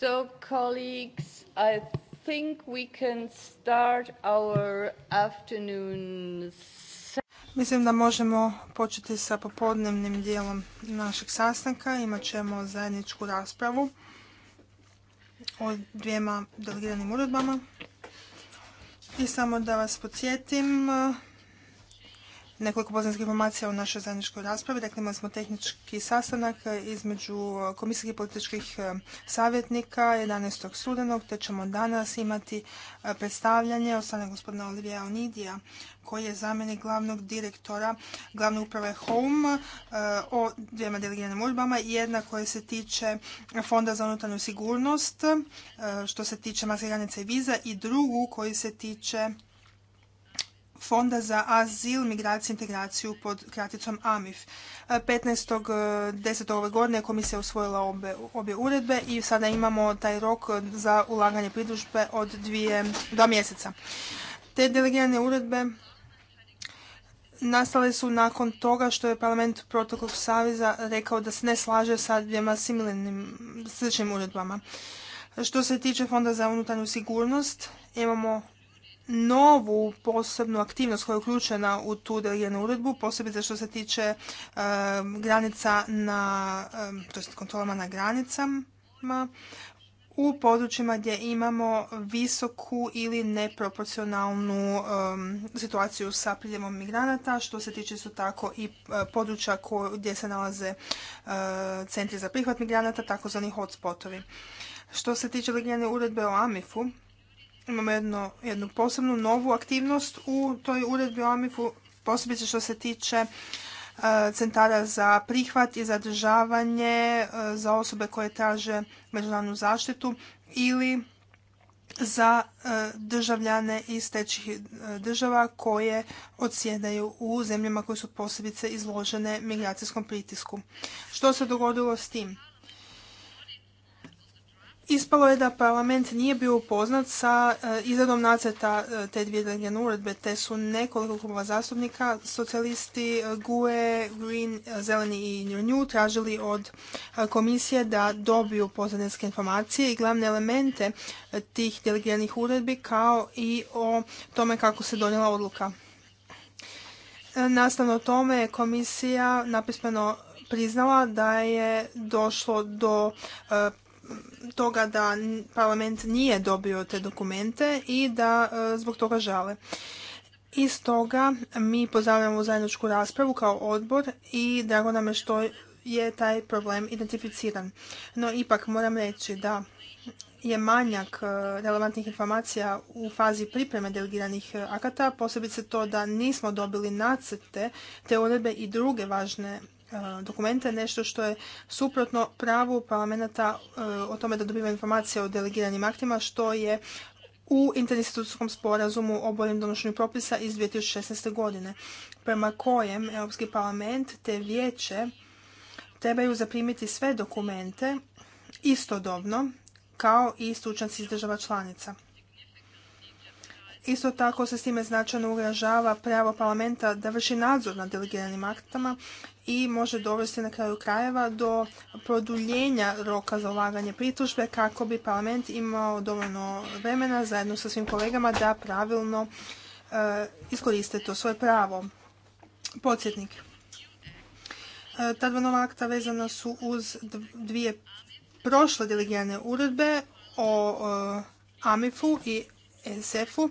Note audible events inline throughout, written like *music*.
So, colleagues, I think we can start our afternoon. Mislim da možemo početi sa popodnevnim dijelom našeg sastanka. Imat ćemo zajedničku raspravu o dvijema delegiranim uredbama. I samo da vas podsjetim, nekoliko poznatih informacija o našoj zajedničkoj raspravi. Dakle, imali smo tehnički sastanak e, između e, komisijskih političkih e, savjetnika 11. studenog, te ćemo danas imati predstavljanje od strane gospodina Olivija Onidija, koji je zamjenik glavnog direktora glavne uprave HOME o dvijema delegiranim i Jedna koja se tiče Fonda za unutarnju sigurnost, što se tiče maske granice i viza, i drugu koji se tiče Fonda za azil, migraciju i integraciju pod kraticom AMIF. 15.10. Eh, ove godine komisija usvojila obje uredbe i sada imamo taj rok eh, za ulaganje pridružbe od dvije, dva mjeseca. Te delegirane uredbe nastale su nakon toga što je parlament protokol Saveza rekao da se ne slaže sa dvijema similarnim sličnim uredbama. Što se tiče Fonda za unutarnju sigurnost, imamo novu posebnu aktivnost koja je uključena u tu delegiranu uredbu, posebice što se tiče granica na, to kontrolama na granicama, u područjima gdje imamo visoku ili neproporcionalnu situaciju sa priljevom migranata, što se tiče su tako i e, područja gdje se nalaze e, centri za prihvat migranata, takozvani hotspotovi. Što se tiče legijane uredbe o AMIF-u, Imamo jednu posebnu novu aktivnost u toj uredbi o AMIF-u, posebice što se tiče e, centara za prihvat i zadržavanje e, za osobe koje traže međunarodnu zaštitu ili za e, državljane iz trećih država koje odsjedaju u zemljama koje su posebice izložene migracijskom pritisku. Što se dogodilo s tim? Ispalo je da parlament nije bio upoznat sa eh, izradom nacrta eh, te dvije delegirane uredbe, te su nekoliko klubova zastupnika, socijalisti eh, GUE, Green, Zeleni i nju tražili od komisije da dobiju poznatenske informacije i glavne elemente tih delegiranih uredbi kao i o tome kako se donijela odluka. Nastavno tome je komisija napismeno priznala da je došlo do toga da parlament nije dobio te dokumente i da e, zbog toga žale. I stoga mi pozdravljamo zajedničku raspravu kao odbor i drago nam je što je taj problem identificiran. No ipak moram reći da je manjak e, relevantnih informacija u fazi pripreme delegiranih e, akata, posebice to da nismo dobili nacrte te uredbe i druge važne E, dokumente, nešto što je suprotno pravu parlamenta e, o tome da dobiva informacije o delegiranim aktima, što je u interinstitucijskom sporazumu o boljem donošenju propisa iz 2016. godine, prema kojem Europski parlament te vijeće trebaju zaprimiti sve dokumente istodobno kao i stručnjaci iz država članica. Isto tako se s time značajno ugražava pravo parlamenta da vrši nadzor nad delegiranim aktama i može dovesti na kraju krajeva do produljenja roka za ulaganje pritužbe kako bi parlament imao dovoljno vremena zajedno sa svim kolegama da pravilno e, iskoriste to svoje pravo. Podsjetnik. E, ta dva nova akta vezana su uz dvije prošle delegirane uredbe o e, AMIF-u i SF-u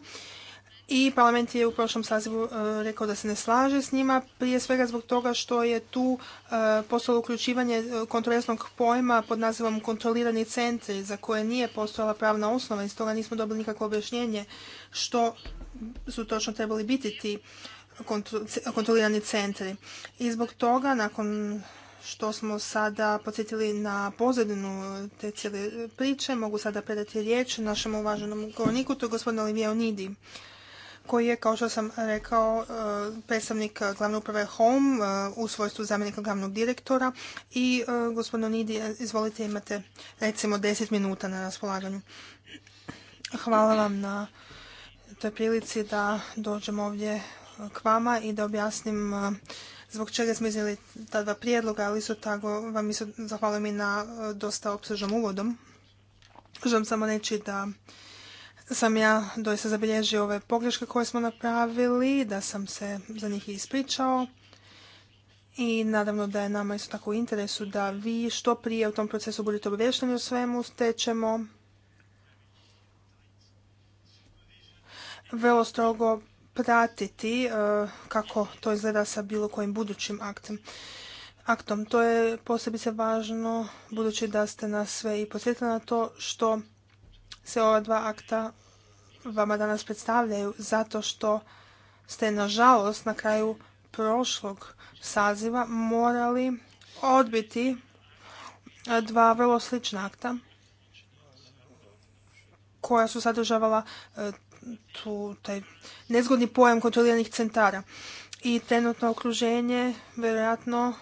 i parlament je u prošlom sazivu e, rekao da se ne slaže s njima, prije svega zbog toga što je tu e, postalo uključivanje e, kontrolesnog pojma pod nazivom kontrolirani centri za koje nije postojala pravna osnova i stoga nismo dobili nikakvo objašnjenje što su točno trebali biti ti kontrolirani centri. I zbog toga, nakon što smo sada podsjetili na pozadinu te cijele priče, mogu sada predati riječ našem uvaženom govorniku, to je gospodin Olivier Onidi koji je, kao što sam rekao, e, predstavnik glavne uprave HOME e, u svojstvu zamjenika glavnog direktora. I e, gospodino Nidi, izvolite, imate recimo 10 minuta na raspolaganju. Hvala vam na toj prilici da dođem ovdje k vama i da objasnim zbog čega smo iznijeli ta dva prijedloga, ali isto tako vam isto zahvalim i na dosta opsežnom uvodom. Želim samo reći da sam ja doista zabilježio ove pogreške koje smo napravili, da sam se za njih ispričao i naravno da je nama isto tako u interesu da vi što prije u tom procesu budete obavješteni o svemu, ćemo vrlo strogo pratiti e, kako to izgleda sa bilo kojim budućim aktem. Aktom to je posebice važno budući da ste nas sve i posjetili na to što se ova dva akta vama danas predstavljaju zato što ste nažalost na kraju prošlog saziva morali odbiti dva vrlo slična akta koja su sadržavala e, tu, taj nezgodni pojam kontroliranih centara. I trenutno okruženje vjerojatno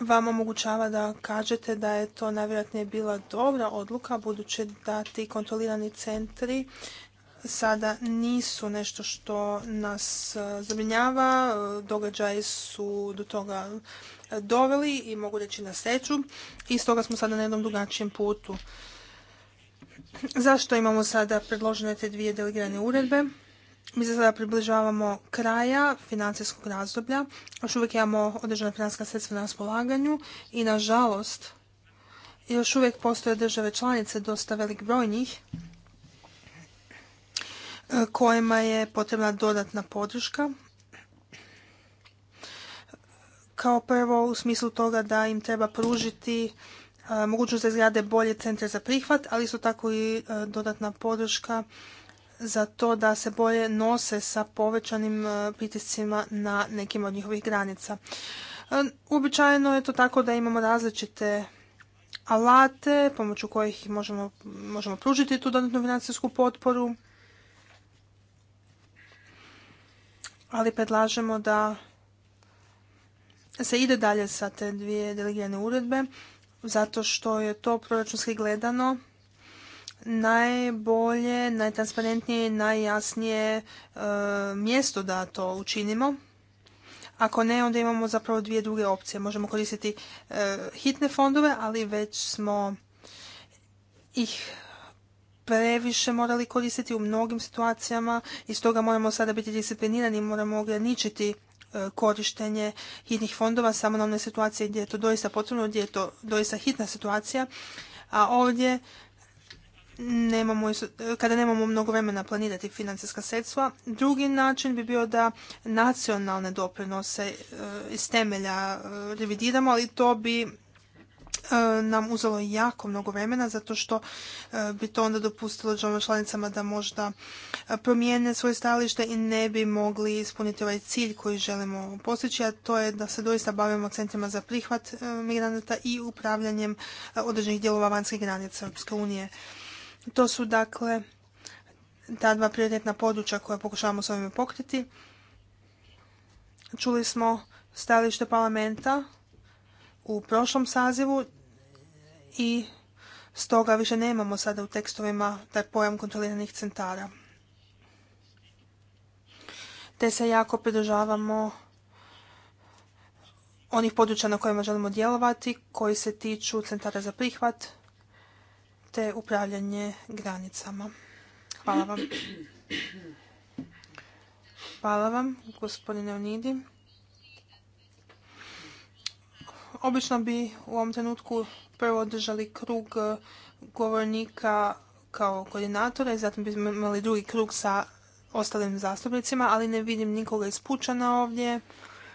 vam omogućava da kažete da je to najvjerojatnije bila dobra odluka budući da ti kontrolirani centri sada nisu nešto što nas e, zabrinjava. E, događaji su do toga doveli i mogu reći na sreću i stoga smo sada na jednom drugačijem putu. Zašto imamo sada predložene te dvije delegirane uredbe? Mi se sada približavamo kraja financijskog razdoblja. Još uvijek imamo određena financijska sredstva na raspolaganju i nažalost još uvijek postoje države članice, dosta velik broj njih, kojima je potrebna dodatna podrška. Kao prvo u smislu toga da im treba pružiti e, mogućnost da izgrade bolje centre za prihvat, ali isto tako i e, dodatna podrška za to da se bolje nose sa povećanim e, pritiscima na nekim od njihovih granica. E, uobičajeno je to tako da imamo različite alate pomoću kojih možemo, možemo pružiti tu dodatnu financijsku potporu. Ali predlažemo da se ide dalje sa te dvije delegirane uredbe zato što je to proračunski gledano najbolje, najtransparentnije, najjasnije e, mjesto da to učinimo. Ako ne, onda imamo zapravo dvije druge opcije. Možemo koristiti e, hitne fondove, ali već smo ih previše morali koristiti u mnogim situacijama i stoga moramo sada biti disciplinirani, i moramo ograničiti e, korištenje hitnih fondova samo na one situacije gdje je to doista potrebno, gdje je to doista hitna situacija, a ovdje nemamo, kada nemamo mnogo vremena planirati financijska sredstva. Drugi način bi bio da nacionalne doprinose e, iz temelja e, revidiramo, ali to bi e, nam uzelo jako mnogo vremena zato što bi to onda dopustilo državama članicama da možda promijene svoje stajalište i ne bi mogli ispuniti ovaj cilj koji želimo postići, a to je da se doista bavimo centrima za prihvat migranata i upravljanjem određenih dijelova vanjskih granica Europske unije. To su dakle ta dva prioritetna područja koja pokušavamo s ovime pokriti. Čuli smo stajalište parlamenta u prošlom sazivu i stoga više nemamo sada u tekstovima taj pojam kontroliranih centara. Te se jako pridržavamo onih područja na kojima želimo djelovati, koji se tiču centara za prihvat, te upravljanje granicama. Hvala vam. Hvala vam, gospodine Onidi. Obično bi u ovom trenutku prvo održali krug e, govornika kao koordinatora i zatim bi imali drugi krug sa ostalim zastupnicima, ali ne vidim nikoga ispučana ovdje.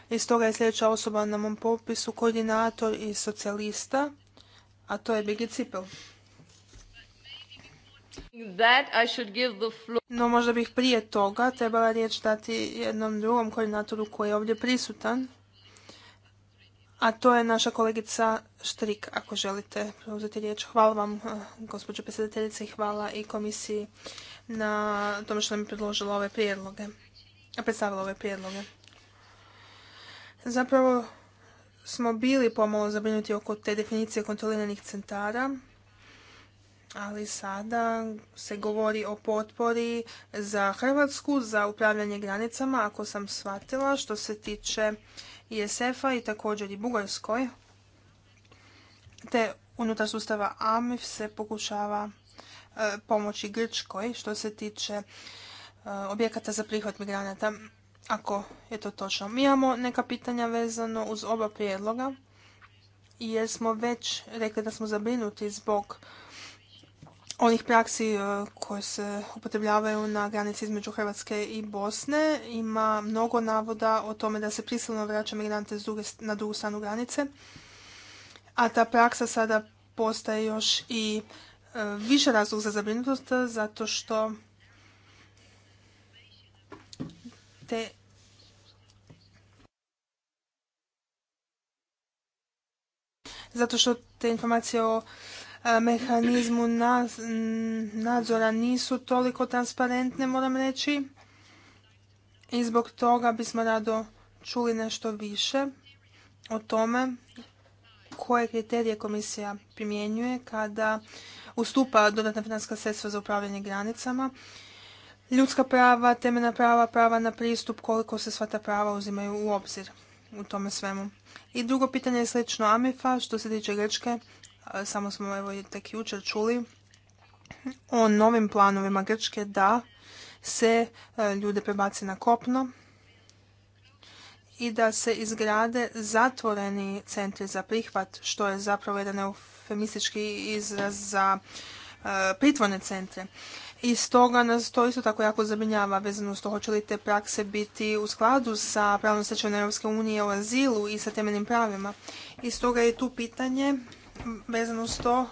I stoga je sljedeća osoba na mom popisu koordinator i socijalista, a to je Birgit Cipel. No možda bih prije toga trebala riječ dati jednom drugom koordinatoru koji je ovdje prisutan. A to je naša kolegica Štrik, ako želite uzeti riječ. Hvala vam, eh, gospođo predsjedateljice, i hvala i komisiji na tome što nam je predložila ove prijedloge, predstavila ove prijedloge. Zapravo smo bili pomalo zabrinuti oko te definicije kontroliranih centara ali sada se govori o potpori za Hrvatsku, za upravljanje granicama, ako sam shvatila, što se tiče ISF-a i također i Bugarskoj, te unutar sustava AMIF se pokušava e, pomoći Grčkoj što se tiče e, objekata za prihvat migranata, ako je to točno. Mi imamo neka pitanja vezano uz oba prijedloga, jer smo već rekli da smo zabrinuti zbog onih praksi e, koje se upotrebljavaju na granici između Hrvatske i Bosne. Ima mnogo navoda o tome da se prisilno vraća migrante na drugu stranu granice, a ta praksa sada postaje još i e, više razlog za zabrinutost zato što te zato što te informacije o mehanizmu nadzora nisu toliko transparentne, moram reći. I zbog toga bismo rado čuli nešto više o tome koje kriterije komisija primjenjuje kada ustupa dodatna financijska sredstva za upravljanje granicama. Ljudska prava, temeljna prava, prava na pristup, koliko se sva ta prava uzimaju u obzir u tome svemu. I drugo pitanje je slično Amifa, što se tiče Grčke, E, samo smo evo tek jučer čuli o novim planovima Grčke da se e, ljude prebaci na kopno i da se izgrade zatvoreni centri za prihvat, što je zapravo jedan eufemistički izraz za e, pritvorne centre. I stoga nas to isto tako jako zabrinjava vezano s to hoće li te prakse biti u skladu sa pravnom stečevom Europske unije o azilu i sa temeljnim pravima. I stoga je tu pitanje vezano s to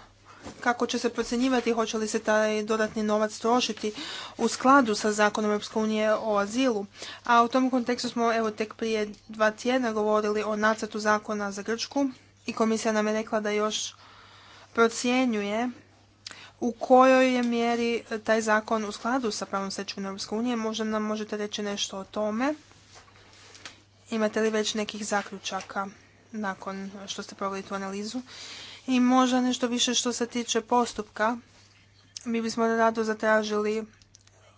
kako će se procjenjivati hoće li se taj dodatni novac trošiti u skladu sa zakonom Europske unije o azilu. A u tom kontekstu smo evo tek prije dva tjedna govorili o nacrtu zakona za Grčku i komisija nam je rekla da još procjenjuje u kojoj je mjeri taj zakon u skladu sa pravom stečevinom Europske unije. Možda nam možete reći nešto o tome. Imate li već nekih zaključaka nakon što ste proveli tu analizu? I možda nešto više što se tiče postupka. Mi bismo rado zatražili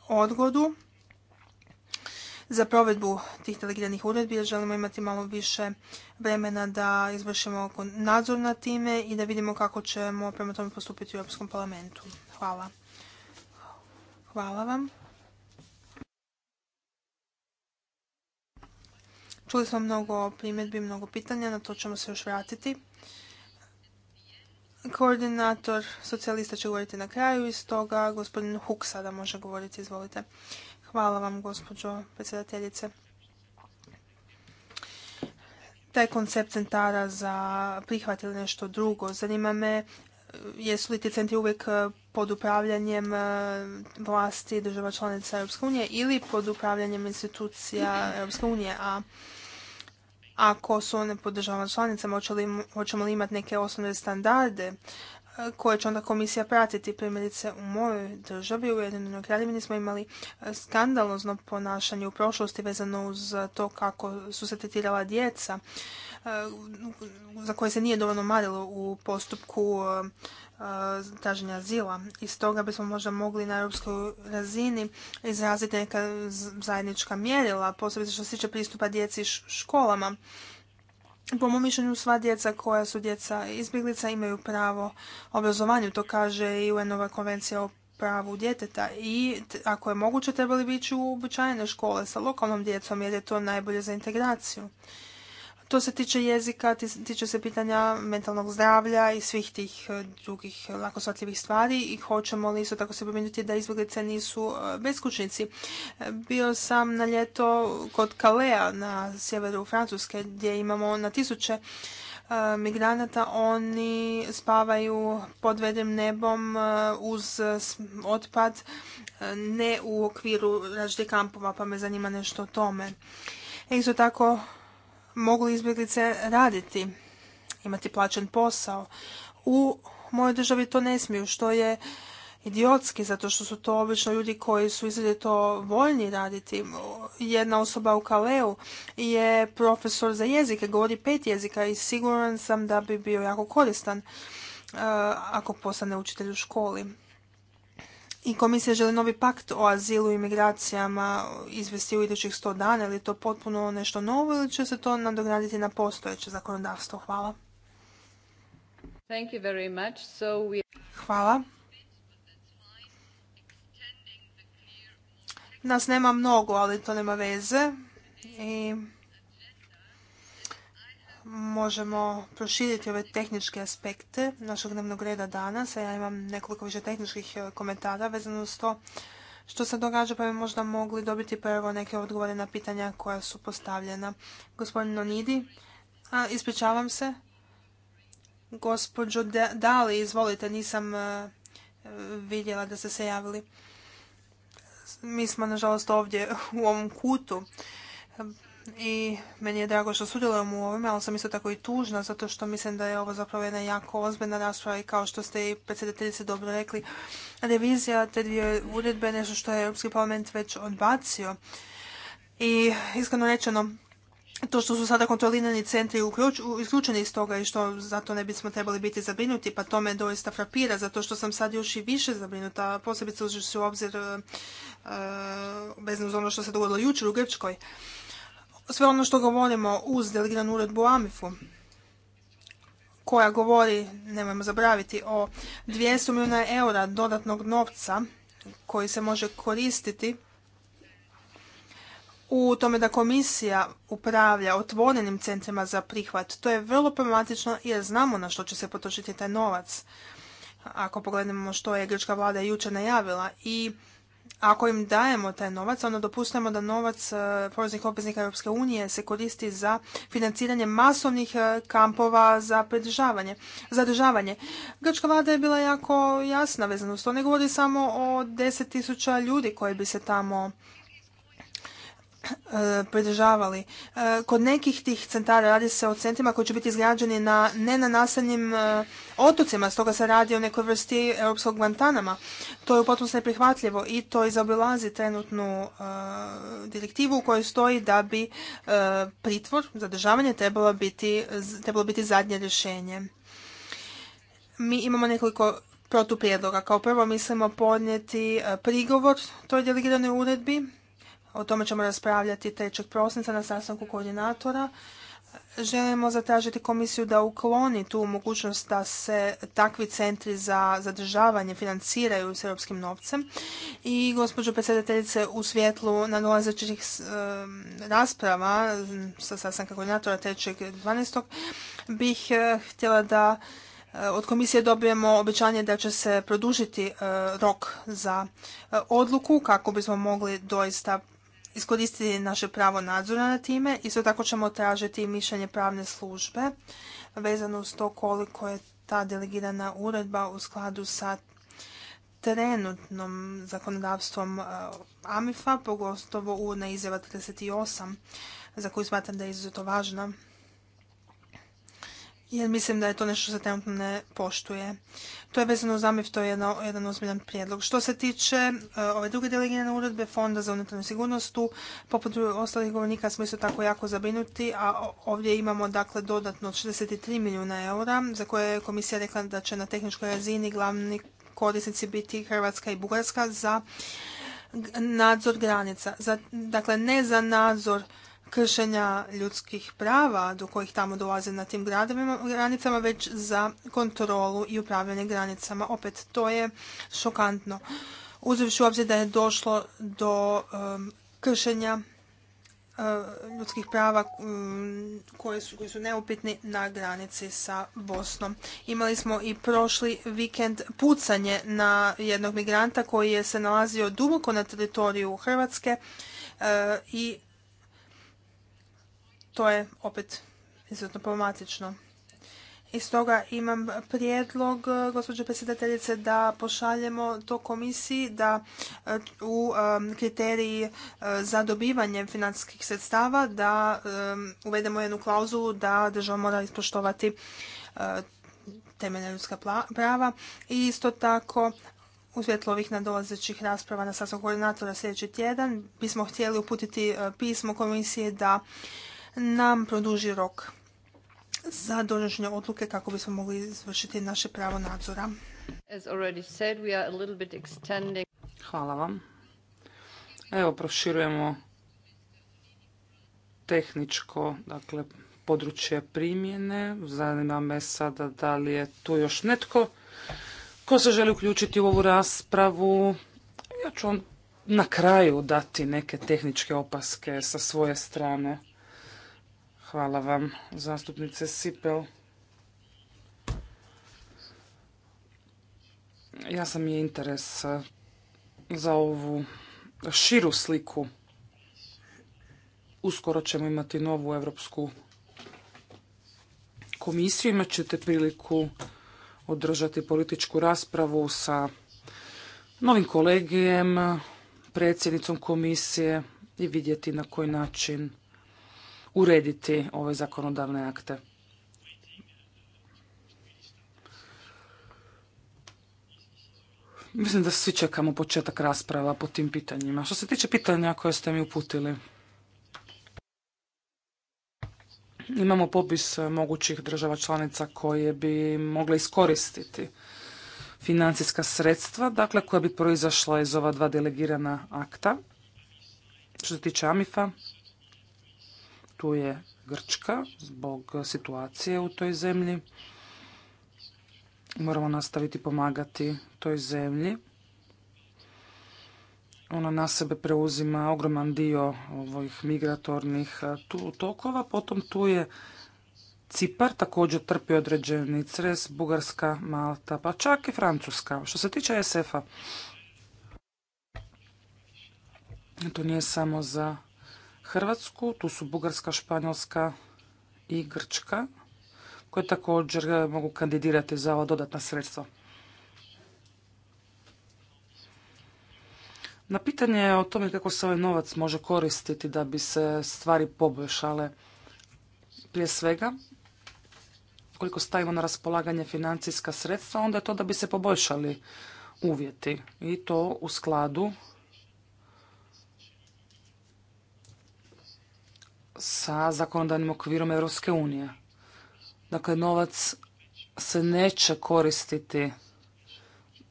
odgodu za provedbu tih delegiranih uredbi jer želimo imati malo više vremena da izvršimo nadzor na time i da vidimo kako ćemo prema tome postupiti u Europskom parlamentu. Hvala. Hvala vam. Čuli smo mnogo primjedbi, mnogo pitanja, na to ćemo se još vratiti. Koordinator socijalista će govoriti na kraju i stoga gospodin Huk sada može govoriti, izvolite. Hvala vam gospođo predsjedateljice. Taj koncept centara za prihvat ili nešto drugo, zanima me jesu li ti centri uvijek pod upravljanjem e, vlasti država članica Europske unije ili pod upravljanjem institucija EU, a ako su one podržavane članicama, hoćemo li imati neke osnovne standarde e, koje će onda komisija pratiti. Primjerice u mojoj državi, u Ujedinjenoj kraljevini, smo imali e, skandalozno ponašanje u prošlosti vezano uz to kako su se tretirala djeca e, za koje se nije dovoljno marilo u postupku Eh, traženja azila. I stoga bismo možda mogli na europskoj razini izraziti neka zajednička mjerila, posebno što se tiče pristupa djeci školama. Po mom mišljenju sva djeca koja su djeca izbjeglica imaju pravo obrazovanju, to kaže i UN-ova konvencija o pravu djeteta i ako je moguće trebali bi u običajne škole sa lokalnom djecom jer je to najbolje za integraciju. To se tiče jezika, tiče se pitanja mentalnog zdravlja i svih tih e, drugih e, lako shvatljivih stvari i hoćemo li isto tako se pomenuti da izbjeglice nisu e, beskućnici. Bio sam na ljeto kod Kalea na sjeveru Francuske gdje imamo na tisuće migranata, oni spavaju pod vedrim nebom uz otpad, ne u okviru različitih kampova, pa me zanima nešto o tome. isto tako mogu izbjeglice raditi, imati plaćen posao. U mojoj državi to ne smiju, što je idiotski, zato što su to obično ljudi koji su izredito voljni raditi. Jedna osoba u Kaleu je profesor za jezike, govori pet jezika i siguran sam da bi bio jako koristan eh, ako postane učitelj u školi i komisija želi novi pakt o azilu i migracijama izvesti u idućih 100 dana, ili je to potpuno nešto novo ili će se to nadograditi na postojeće zakonodavstvo? Hvala. Thank Hvala. Nas nema mnogo, ali to nema veze. I možemo proširiti ove tehničke aspekte našeg dnevnog reda danas, ja imam nekoliko više tehničkih e, komentara vezano s to što se događa, pa bi možda mogli dobiti prvo neke odgovore na pitanja koja su postavljena. Gospodin Nonidi, ispričavam se. Gospođo Dali, izvolite, nisam e, vidjela da ste se javili. Mi smo, nažalost, ovdje u ovom kutu i meni je drago što sudjelujem u ovome, ali sam isto tako i tužna zato što mislim da je ovo zapravo jedna jako ozbiljna rasprava i kao što ste i predsjedateljice dobro rekli, revizija te dvije uredbe nešto što je Europski parlament već odbacio. I iskreno rečeno, to što su sada kontrolirani centri isključeni iz toga i što zato ne bismo trebali biti zabrinuti, pa to me doista frapira, zato što sam sad još i više zabrinuta, posebice se u obzir bez e, e, ono što se dogodilo jučer u Grčkoj sve ono što govorimo uz delegiranu uredbu Amifu koja govori, nemojmo zabraviti, o 200 milijuna eura dodatnog novca koji se može koristiti u tome da komisija upravlja otvorenim centrima za prihvat. To je vrlo problematično jer znamo na što će se potrošiti taj novac. Ako pogledamo što je grčka vlada jučer najavila i ako im dajemo taj novac, onda dopustujemo da novac e, poreznih obveznika Europske unije se koristi za financiranje masovnih e, kampova za pridržavanje, zadržavanje. Grčka vlada je bila jako jasna vezano uz to. Ne govori samo o 10.000 ljudi koji bi se tamo Eh, pridržavali. Eh, kod nekih tih centara radi se o centrima koji će biti izgrađeni na nenaseljenim eh, otocima, stoga se radi o nekoj vrsti europskog vantanama. To je u potpunosti neprihvatljivo i to izobilazi trenutnu direktivu u kojoj stoji da bi pritvor, zadržavanje trebalo biti, trebalo biti zadnje rješenje. Mi imamo nekoliko protuprijedloga. Kao prvo mislimo podnijeti prigovor toj delegiranoj uredbi o tome ćemo raspravljati 3. prosinca na sastanku koordinatora. Želimo zatražiti komisiju da ukloni tu mogućnost da se takvi centri za zadržavanje financiraju s europskim novcem. I gospođo predsjedateljice, u svjetlu nadolazećih rasprava sa sastanka koordinatora 12. bih eh, htjela da eh, od komisije dobijemo obećanje da će se produžiti eh, rok za odluku kako bismo mogli doista iskoristiti naše pravo nadzora na time. Isto tako ćemo tražiti mišljenje pravne službe vezano uz to koliko je ta delegirana uredba u skladu sa trenutnom zakonodavstvom e, AMIFA, pogotovo uvodna izjava 38, za koju smatram da je izuzetno važna jer mislim da je to nešto što se trenutno ne poštuje. To je vezano uz to je jedan, ozbiljan prijedlog. Što se tiče e, ove druge delegirane uredbe Fonda za unutarnju sigurnost, tu poput ostalih govornika smo isto tako jako zabinuti, a ovdje imamo dakle dodatno 63 milijuna eura za koje je komisija rekla da će na tehničkoj razini glavni korisnici biti Hrvatska i Bugarska za nadzor granica. dakle, ne za nadzor kršenja ljudskih prava do kojih tamo dolaze na tim granicama, već za kontrolu i upravljanje granicama. Opet, to je šokantno. Uzevši u obzir da je došlo do um, kršenja uh, ljudskih prava um, koje su, koji su neupitni na granici sa Bosnom. Imali smo i prošli vikend pucanje na jednog migranta koji je se nalazio duboko na teritoriju Hrvatske uh, i to je opet izuzetno problematično. I stoga imam prijedlog, e, gospođe predsjedateljice, da pošaljemo to komisiji da e, u kriteriji e, za dobivanje financijskih sredstava da uvedemo jednu klauzulu da država mora ispoštovati temeljna ljudska prava i isto tako u svjetlu ovih nadolazećih rasprava na sasvog koordinatora sljedeći tjedan bismo htjeli uputiti pismo komisije da nam produži rok za donošenje odluke kako bismo mogli izvršiti naše pravo nadzora. Hvala vam. Evo, proširujemo tehničko, dakle, područje primjene. Zanima me sada da li je tu još netko ko se želi uključiti u ovu raspravu. Ja ću vam na kraju dati neke tehničke opaske sa svoje strane. Hvala vam, zastupnice Sipel. Ja sam je interes e, za ovu širu sliku. Uskoro ćemo imati novu Europsku komisiju. Imat ćete priliku održati političku raspravu sa novim kolegijem, predsjednicom komisije i vidjeti na koji način urediti ove zakonodavne akte. Mislim da svi čekamo početak rasprava po tim pitanjima. Što se tiče pitanja koje ste mi uputili, imamo popis mogućih država članica koje bi mogle iskoristiti financijska sredstva, dakle koja bi proizašla iz ova dva delegirana akta. Što se tiče AMIFA, tu je Grčka zbog situacije u toj zemlji. Moramo nastaviti pomagati toj zemlji. Ona na sebe preuzima ogroman dio ovih migratornih tokova. Potom tu je Cipar također trpi određeni cres, Bugarska, Malta, pa čak i Francuska. Što se tiče SF-a, to nije samo za Hrvatsku, tu su Bugarska, Španjolska i Grčka koje također e, mogu kandidirati za ova dodatna sredstva. Na pitanje o tome kako se ovaj novac može koristiti da bi se stvari poboljšale, prije svega, koliko stavimo na raspolaganje financijska sredstva, onda je to da bi se poboljšali uvjeti i to u skladu sa zakonodavnim okvirom Europske unije. Dakle, novac se neće koristiti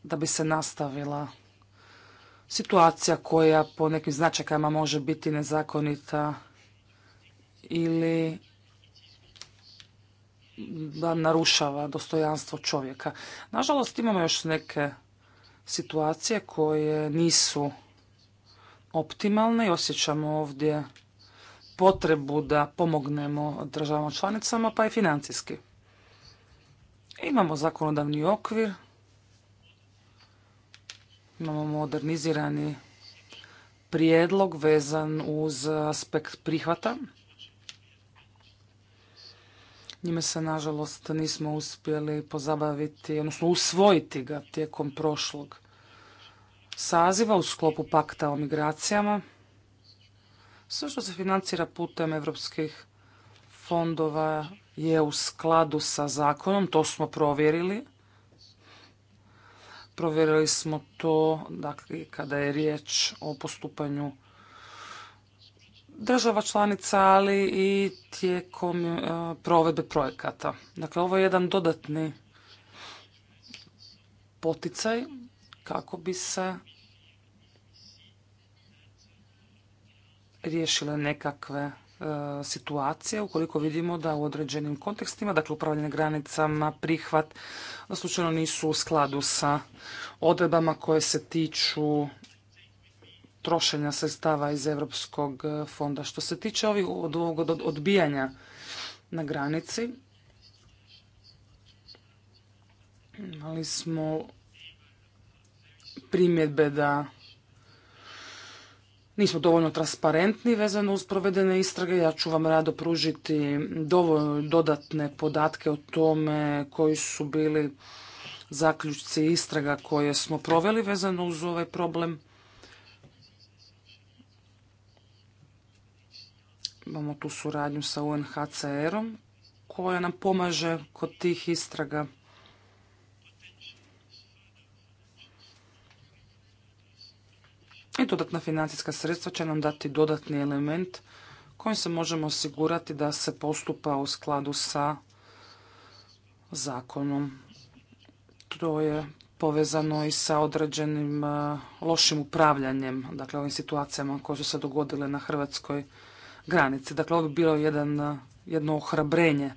da bi se nastavila situacija koja po nekim značajkama može biti nezakonita ili da narušava dostojanstvo čovjeka. Nažalost, imamo još neke situacije koje nisu optimalne i osjećamo ovdje potrebu da pomognemo državama članicama, pa i financijski. Imamo zakonodavni okvir, imamo modernizirani prijedlog vezan uz aspekt prihvata. Njime se, nažalost, nismo uspjeli pozabaviti, odnosno usvojiti ga tijekom prošlog saziva u sklopu pakta o migracijama. Sve što se financira putem evropskih fondova je u skladu sa zakonom, to smo provjerili. Provjerili smo to dakle, kada je riječ o postupanju država članica, ali i tijekom e, provedbe projekata. Dakle, ovo je jedan dodatni poticaj kako bi se riješile nekakve e, situacije ukoliko vidimo da u određenim kontekstima, dakle upravljanje granicama, prihvat, slučajno nisu u skladu sa odredbama koje se tiču trošenja sredstava iz Europskog e, fonda. Što se tiče ovih ovog odbijanja na granici, imali smo primjedbe da Nismo dovoljno transparentni vezano uz provedene istrage. Ja ću vam rado pružiti dovoljno dodatne podatke o tome koji su bili zaključci istraga koje smo proveli vezano uz ovaj problem. Imamo tu suradnju sa UNHCR-om koja nam pomaže kod tih istraga. I dodatna financijska sredstva će nam dati dodatni element kojim se možemo osigurati da se postupa u skladu sa zakonom. To je povezano i sa određenim e, lošim upravljanjem, dakle ovim situacijama koje su se dogodile na hrvatskoj granici. Dakle, ovo bi bilo jedan, e, jedno ohrabrenje e,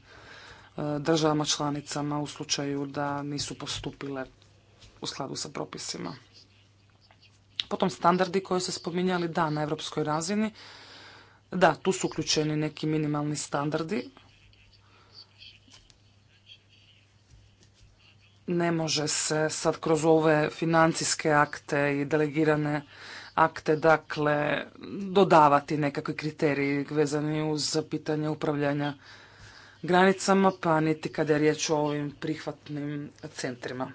državama članicama u slučaju da nisu postupile u skladu sa propisima. Potom standardi koji se spominjali, da, na europskoj razini. Da, tu su uključeni neki minimalni standardi. Ne može se sad kroz ove financijske akte i delegirane akte, dakle, dodavati nekakvi kriteriji vezani uz pitanje upravljanja granicama, pa niti kada je riječ o ovim prihvatnim centrima.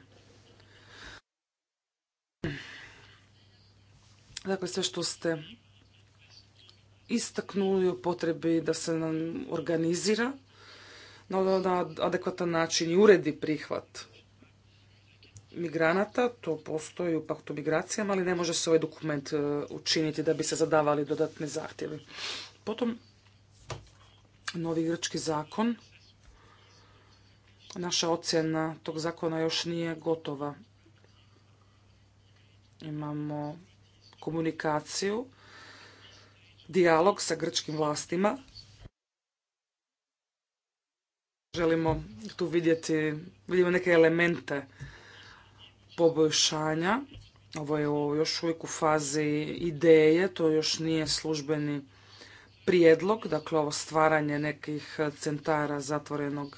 Dakle, sve što ste istaknuli o potrebi da se nam organizira na adekvatan način i uredi prihvat migranata, to postoji u paktu migracijama, ali ne može se ovaj dokument e, učiniti da bi se zadavali dodatne zahtjevi. Potom, novi grčki zakon, naša ocjena tog zakona još nije gotova. Imamo komunikaciju, dijalog sa grčkim vlastima. Želimo tu vidjeti, vidimo neke elemente poboljšanja. Ovo je još uvijek u fazi ideje, to još nije službeni prijedlog, dakle ovo stvaranje nekih centara zatvorenog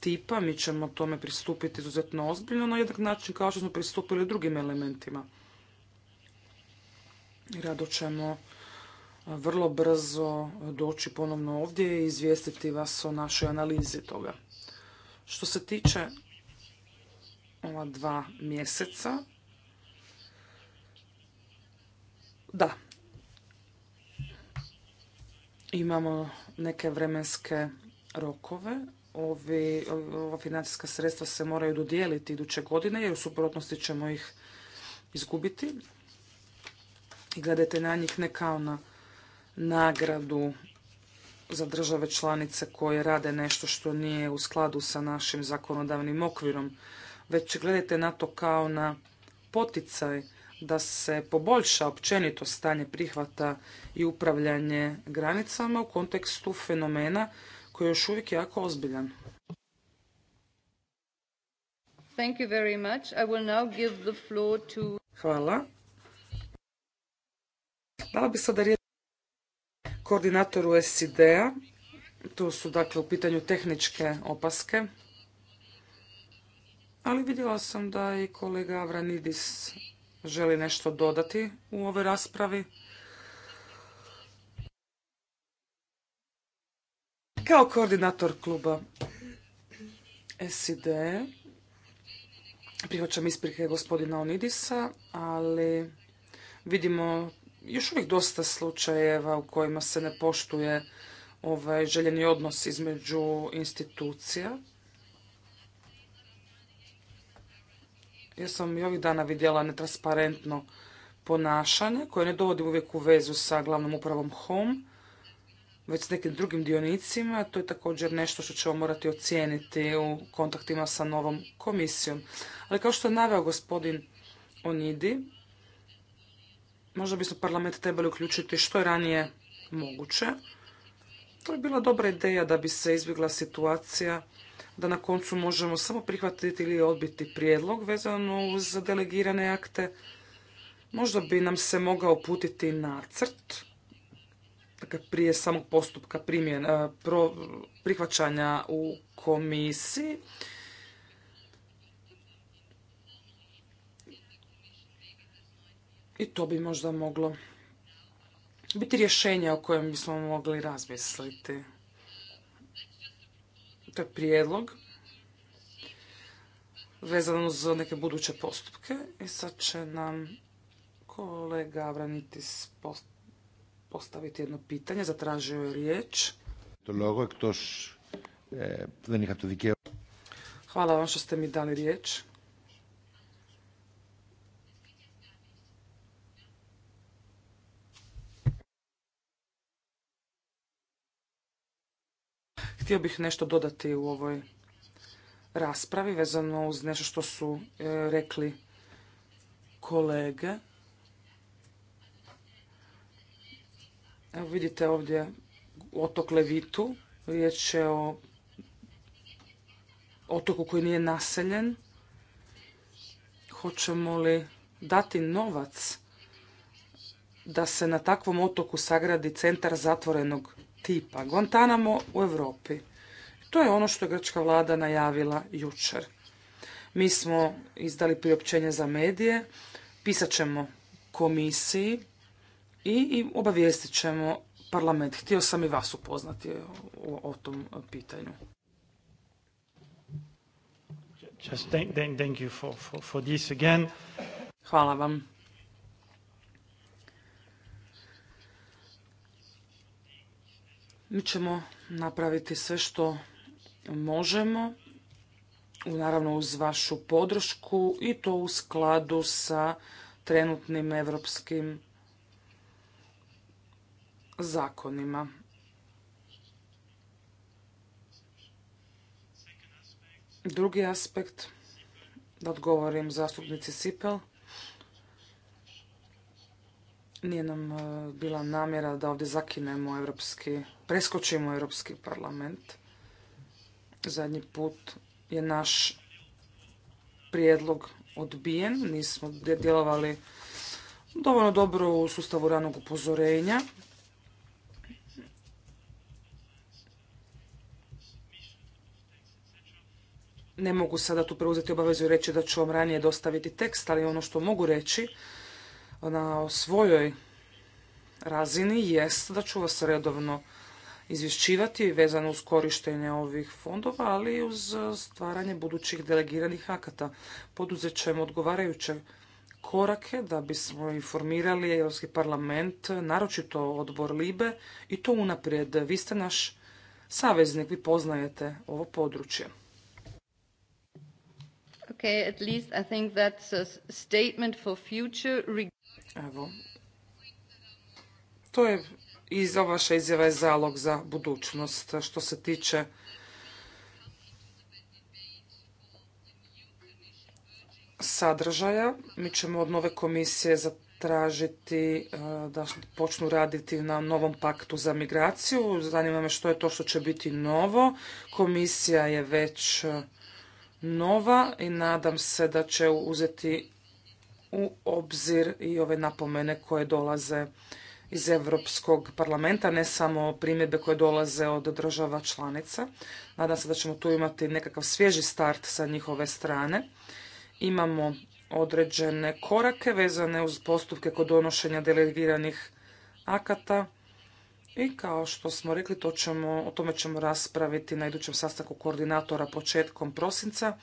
tipa. Mi ćemo tome pristupiti izuzetno ozbiljno na jednak način kao što smo pristupili drugim elementima. Rado ćemo vrlo brzo doći ponovno ovdje i izvijestiti vas o našoj analizi toga. Što se tiče ova dva mjeseca, da, imamo neke vremenske rokove. ova financijska sredstva se moraju dodijeliti iduće godine jer u suprotnosti ćemo ih izgubiti i gledajte na njih ne kao na nagradu za države članice koje rade nešto što nije u skladu sa našim zakonodavnim okvirom, već gledajte na to kao na poticaj da se poboljša općenito stanje prihvata i upravljanje granicama u kontekstu fenomena koji je još uvijek jako ozbiljan. Hvala. Dala bi sada riječ koordinatoru SID-a. Tu su dakle u pitanju tehničke opaske. Ali vidjela sam da i kolega Avranidis želi nešto dodati u ovoj raspravi. Kao koordinator kluba SID prihvaćam isprike gospodina Onidisa, ali vidimo još uvijek dosta slučajeva u kojima se ne poštuje ovaj željeni odnos između institucija. Ja sam i ovih dana vidjela netransparentno ponašanje koje ne dovodi uvijek u vezu sa glavnom upravom Home, već s nekim drugim dionicima. To je također nešto što ćemo morati ocijeniti u kontaktima sa novom komisijom. Ali kao što je naveo gospodin Onidi, možda bi se parlament trebali uključiti što je ranije moguće. To je bila dobra ideja da bi se izbjegla situacija da na koncu možemo samo prihvatiti ili odbiti prijedlog vezano uz delegirane akte. Možda bi nam se mogao uputiti nacrt dakle, prije samog postupka primjen, prihvaćanja u komisiji I to bi možda moglo biti rješenje o kojem bismo mogli razmisliti. To je prijedlog vezano uz neke buduće postupke. I sad će nam kolega Avranitis postaviti jedno pitanje. Zatražio je riječ. Hvala vam što ste mi dali riječ. Htio bih nešto dodati u ovoj raspravi vezano uz nešto što su e, rekli kolege. Evo vidite ovdje otok Levitu. Riječ je o otoku koji nije naseljen. Hoćemo li dati novac da se na takvom otoku sagradi centar zatvorenog tipa. Guantanamo u Europi. To je ono što je grčka vlada najavila jučer. Mi smo izdali priopćenje za medije, pisat ćemo komisiji i obavijestit ćemo parlament. Htio sam i vas upoznati o, o tom pitanju. Hvala vam. Mi ćemo napraviti sve što možemo, naravno uz vašu podršku i to u skladu sa trenutnim evropskim zakonima. Drugi aspekt, da odgovorim zastupnici Sipel, nije nam e, bila namjera da ovdje zakinemo europski, preskočimo europski parlament. Zadnji put je naš prijedlog odbijen, nismo djelovali dovoljno dobro u sustavu ranog upozorenja. Ne mogu sada tu preuzeti obavezu i reći da ću vam ranije dostaviti tekst, ali ono što mogu reći na svojoj razini jest da ću vas redovno izvješćivati vezano uz korištenje ovih fondova, ali i uz stvaranje budućih delegiranih akata. Poduzet ćemo odgovarajuće korake da bismo informirali Europski parlament, naročito odbor Libe, i to unaprijed. Vi ste naš saveznik, vi poznajete ovo područje. Okay, at least I think that's a statement for future Evo. To je i za vaša izjava je zalog za budućnost što se tiče sadržaja. Mi ćemo od nove komisije zatražiti e, da počnu raditi na novom paktu za migraciju. Zanima me što je to što će biti novo. Komisija je već e, nova i nadam se da će uzeti u obzir i ove napomene koje dolaze iz Europskog parlamenta, ne samo primjedbe koje dolaze od država članica. Nadam se da ćemo tu imati nekakav svježi start sa njihove strane. Imamo određene korake vezane uz postupke kod donošenja delegiranih akata i kao što smo rekli, o tome ćemo raspraviti na idućem sastanku koordinatora početkom prosinca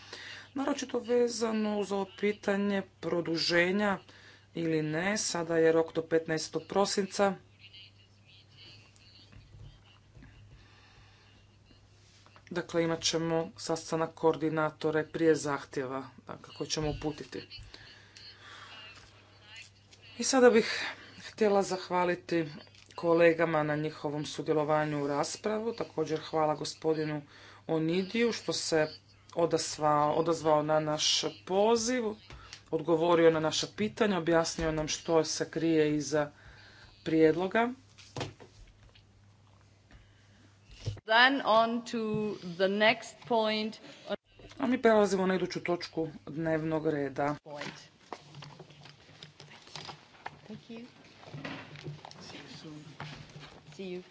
naročito vezano uz ovo pitanje produženja ili ne. Sada je rok do 15. prosinca. Dakle, imat ćemo sastanak koordinatore prije zahtjeva dakle, ćemo uputiti. I sada bih htjela zahvaliti kolegama na njihovom sudjelovanju u raspravu. Također hvala gospodinu Onidiju što se odazvao, na naš poziv, odgovorio na naša pitanja, objasnio nam što se krije iza prijedloga. Then on to the next point. A mi prelazimo na iduću točku dnevnog reda. Thank you. See you See you.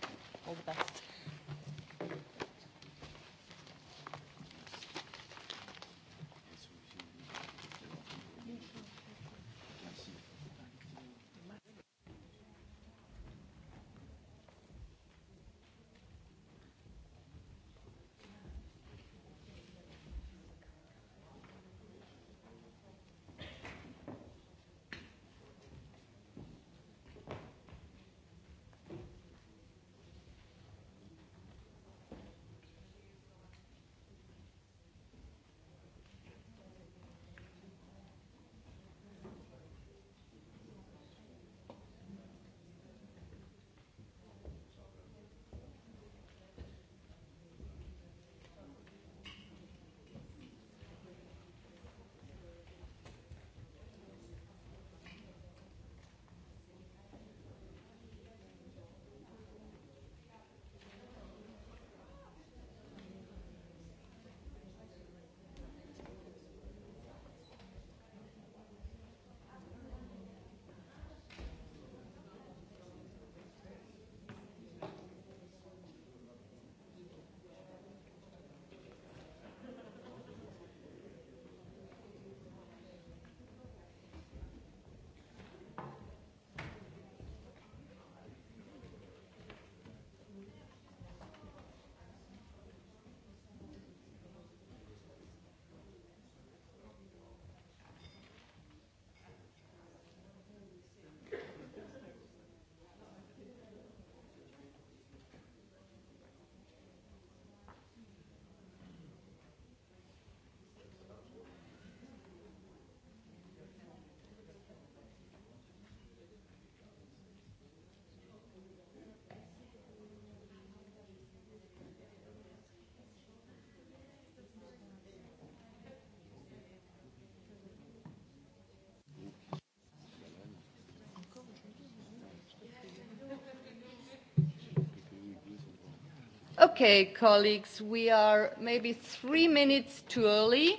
Okay, colleagues, we are maybe three minutes too early,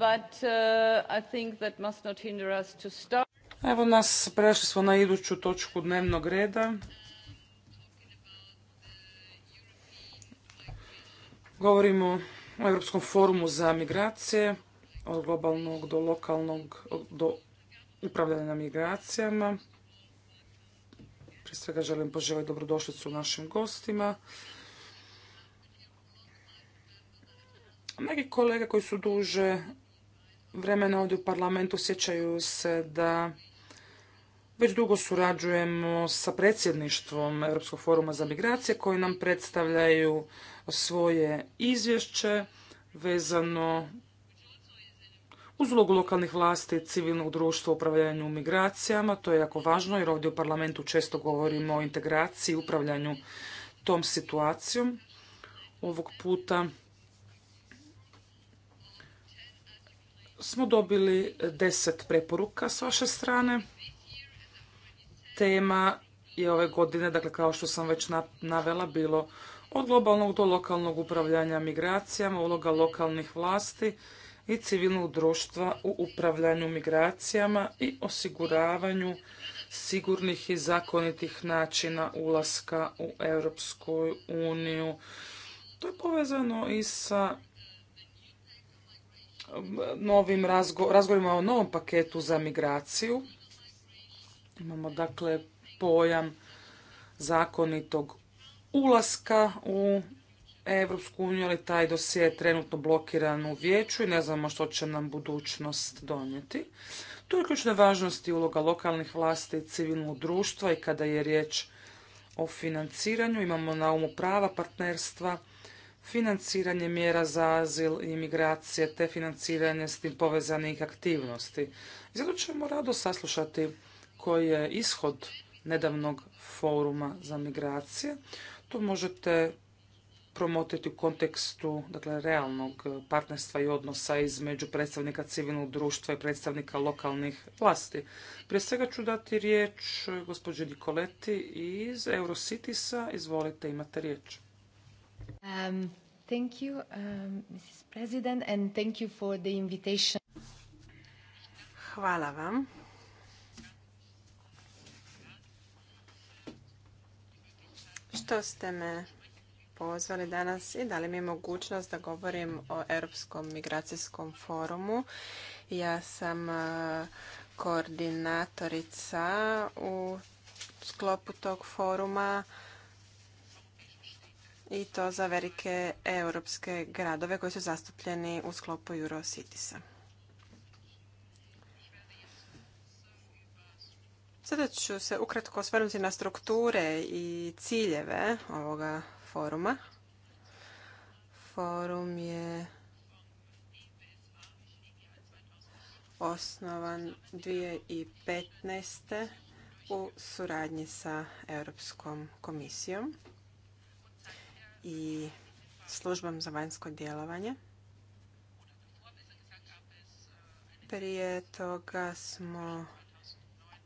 but uh, I think that must not hinder us to start. Evo nas, prešli smo na iduću točku dnevnog reda. Govorimo o Europskom forumu za migracije, od globalnog do lokalnog, do upravljanja migracijama. Prije svega želim poželjeti dobrodošlicu našim gostima. Neki kolege koji su duže vremena ovdje u parlamentu sjećaju se da već dugo surađujemo sa predsjedništvom Europskog foruma za migracije koji nam predstavljaju svoje izvješće vezano uz ulogu lokalnih vlasti, i civilnog društva, upravljanju migracijama. To je jako važno jer ovdje u parlamentu često govorimo o integraciji, upravljanju tom situacijom. Ovog puta smo dobili deset preporuka s vaše strane. Tema je ove godine, dakle kao što sam već navela, bilo od globalnog do lokalnog upravljanja migracijama, uloga lokalnih vlasti i civilnog društva u upravljanju migracijama i osiguravanju sigurnih i zakonitih načina ulaska u Europsku uniju. To je povezano i sa novim razgovorima o novom paketu za migraciju. Imamo dakle pojam zakonitog ulaska u Evropsku uniju, ali taj dosje je trenutno blokiran u vijeću i ne znamo što će nam budućnost donijeti. Tu je ključna važnost i uloga lokalnih vlasti i civilnog društva i kada je riječ o financiranju, imamo na umu prava partnerstva, financiranje mjera za azil i imigracije te financiranje s tim povezanih aktivnosti. zato ćemo rado saslušati koji je ishod nedavnog foruma za migracije. To možete promotiti u kontekstu dakle, realnog partnerstva i odnosa između predstavnika civilnog društva i predstavnika lokalnih vlasti. Prije svega ću dati riječ gospođi Nikoleti iz Eurocitisa. Izvolite, imate riječ. Um, um, Hvala vam. Što ste me pozvali danas i dali mi mogućnost da govorim o Europskom migracijskom forumu. Ja sam uh, koordinatorica u sklopu tog foruma i to za velike europske gradove koji su zastupljeni u sklopu Eurocitisa. Sada ću se ukratko osvrnuti na strukture i ciljeve ovoga foruma. Forum je osnovan 2015. u suradnji sa Europskom komisijom i službom za vanjsko djelovanje. Prije toga smo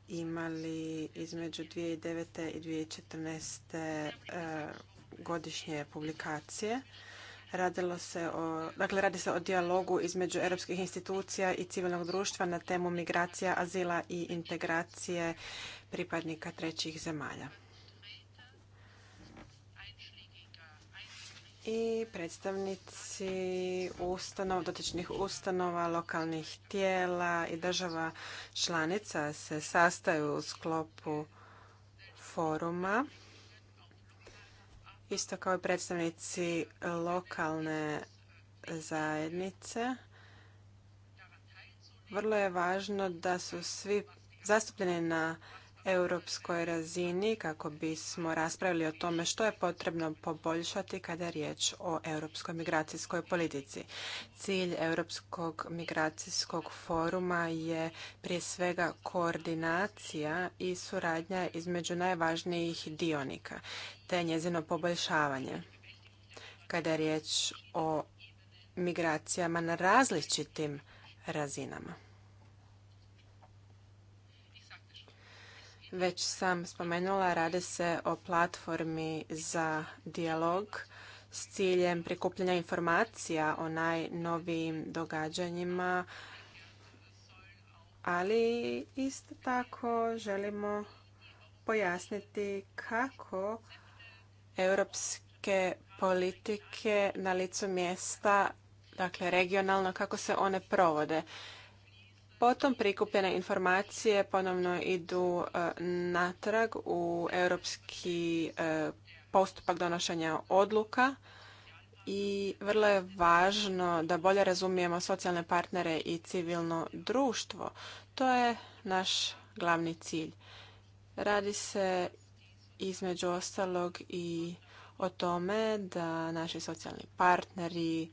imali između 2009. i 2014. E, godišnje publikacije. Radilo se o, dakle, radi se o dijalogu između europskih institucija i civilnog društva na temu migracija, azila i integracije pripadnika trećih zemalja. i predstavnici ustanova, dotičnih ustanova, lokalnih tijela i država članica se sastaju u sklopu foruma. Isto kao i predstavnici lokalne zajednice. Vrlo je važno da su svi zastupljeni na europskoj razini kako bismo raspravili o tome što je potrebno poboljšati kada je riječ o europskoj migracijskoj politici. Cilj Europskog migracijskog foruma je prije svega koordinacija i suradnja između najvažnijih dionika te njezino poboljšavanje. Kada je riječ o migracijama na različitim razinama. već sam spomenula, radi se o platformi za dijalog s ciljem prikupljanja informacija o najnovijim događanjima, ali isto tako želimo pojasniti kako europske politike na licu mjesta, dakle regionalno, kako se one provode. Potom prikupljene informacije ponovno idu e, natrag u europski e, postupak donošenja odluka i vrlo je važno da bolje razumijemo socijalne partnere i civilno društvo. To je naš glavni cilj. Radi se između ostalog i o tome da naši socijalni partneri,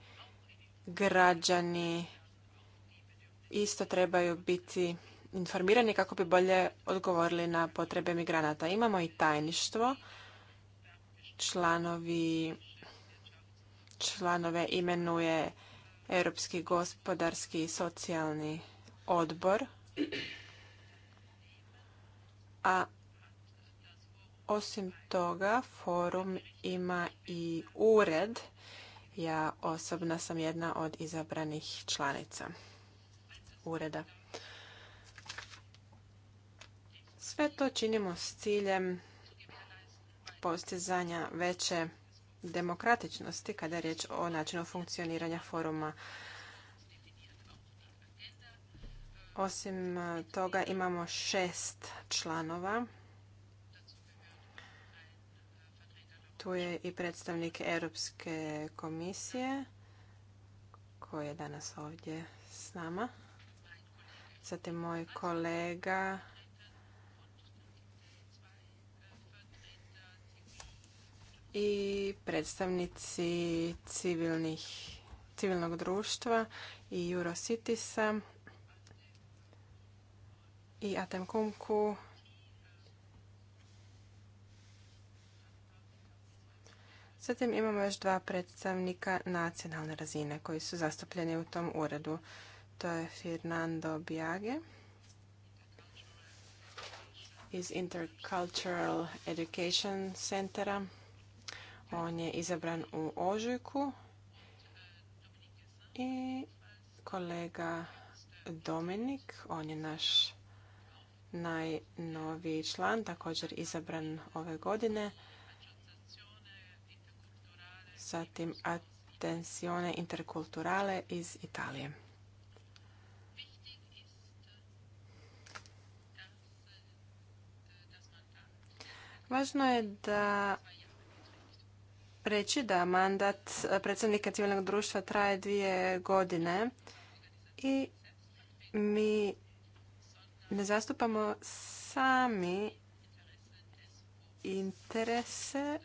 građani, isto trebaju biti informirani kako bi bolje odgovorili na potrebe migranata. Imamo i tajništvo, članovi članove imenuje Europski gospodarski i socijalni odbor, a osim toga forum ima i ured. Ja osobno sam jedna od izabranih članica ureda. Sve to činimo s ciljem postizanja veće demokratičnosti kada je riječ o načinu funkcioniranja foruma. Osim e, toga imamo šest članova. Tu je i predstavnik Europske komisije koji je danas ovdje s nama zatim moj kolega i predstavnici civilnog društva i Eurocitisa i Atem Kumku. Zatim imamo još dva predstavnika nacionalne razine koji su zastupljeni u tom uredu to je Fernando Biage iz Intercultural Education Centera. On je izabran u Ožujku i kolega Dominik, on je naš najnoviji član, također izabran ove godine. Zatim Atensione Interculturale iz Italije. Važno je da reći da mandat predsjednika civilnog društva traje dvije godine i mi ne zastupamo sami interese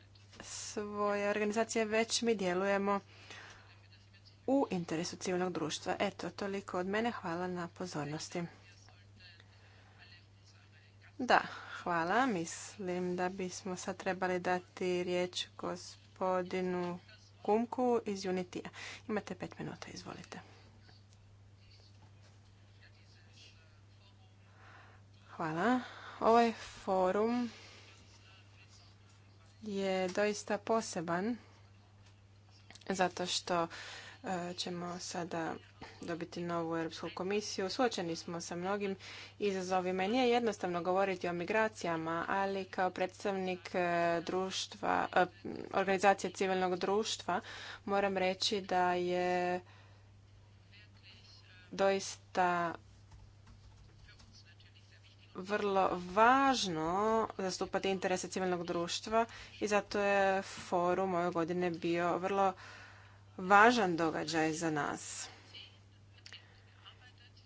svoje organizacije, već mi djelujemo u interesu civilnog društva. Eto, toliko od mene. Hvala na pozornosti. Da, Hvala. Mislim da bismo sad trebali dati riječ gospodinu Kumku iz Unitija. Imate pet minuta, izvolite. Hvala. Ovaj forum je doista poseban zato što ćemo sada dobiti novu Europsku komisiju. Suočeni smo sa mnogim izazovima nije jednostavno govoriti o migracijama, ali kao predstavnik e, društva, e, organizacije civilnog društva moram reći da je doista vrlo važno zastupati interese civilnog društva i zato je forum ove godine bio vrlo važan događaj za nas.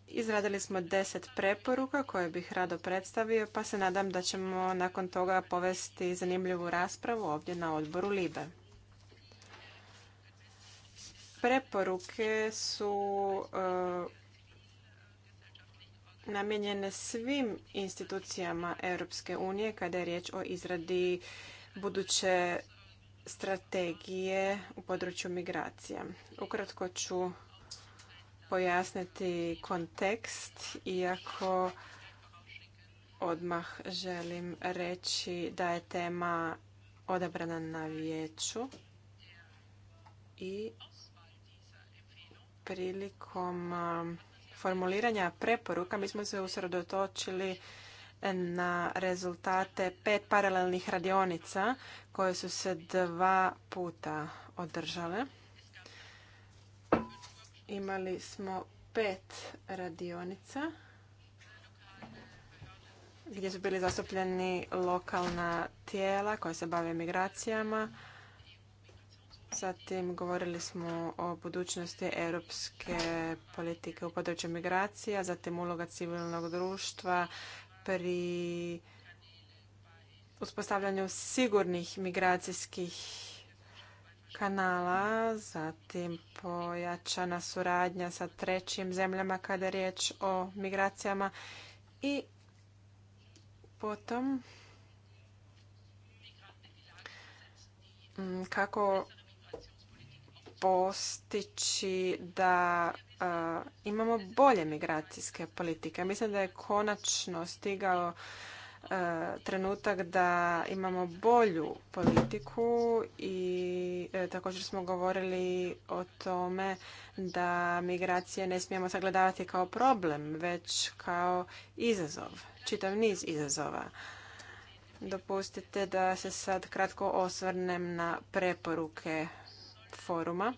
Izradili smo deset preporuka koje bih rado predstavio, pa se nadam da ćemo nakon toga povesti zanimljivu raspravu ovdje na odboru LIBE. Preporuke su namjenjene namijenjene svim institucijama Europske unije kada je riječ o izradi buduće strategije u području migracija. Ukratko ću pojasniti kontekst, iako odmah želim reći da je tema odabrana na vijeću i prilikom formuliranja preporuka mi smo se usredotočili na rezultate pet paralelnih radionica koje su se dva puta održale. Imali smo pet radionica gdje su bili zastupljeni lokalna tijela koja se bave migracijama. Zatim govorili smo o budućnosti europske politike u području migracija, zatim uloga civilnog društva, pri uspostavljanju sigurnih migracijskih kanala, zatim pojačana suradnja sa trećim zemljama kada je riječ o migracijama i potom mm, kako postići da imamo bolje migracijske politike. Mislim da je konačno stigao e, trenutak da imamo bolju politiku i e, također smo govorili o tome da migracije ne smijemo sagledavati kao problem, već kao izazov, čitav niz izazova. Dopustite da se sad kratko osvrnem na preporuke foruma.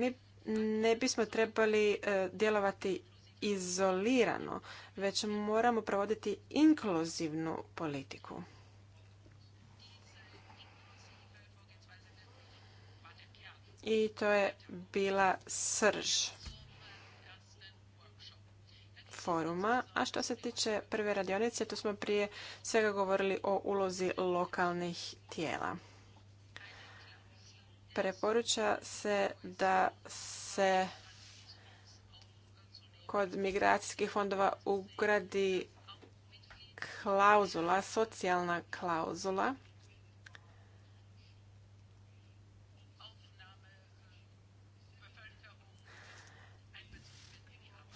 Mi ne bismo trebali e, djelovati izolirano, već moramo provoditi inkluzivnu politiku. I to je bila srž foruma. A što se tiče prve radionice, tu smo prije svega govorili o ulozi lokalnih tijela. Preporuča se da se kod migracijskih fondova ugradi klauzula, socijalna klauzula.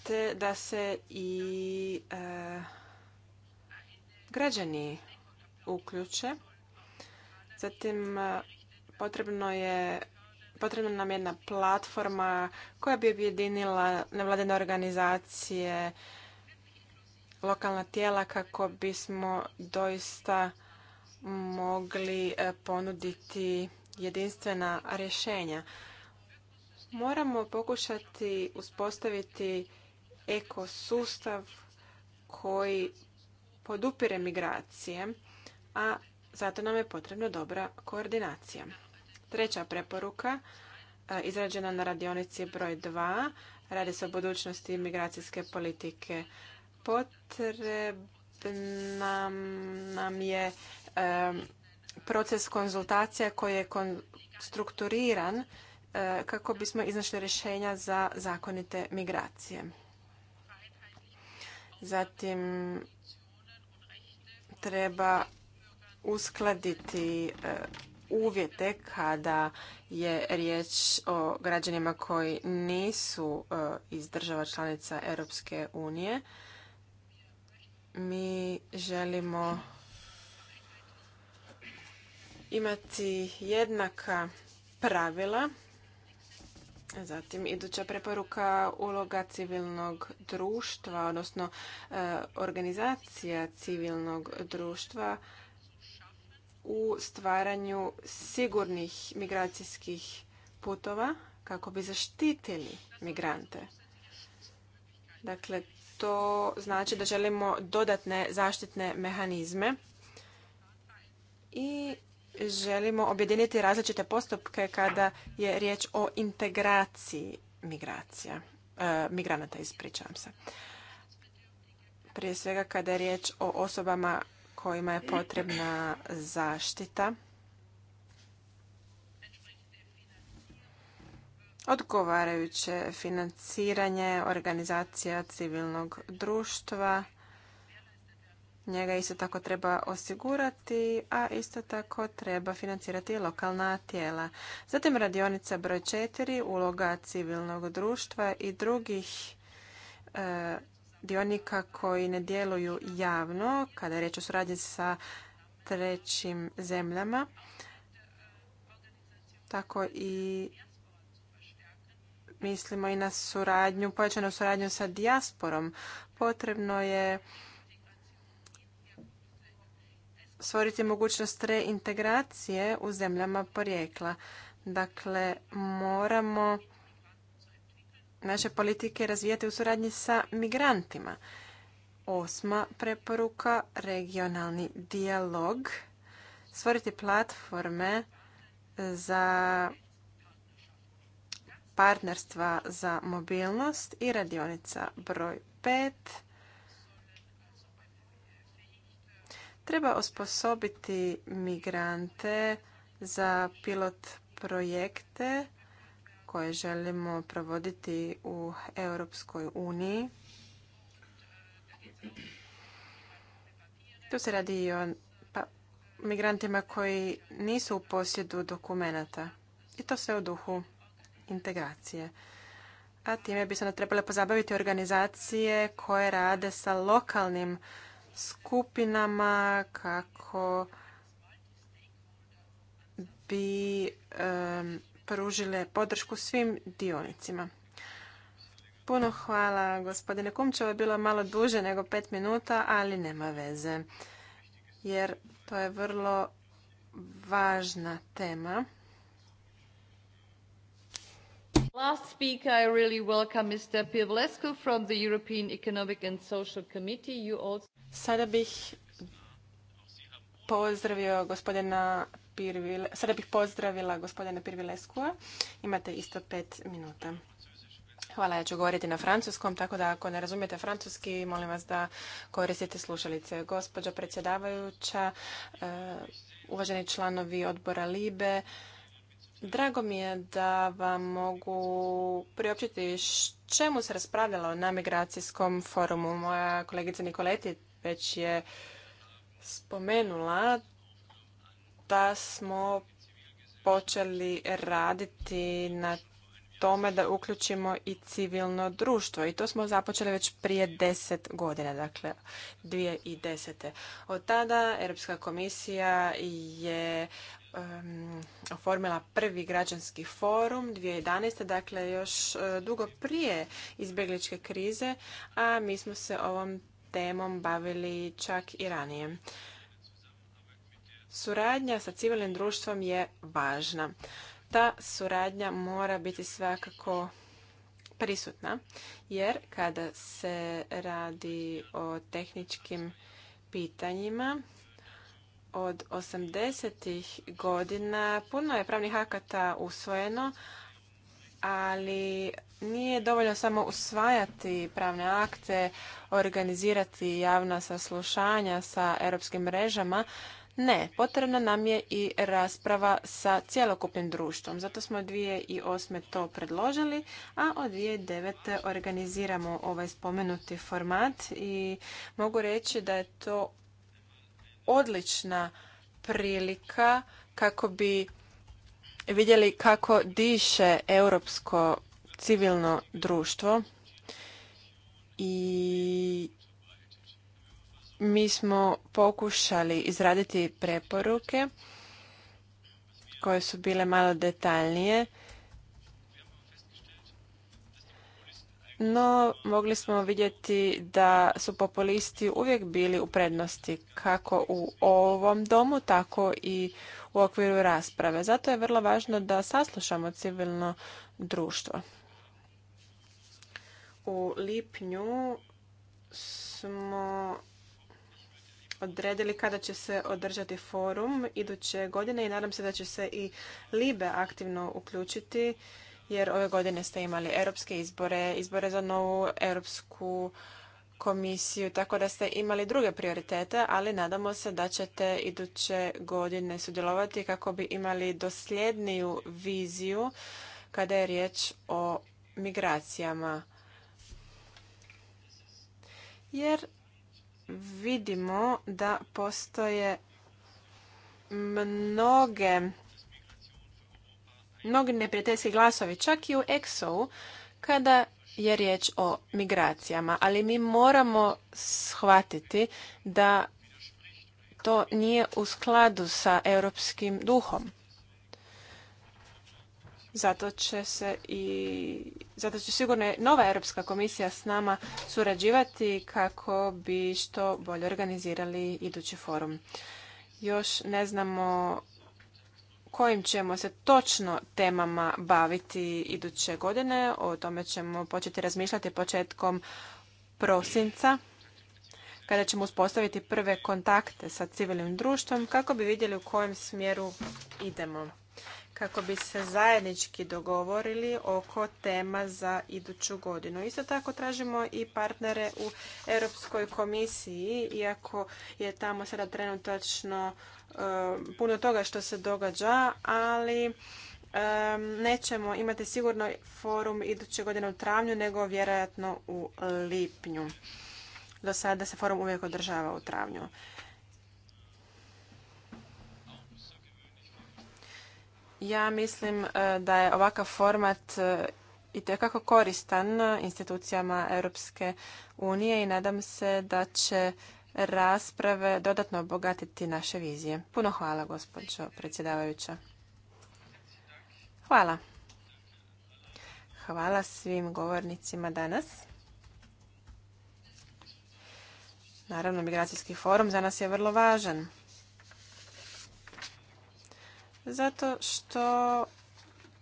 Te da se i e, građani uključe. Zatim Potrebno je potrebna nam jedna platforma koja bi objedinila nevladene organizacije, lokalna tijela kako bismo doista mogli e, ponuditi jedinstvena rješenja. Moramo pokušati uspostaviti ekosustav koji podupire migracije, a zato nam je potrebna dobra koordinacija. Treća preporuka e, izrađena na radionici broj 2. Radi se o budućnosti migracijske politike. Potrebna nam je e, proces konzultacija koji je strukturiran e, kako bismo iznašli rješenja za zakonite migracije. Zatim treba uskladiti uvjete kada je riječ o građanima koji nisu e, iz država članica Europske unije. Mi želimo imati jednaka pravila. Zatim iduća preporuka uloga civilnog društva, odnosno e, organizacija civilnog društva u stvaranju sigurnih migracijskih putova kako bi zaštitili migrante. Dakle, to znači da želimo dodatne zaštitne mehanizme i želimo objediniti različite postupke kada je riječ o integraciji migracija, e, migranata, ispričavam se. Prije svega kada je riječ o osobama kojima je potrebna zaštita odgovarajuće financiranje organizacija civilnog društva njega isto tako treba osigurati, a isto tako treba financirati i lokalna tijela. Zatim radionica broj 4, uloga civilnog društva i drugih e, dionika koji ne djeluju javno, kada je reč o suradnji sa trećim zemljama, tako i mislimo i na suradnju, pojačanu suradnju sa dijasporom. Potrebno je stvoriti mogućnost reintegracije u zemljama porijekla. Dakle, moramo naše politike razvijati u suradnji sa migrantima. Osma preporuka, regionalni dijalog, stvoriti platforme za partnerstva za mobilnost i radionica broj 5. Treba osposobiti migrante za pilot projekte koje želimo provoditi u Europskoj uniji. Tu se radi i o pa, migrantima koji nisu u posjedu dokumenata i to sve u duhu integracije. A time bi se onda trebale pozabaviti organizacije koje rade sa lokalnim skupinama kako bi pružile podršku svim dionicima. Puno hvala gospodine Kumčevo, je bilo malo duže nego pet minuta, ali nema veze, jer to je vrlo važna tema. Last speaker, I really welcome Mr. Pivlescu from the European Economic and Social Committee. You also... Sada bih pozdravio gospodina sada bih pozdravila gospodina Pirvileskua. Imate isto pet minuta. Hvala, ja ću govoriti na francuskom, tako da ako ne razumijete francuski, molim vas da koristite slušalice. Gospođa predsjedavajuća, e, uvaženi članovi odbora LIBE, Drago mi je da vam mogu priopćiti čemu se raspravljalo na migracijskom forumu. Moja kolegica Nikoleti već je spomenula da smo počeli raditi na tome da uključimo i civilno društvo i to smo započeli već prije deset godina, dakle dvije desete. Od tada Europska komisija je oformila prvi građanski forum 2011. dakle još e, dugo prije izbjegličke krize, a mi smo se ovom temom bavili čak i ranije. Suradnja sa civilnim društvom je važna. Ta suradnja mora biti svakako prisutna, jer kada se radi o tehničkim pitanjima, od 80. godina puno je pravnih akata usvojeno, ali nije dovoljno samo usvajati pravne akte, organizirati javna saslušanja sa europskim mrežama, ne, potrebna nam je i rasprava sa cjelokupnim društvom. Zato smo 2008. to predložili, a od 2009. organiziramo ovaj spomenuti format i mogu reći da je to odlična prilika kako bi vidjeli kako diše europsko civilno društvo i mi smo pokušali izraditi preporuke koje su bile malo detaljnije. No, mogli smo vidjeti da su populisti uvijek bili u prednosti kako u ovom domu, tako i u okviru rasprave. Zato je vrlo važno da saslušamo civilno društvo. U lipnju smo odredili kada će se održati forum iduće godine i nadam se da će se i Libe aktivno uključiti jer ove godine ste imali europske izbore, izbore za novu europsku komisiju, tako da ste imali druge prioritete, ali nadamo se da ćete iduće godine sudjelovati kako bi imali dosljedniju viziju kada je riječ o migracijama. Jer vidimo da postoje mnoge mnogi neprijateljski glasovi, čak i u EXO-u, kada je riječ o migracijama. Ali mi moramo shvatiti da to nije u skladu sa europskim duhom. Zato će se i, zato će sigurno nova Europska komisija s nama surađivati kako bi što bolje organizirali idući forum. Još ne znamo kojim ćemo se točno temama baviti iduće godine. O tome ćemo početi razmišljati početkom prosinca kada ćemo uspostaviti prve kontakte sa civilnim društvom kako bi vidjeli u kojem smjeru idemo kako bi se zajednički dogovorili oko tema za iduću godinu. Isto tako tražimo i partnere u Europskoj komisiji, iako je tamo sada trenutačno eh, puno toga što se događa, ali nećemo imati sigurno forum iduće godine u travnju, nego vjerojatno u lipnju. Do sada se forum uvijek održava u travnju. Ja mislim e, da je ovakav format e, i tekako koristan e, institucijama Europske unije i nadam se da će rasprave dodatno obogatiti naše vizije. Puno hvala, gospođo predsjedavajuća. Hvala. Hvala svim govornicima danas. Naravno, Migracijski forum za nas je vrlo važan. Zato što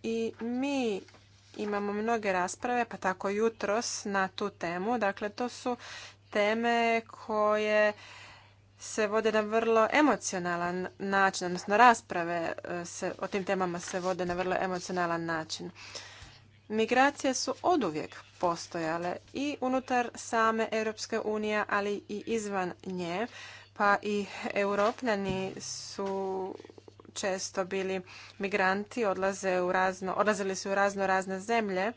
i mi imamo mnoge rasprave, pa tako jutros na tu temu. Dakle, to su teme koje se vode na vrlo emocionalan način, odnosno rasprave e, se, o tim temama se vode na vrlo emocionalan način. Migracije su oduvijek postojale i unutar same Europske unije, ali i izvan nje, pa i europljani su često bili migranti, odlaze u razno, odlazili su u razno razne zemlje.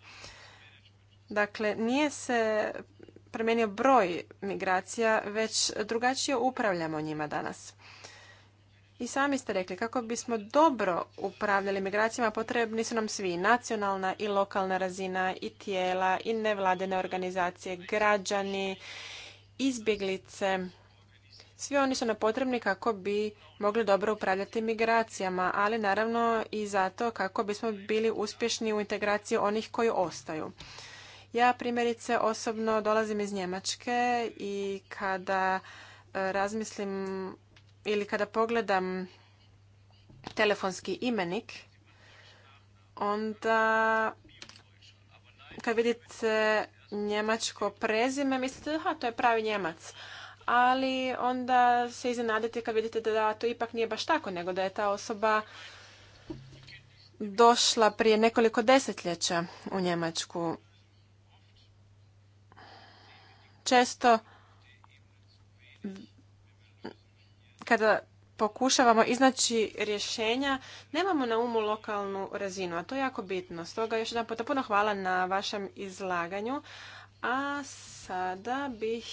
Dakle, nije se promijenio broj migracija, već drugačije upravljamo njima danas. I sami ste rekli, kako bismo dobro upravljali migracijama, potrebni su nam svi, nacionalna i lokalna razina, i tijela, i nevladene organizacije, građani, izbjeglice, svi oni su nam potrebni kako bi mogli dobro upravljati migracijama, ali naravno i zato kako bismo bili uspješni u integraciji onih koji ostaju. Ja primjerice osobno dolazim iz Njemačke i kada e, razmislim ili kada pogledam telefonski imenik, onda kad vidite njemačko prezime, mislite da to je pravi njemac ali onda se iznenadite kad vidite da to ipak nije baš tako, nego da je ta osoba došla prije nekoliko desetljeća u Njemačku. Često kada pokušavamo iznaći rješenja, nemamo na umu lokalnu razinu, a to je jako bitno. Stoga još jedan puta puno hvala na vašem izlaganju. A sada bih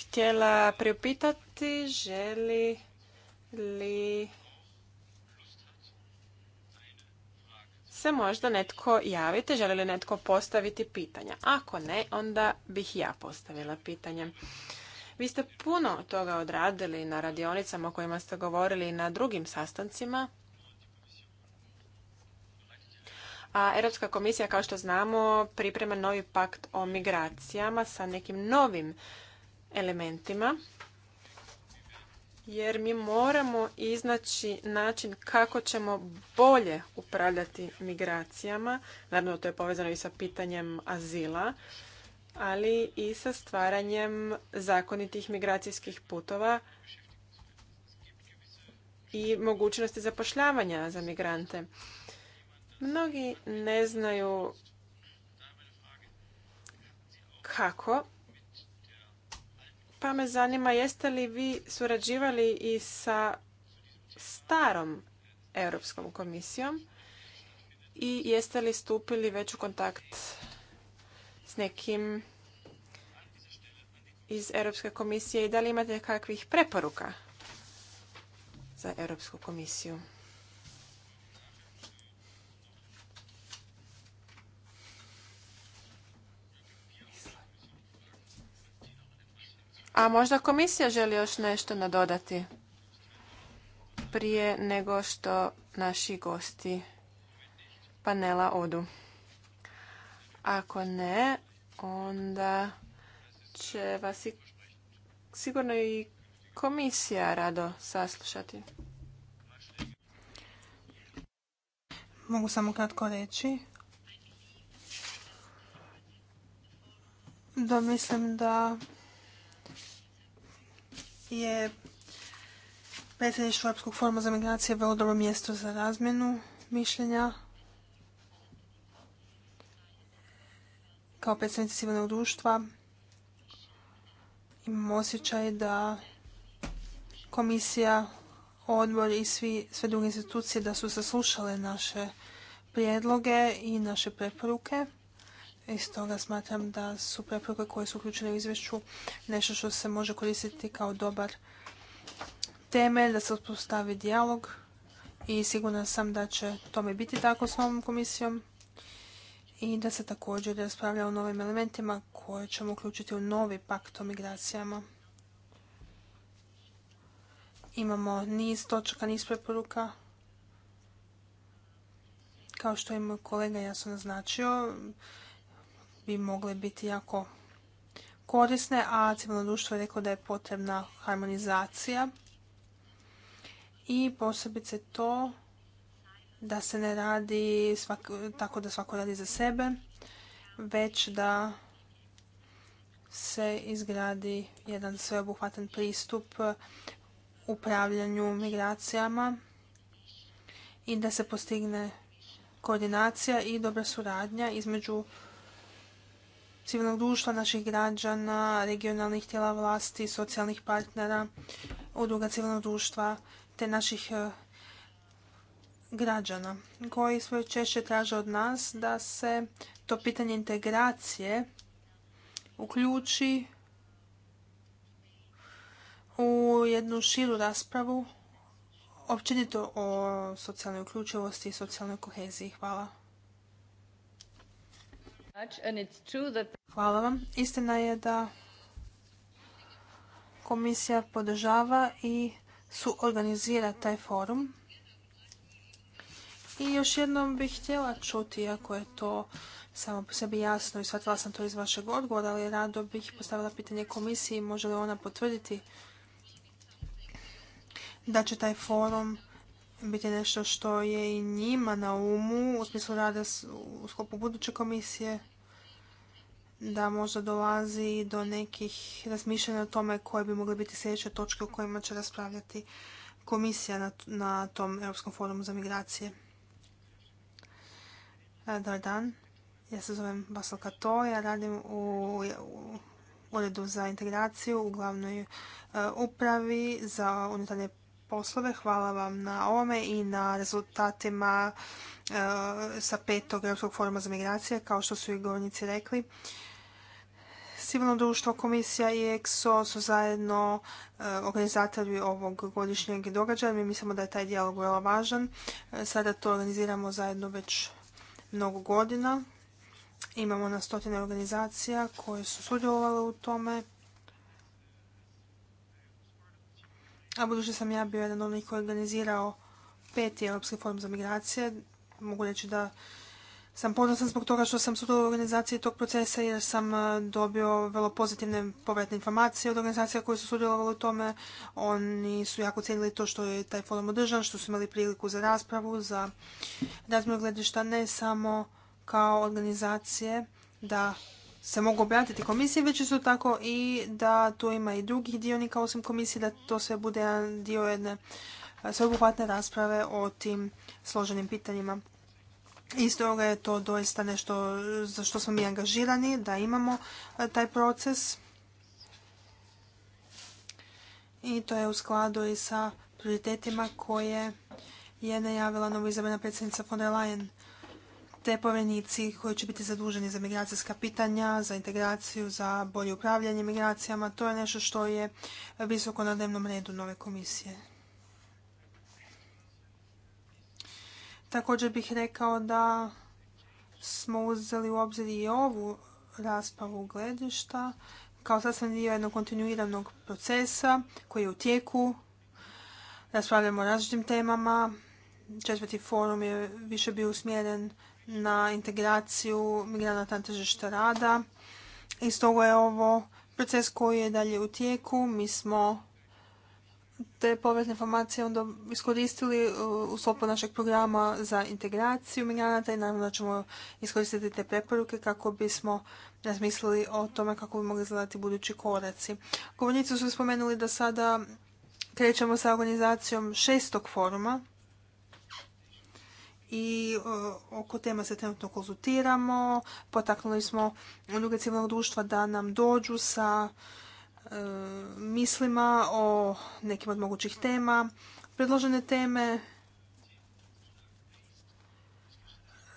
htjela priupitati želi li se možda netko javiti, želi li netko postaviti pitanja. Ako ne, onda bih ja postavila pitanje. Vi ste puno toga odradili na radionicama o kojima ste govorili na drugim sastancima. A Europska komisija, kao što znamo, priprema novi pakt o migracijama sa nekim novim elementima jer mi moramo iznaći način kako ćemo bolje upravljati migracijama. Naravno, to je povezano i sa pitanjem azila, ali i sa stvaranjem zakonitih migracijskih putova i mogućnosti zapošljavanja za migrante. Mnogi ne znaju kako pa me zanima jeste li vi surađivali i sa starom Europskom komisijom i jeste li stupili već u kontakt s nekim iz Europske komisije i da li imate kakvih preporuka za Europsku komisiju? A možda komisija želi još nešto nadodati prije nego što naši gosti panela odu. Ako ne, onda će vas i sigurno i komisija rado saslušati. Mogu samo kratko reći. Da mislim da je predsjedništvo Europskog foruma za migracije vrlo dobro mjesto za razmjenu mišljenja kao predstavnici civilnog društva imamo osjećaj da komisija, odbor i svi, sve druge institucije da su saslušale naše prijedloge i naše preporuke i stoga smatram da su preporuke koje su uključene u izvješću nešto što se može koristiti kao dobar temelj, da se uspostavi dijalog i sigurna sam da će tome biti tako s ovom komisijom i da se također raspravlja o novim elementima koje ćemo uključiti u novi pakt o migracijama. Imamo niz točaka, niz preporuka. Kao što je moj kolega jasno naznačio, bi mogle biti jako korisne, a civilno društvo je rekao da je potrebna harmonizacija i posebice to da se ne radi tako da svako radi za sebe, već da se izgradi jedan sveobuhvatan pristup upravljanju migracijama i da se postigne koordinacija i dobra suradnja između civilnog društva, naših građana, regionalnih tijela vlasti, socijalnih partnera, udruga civilnog društva te naših e, građana koji svoje češće traže od nas da se to pitanje integracije uključi u jednu širu raspravu općenito o socijalnoj uključivosti i socijalnoj koheziji. Hvala. Hvala vam. Istina je da komisija podržava i suorganizira taj forum. I još jednom bih htjela čuti, ako je to samo po sebi jasno i shvatila sam to iz vašeg odgovora, ali rado bih postavila pitanje komisiji može li ona potvrditi da će taj forum biti nešto što je i njima na umu u smislu rada u sklopu buduće komisije da možda dolazi do nekih razmišljanja o tome koje bi mogle biti sljedeće točke o kojima će raspravljati komisija na, na tom Europskom forumu za migracije. E, dobar dan, ja se zovem Basel Kato, ja radim u Uredu za integraciju u glavnoj e, upravi za unutarnje poslove. Hvala vam na ovome i na rezultatima e, sa petog Europskog foruma za migracije, kao što su i govornici rekli. Civilno društvo, komisija i EXO su zajedno e, organizatori ovog godišnjeg događaja. Mi mislimo da je taj dijalog vrlo važan. E, sada to organiziramo zajedno već mnogo godina. Imamo na stotine organizacija koje su sudjelovale u tome A budući sam ja bio jedan onih koji je organizirao peti Europski forum za migracije, mogu reći da sam ponosan zbog toga što sam sudjelovao u organizaciji tog procesa jer sam e, dobio vrlo pozitivne povratne informacije od organizacija koje su sudjelovali u tome. Oni su jako cijenili to što je taj forum održan, što su imali priliku za raspravu, za razmjenu gledišta ne samo kao organizacije da se mogu obratiti komisije, već isto tako i da tu ima i drugih dionika osim komisije, da to sve bude jedan dio jedne e, sveobuhvatne rasprave o tim složenim pitanjima. Iz toga je to doista nešto za što smo mi angažirani, da imamo e, taj proces. I to je u skladu i sa prioritetima koje je najavila novoizabrana predsjednica von der Leyen te koji će biti zaduženi za migracijska pitanja, za integraciju, za bolje upravljanje migracijama. To je nešto što je visoko na dnevnom redu nove komisije. Također bih rekao da smo uzeli u obzir i ovu raspravu gledišta kao sasvim dio jednog kontinuiranog procesa koji je u tijeku. Raspravljamo o različitim temama. Četvrti forum je više bio usmjeren na integraciju migranata na tržište rada i stoga je ovo proces koji je dalje u tijeku. Mi smo te povratne informacije onda iskoristili uh, u slopu našeg programa za integraciju migranata i naravno da ćemo iskoristiti te preporuke kako bismo razmislili o tome kako bi mogli izgledati budući koraci. Govornici su spomenuli da sada krećemo sa organizacijom šestog foruma i oko tema se trenutno konzultiramo. Potaknuli smo druge civilnog društva da nam dođu sa e, mislima o nekim od mogućih tema. Predložene teme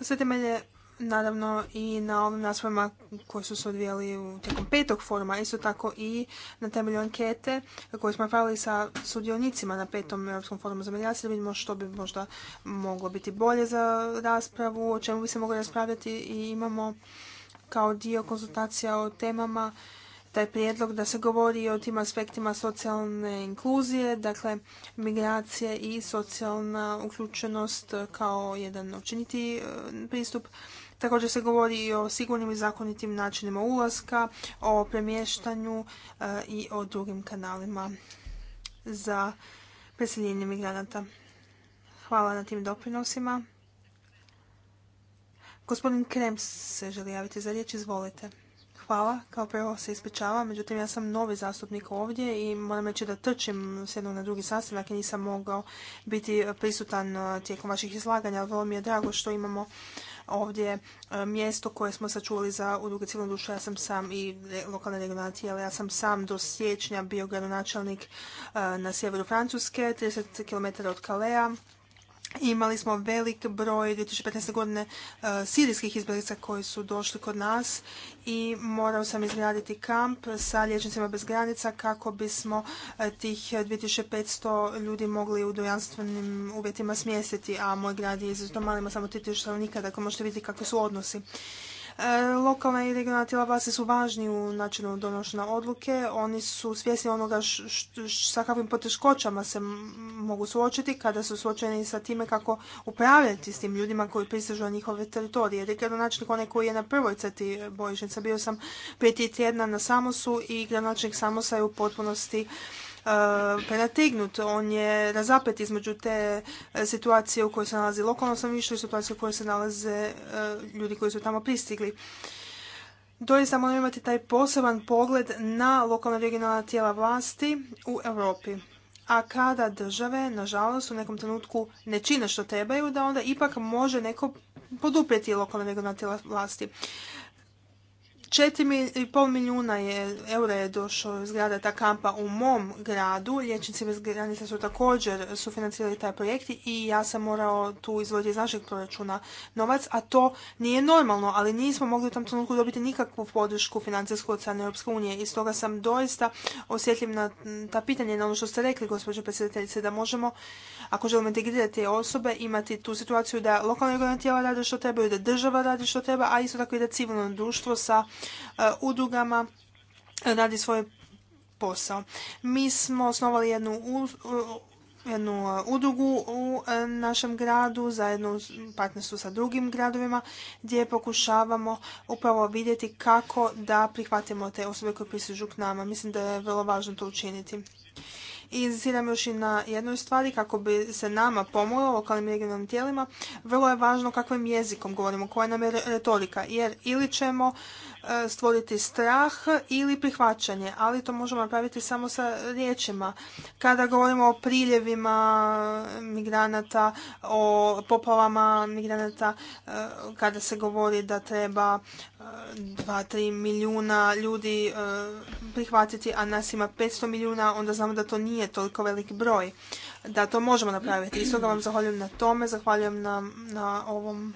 sve temelje naravno i na ovim nasvojima koji su se odvijali u tijekom petog foruma, isto tako i na temelju ankete koju smo napravili sa sudionicima na petom Europskom forumu za migracije, da vidimo što bi možda moglo biti bolje za raspravu, o čemu bi se moglo raspravljati i imamo kao dio konzultacija o temama taj prijedlog da se govori o tim aspektima socijalne inkluzije, dakle migracije i socijalna uključenost kao jedan učiniti e, pristup Također se govori i o sigurnim i zakonitim načinima ulaska, o premještanju e, i o drugim kanalima za preseljenje migranata. Hvala na tim doprinosima. Gospodin Krems se želi javiti za riječ, izvolite. Hvala, kao prvo se ispričavam, međutim ja sam novi zastupnik ovdje i moram reći da trčim s jednog na drugi sastanak i nisam mogao biti prisutan e, tijekom vaših izlaganja, ali vrlo mi je drago što imamo ovdje e, mjesto koje smo sačuvali za udruge civilnog duše Ja sam sam i lokalne regionalne tijela. Ja sam sam do siječnja bio gradonačelnik e, na sjeveru Francuske, 30 km od Kalea Imali smo velik broj 2015. godine e, sirijskih izbjeglica koji su došli kod nas i morao sam izgraditi kamp sa liječnicima bez granica kako bismo e, tih 2500 ljudi mogli u dojanstvenim uvjetima smjestiti, a moj grad je izuzetno malima ima samo 3000 stanovnika, dakle možete vidjeti kakvi su odnosi. E, Lokalna i regionalna tijela vlasti su važni u načinu donošenja odluke. Oni su svjesni onoga sa kakvim poteškoćama se mogu suočiti kada su suočeni sa time kako upravljati s tim ljudima koji prisežu na njihove teritorije. Jer onaj koji je na prvoj crti bojišnica. Bio sam prije tjedna na Samosu i gradonačelnik Samosa je u potpunosti Eh, prenategnut, on je razapet između te eh, situacije u kojoj se nalazi lokalno stanovništvo i situacije u kojoj se nalaze eh, ljudi koji su tamo pristigli. Doista moramo imati taj poseban pogled na lokalna regionalna tijela vlasti u Europi. A kada države, nažalost, u nekom trenutku ne čine što trebaju, da onda ipak može neko poduprijeti lokalne regionalne tijela vlasti. 4,5 milijuna je, eura je došlo iz grada ta kampa u mom gradu. Liječnici bez granica su također sufinancirali taj projekt i ja sam morao tu izvoditi iz našeg proračuna novac, a to nije normalno, ali nismo mogli u tom trenutku dobiti nikakvu podršku financijsku od strane Europske unije i stoga sam doista osjetljiv na ta pitanja i na ono što ste rekli, gospođo predsjedateljice, da možemo, ako želimo integrirati osobe, imati tu situaciju da lokalne organizacije tijela rade što trebaju, da država radi što treba, a isto tako i da civilno društvo sa E, udrugama e, radi svoj posao. Mi smo osnovali jednu jednu e, udrugu u našem gradu, zajedno u partnerstvu sa drugim gradovima, gdje pokušavamo upravo vidjeti kako da prihvatimo te osobe koje prisužu k nama. Mislim da je vrlo važno to učiniti. I još i na jednoj stvari, kako bi se nama pomoglo, lokalnim i regionalnim tijelima, vrlo je važno kakvim jezikom govorimo, koja nam je retorika, jer ili ćemo E, stvoriti strah ili prihvaćanje, ali to možemo napraviti samo sa riječima. Kada govorimo o priljevima migranata, o poplavama migranata, e, kada se govori da treba 2-3 e, milijuna ljudi prihvatiti, a nas ima 500 milijuna, onda znamo da to nije toliko velik broj. Da, to možemo napraviti. I vam zahvaljujem na tome, zahvaljujem na ovom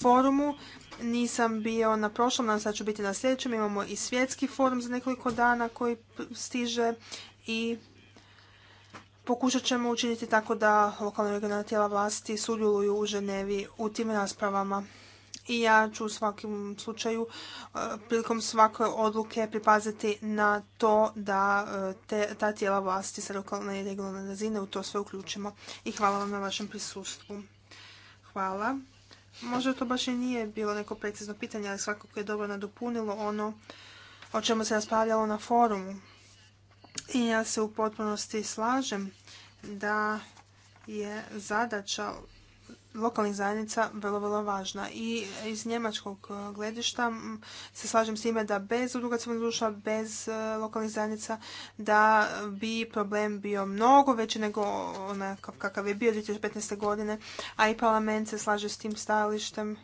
forumu nisam bio na prošlom, nadam sad ću biti na sljedećem. Imamo i svjetski forum za nekoliko dana koji stiže i pokušat ćemo učiniti tako da lokalne regionalne tijela vlasti sudjeluju u Ženevi u tim raspravama. I ja ću u svakom slučaju e, prilikom svake odluke pripaziti na to da e, ta tijela vlasti sa lokalne i regionalne razine u to sve uključimo. I hvala vam na vašem prisustvu. Hvala. Možda to baš i nije bilo neko precizno pitanje, ali svakako je dobro nadopunilo ono o čemu se raspravljalo na forumu. I ja se u potpunosti slažem da je zadaća lokalnih zajednica vrlo, vrlo važna. I iz njemačkog e, gledišta se slažem s time da bez udruga civilnog društva, bez e, lokalnih zajednica, da bi problem bio mnogo veći nego onakav kakav je bio 2015. godine, a i parlament se slaže s tim stajalištem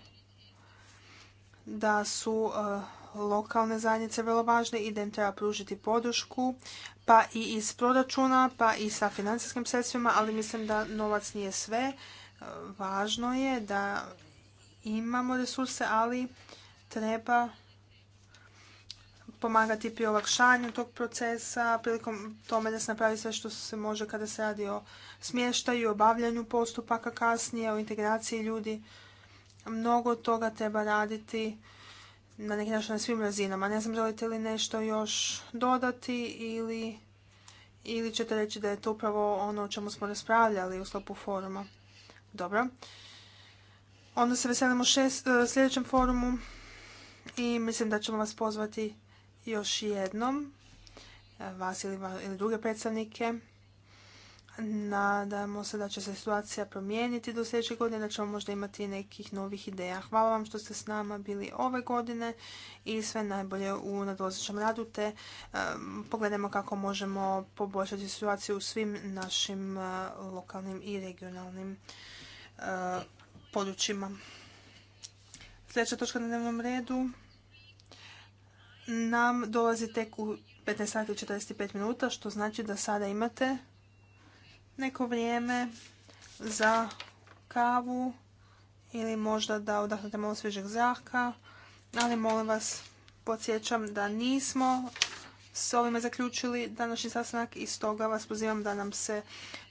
da su e, lokalne zajednice vrlo važne i da im treba pružiti podršku, pa i iz proračuna, pa i sa financijskim sredstvima, ali mislim da novac nije sve Važno je da imamo resurse, ali treba pomagati pri olakšanju tog procesa, prilikom tome da se napravi sve što se može kada se radi o smještaju, obavljanju postupaka kasnije, o integraciji ljudi. Mnogo toga treba raditi na neki način na svim razinama. Ne znam želite li nešto još dodati ili, ili ćete reći da je to upravo ono o čemu smo raspravljali u sklopu foruma. Dobro. Onda se veselimo šest, e, sljedećem forumu i mislim da ćemo vas pozvati još jednom, e, vas ili, druge predstavnike. Nadamo se da će se situacija promijeniti do sljedeće godine, da ćemo možda imati nekih novih ideja. Hvala vam što ste s nama bili ove godine i sve najbolje u nadolazećem radu, te e, pogledajmo kako možemo poboljšati situaciju u svim našim lokalnim i regionalnim E, područjima. Sljedeća točka na dnevnom redu nam dolazi tek u 15 sati minuta, što znači da sada imate neko vrijeme za kavu ili možda da odahnete malo svježeg zraka, ali molim vas podsjećam da nismo s ovime zaključili današnji sastanak i stoga vas pozivam da nam se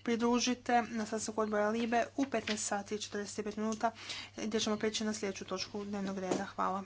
pridružite na sastanku odbora Libe u 15 sati i 45 minuta gdje ćemo preći na sljedeću točku dnevnog reda. Hvala.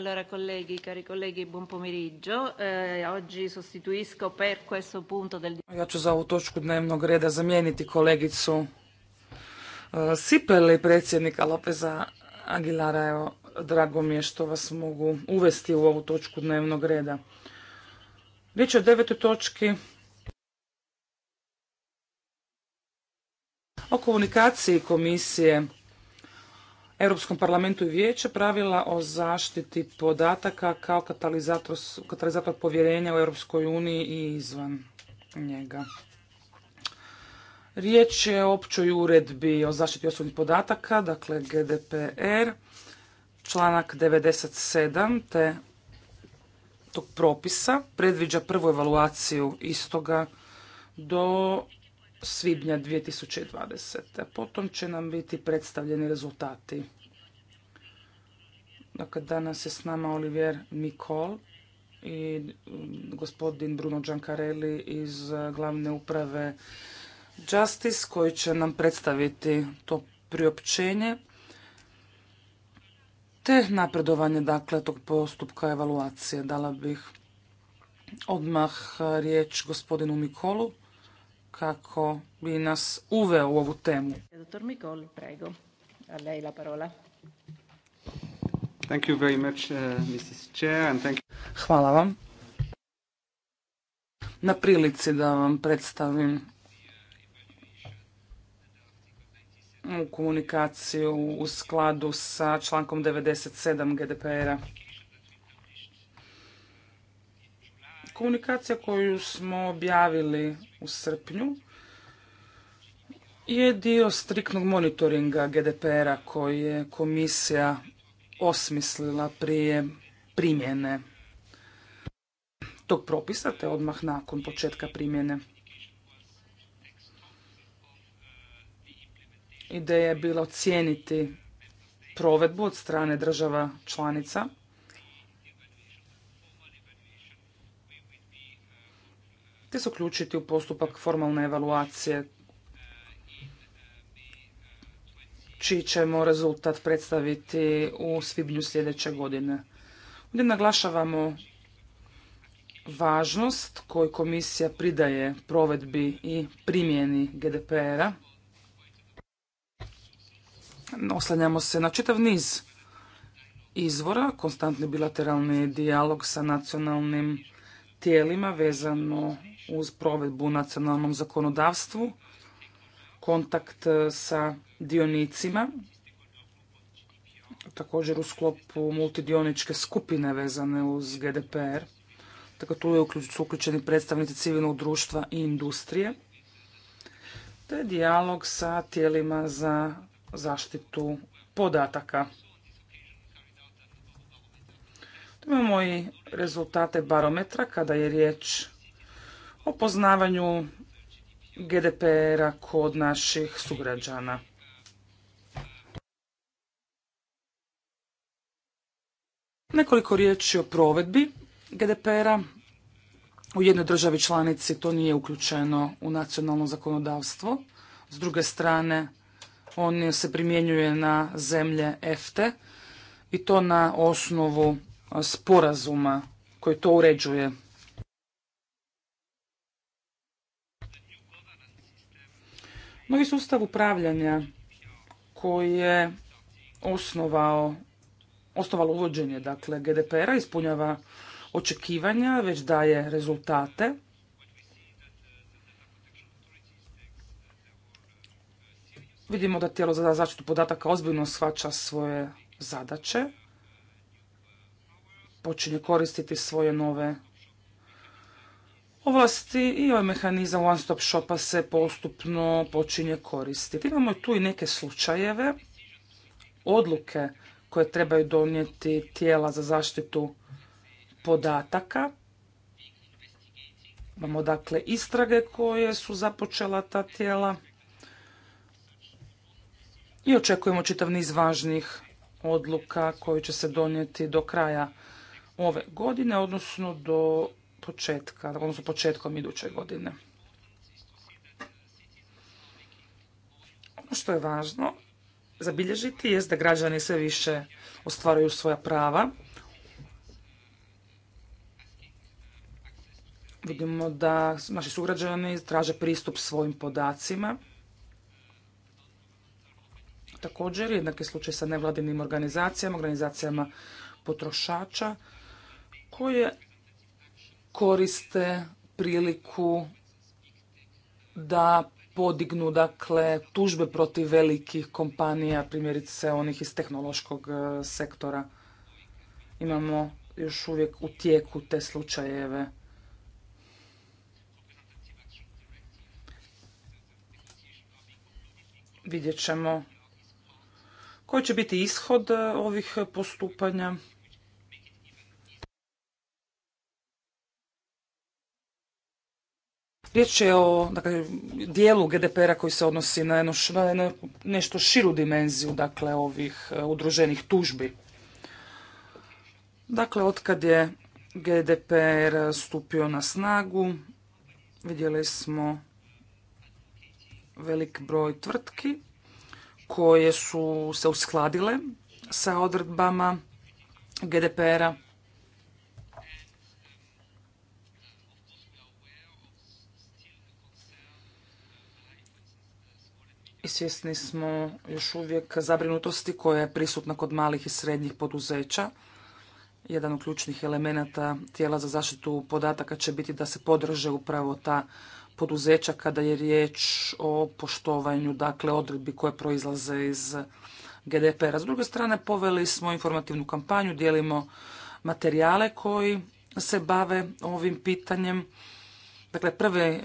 Allora colleghi, cari colleghi, buon pomeriggio. Eh, oggi sostituisco per questo punto del... Ja ću za ovu točku dnevnog reda zamijeniti kolegicu eh, Sipeli, predsjednika Lopeza Aguilara. Evo, drago mi je što vas mogu uvesti u ovu točku dnevnog reda. Riječ je o devetoj točki o komunikaciji komisije Europskom parlamentu i vijeće pravila o zaštiti podataka kao katalizator, povjerenja u Europskoj uniji i izvan njega. Riječ je o općoj uredbi o zaštiti osobnih podataka, dakle GDPR, članak 97 te tog propisa predviđa prvu evaluaciju istoga do svibnja 2020. Potom će nam biti predstavljeni rezultati. Dakle, danas je s nama Olivier Mikol i mm, gospodin Bruno Giancarelli iz glavne uprave Justice koji će nam predstaviti to priopćenje te napredovanje dakle tog postupka evaluacije. Dala bih odmah riječ gospodinu Mikolu kako bi nas uveo u ovu temu. Dr. Mikol, prego. A lei la parola. Thank you very much, uh, Mrs. Chair, and thank you. Hvala vam. Na prilici da vam predstavim komunikaciju u skladu sa člankom 97 GDPR-a. Komunikacija koju smo objavili u srpnju je dio striktnog monitoringa GDPR-a koji je komisija osmislila prije primjene tog propisa, te odmah nakon početka primjene. Ideja je bila ocijeniti provedbu od strane država članica te se uključiti u postupak formalne evaluacije čiji ćemo rezultat predstaviti u svibnju sljedeće godine. Ovdje naglašavamo važnost koju komisija pridaje provedbi i primjeni GDPR-a. Oslanjamo se na čitav niz izvora, konstantni bilateralni dijalog sa nacionalnim tijelima vezano uz provedbu u nacionalnom zakonodavstvu, kontakt e, sa dionicima, također u sklopu multidioničke skupine vezane uz GDPR. Tako dakle, tu su uključeni predstavnici civilnog društva i industrije, te dijalog sa tijelima za zaštitu podataka. imamo i rezultate barometra kada je riječ o poznavanju GDPR-a kod naših sugrađana. Nekoliko riječi o provedbi GDPR-a. U jednoj državi članici to nije uključeno u nacionalno zakonodavstvo. S druge strane, on se primjenjuje na zemlje EFTE i to na osnovu sporazuma koji to uređuje. Novi sustav upravljanja koji je osnovao, osnovalo uvođenje dakle, GDPR-a ispunjava očekivanja, već daje rezultate. Vidimo da tijelo za zaštitu podataka ozbiljno shvaća svoje zadaće, počinje koristiti svoje nove ovlasti i ovaj mehanizam one stop shopa se postupno počinje koristiti. Imamo tu i neke slučajeve, odluke koje trebaju donijeti tijela za zaštitu podataka. Imamo dakle istrage koje su započela ta tijela i očekujemo čitav niz važnih odluka koji će se donijeti do kraja ove godine, odnosno do početka, odnosno početkom iduće godine. Ono što je važno zabilježiti je da građani sve više ostvaruju svoja prava. Vidimo da naši sugrađani traže pristup svojim podacima. Također, jednak je slučaj sa nevladinim organizacijama, organizacijama potrošača, koje koriste priliku da podignu dakle tužbe protiv velikih kompanija, primjerice onih iz tehnološkog e, sektora. Imamo još uvijek u tijeku te slučajeve. Vidjet ćemo koji će biti ishod e, ovih postupanja. Riječ je o dakle, dijelu GDPR-a koji se odnosi na, jedno, na nešto širu dimenziju dakle, ovih e, udruženih tužbi. Dakle, otkad je GDPR stupio na snagu, vidjeli smo velik broj tvrtki koje su se uskladile sa odredbama GDPR-a. i svjesni smo još uvijek zabrinutosti koja je prisutna kod malih i srednjih poduzeća. Jedan od ključnih elemenata tijela za zaštitu podataka će biti da se podrže upravo ta poduzeća kada je riječ o poštovanju dakle odredbi koje proizlaze iz GDPR-a. S druge strane, poveli smo informativnu kampanju, dijelimo materijale koji se bave ovim pitanjem. Dakle, prve,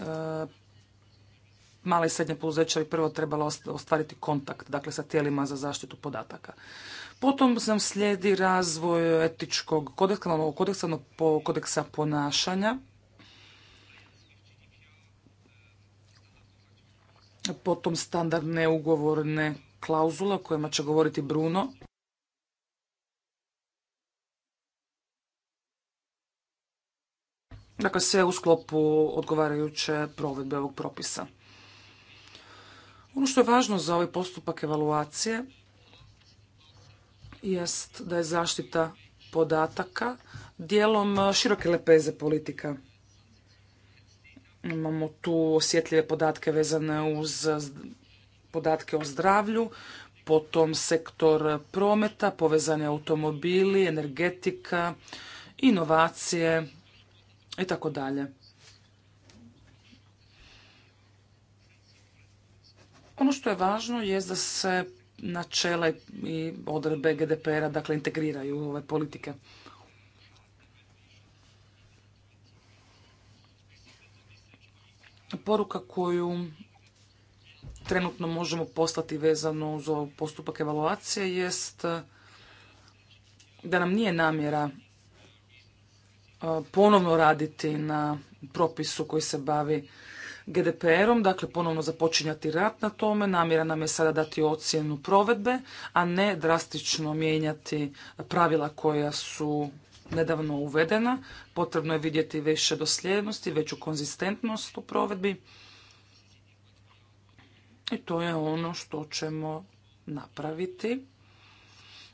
mala i srednja poduzeća bi prvo trebala ostvariti kontakt dakle, sa tijelima za zaštitu podataka. Potom nam slijedi razvoj etičkog kodeksa, ono, ono, kodeksa ponašanja. Potom standardne ugovorne klauzule o kojima će govoriti Bruno. Dakle, sve u sklopu odgovarajuće provedbe ovog propisa. Ono što je važno za ovaj postupak evaluacije jest da je zaštita podataka dijelom široke lepeze politika. Imamo tu osjetljive podatke vezane uz podatke o zdravlju, potom sektor prometa, povezani automobili, energetika, inovacije i tako dalje. Ono što je važno je da se načela i odredbe GDPR-a dakle integriraju u ove politike. Poruka koju trenutno možemo poslati vezano uz ovaj postupak evaluacije jest da nam nije namjera e, ponovno raditi na propisu koji se bavi GDPR-om, dakle ponovno započinjati rat na tome, namjera nam je sada dati ocjenu provedbe, a ne drastično mijenjati pravila koja su nedavno uvedena. Potrebno je vidjeti više dosljednosti, veću konzistentnost u provedbi. I to je ono što ćemo napraviti.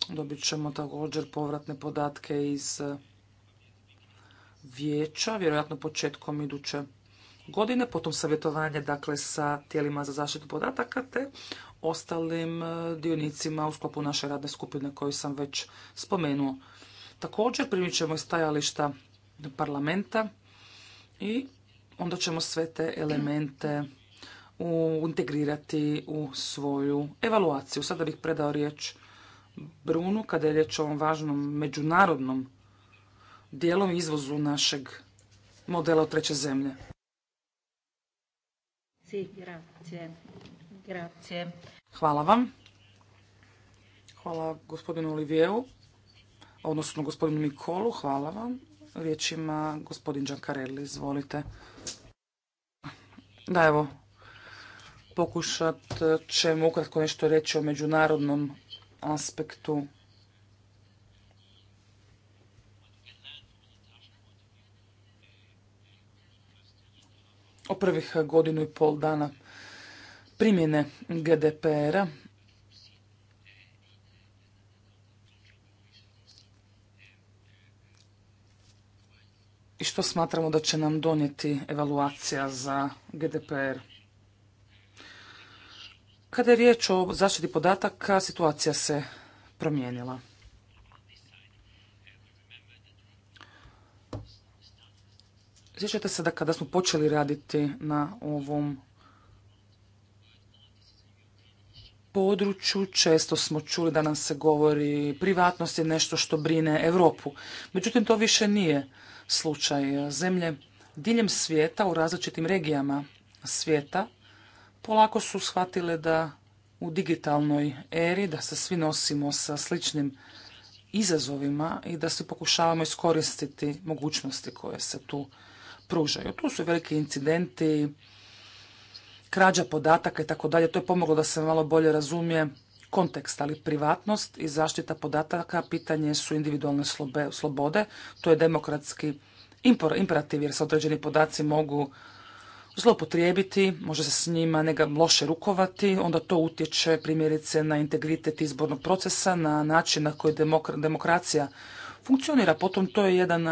Dobit ćemo također povratne podatke iz vijeća, vjerojatno početkom iduće godine, potom savjetovanje dakle, sa tijelima za zaštitu podataka te ostalim e, dionicima u sklopu naše radne skupine koju sam već spomenuo. Također primit ćemo stajališta parlamenta i onda ćemo sve te elemente integrirati u svoju evaluaciju. Sada bih predao riječ Brunu kada je riječ o ovom važnom međunarodnom dijelom izvozu našeg modela u treće zemlje. Hvala vam. Hvala gospodinu Olivijevu, odnosno gospodinu Nikolu, hvala vam. Riječ ima gospodin Đankarelli, izvolite. Da, evo, pokušat ćemo ukratko nešto reći o međunarodnom aspektu o prvih godinu i pol dana primjene GDPR-a. I što smatramo da će nam donijeti evaluacija za GDPR. Kada je riječ o zaštiti podataka, situacija se promijenila. Sjećate se da kada smo počeli raditi na ovom području često smo čuli da nam se govori privatnost je nešto što brine Europu. Međutim, to više nije slučaj. Zemlje diljem svijeta u različitim regijama svijeta polako su shvatile da u digitalnoj eri da se svi nosimo sa sličnim izazovima i da se pokušavamo iskoristiti mogućnosti koje se tu pružaju. Tu su veliki incidenti, krađa podataka i tako dalje. To je pomoglo da se malo bolje razumije kontekst, ali privatnost i zaštita podataka pitanje su individualne slobode. To je demokratski imperativ jer se određeni podaci mogu zlopotrijebiti, može se s njima nega loše rukovati, onda to utječe primjerice na integritet izbornog procesa, na način na koji demokracija funkcionira. Potom to je jedan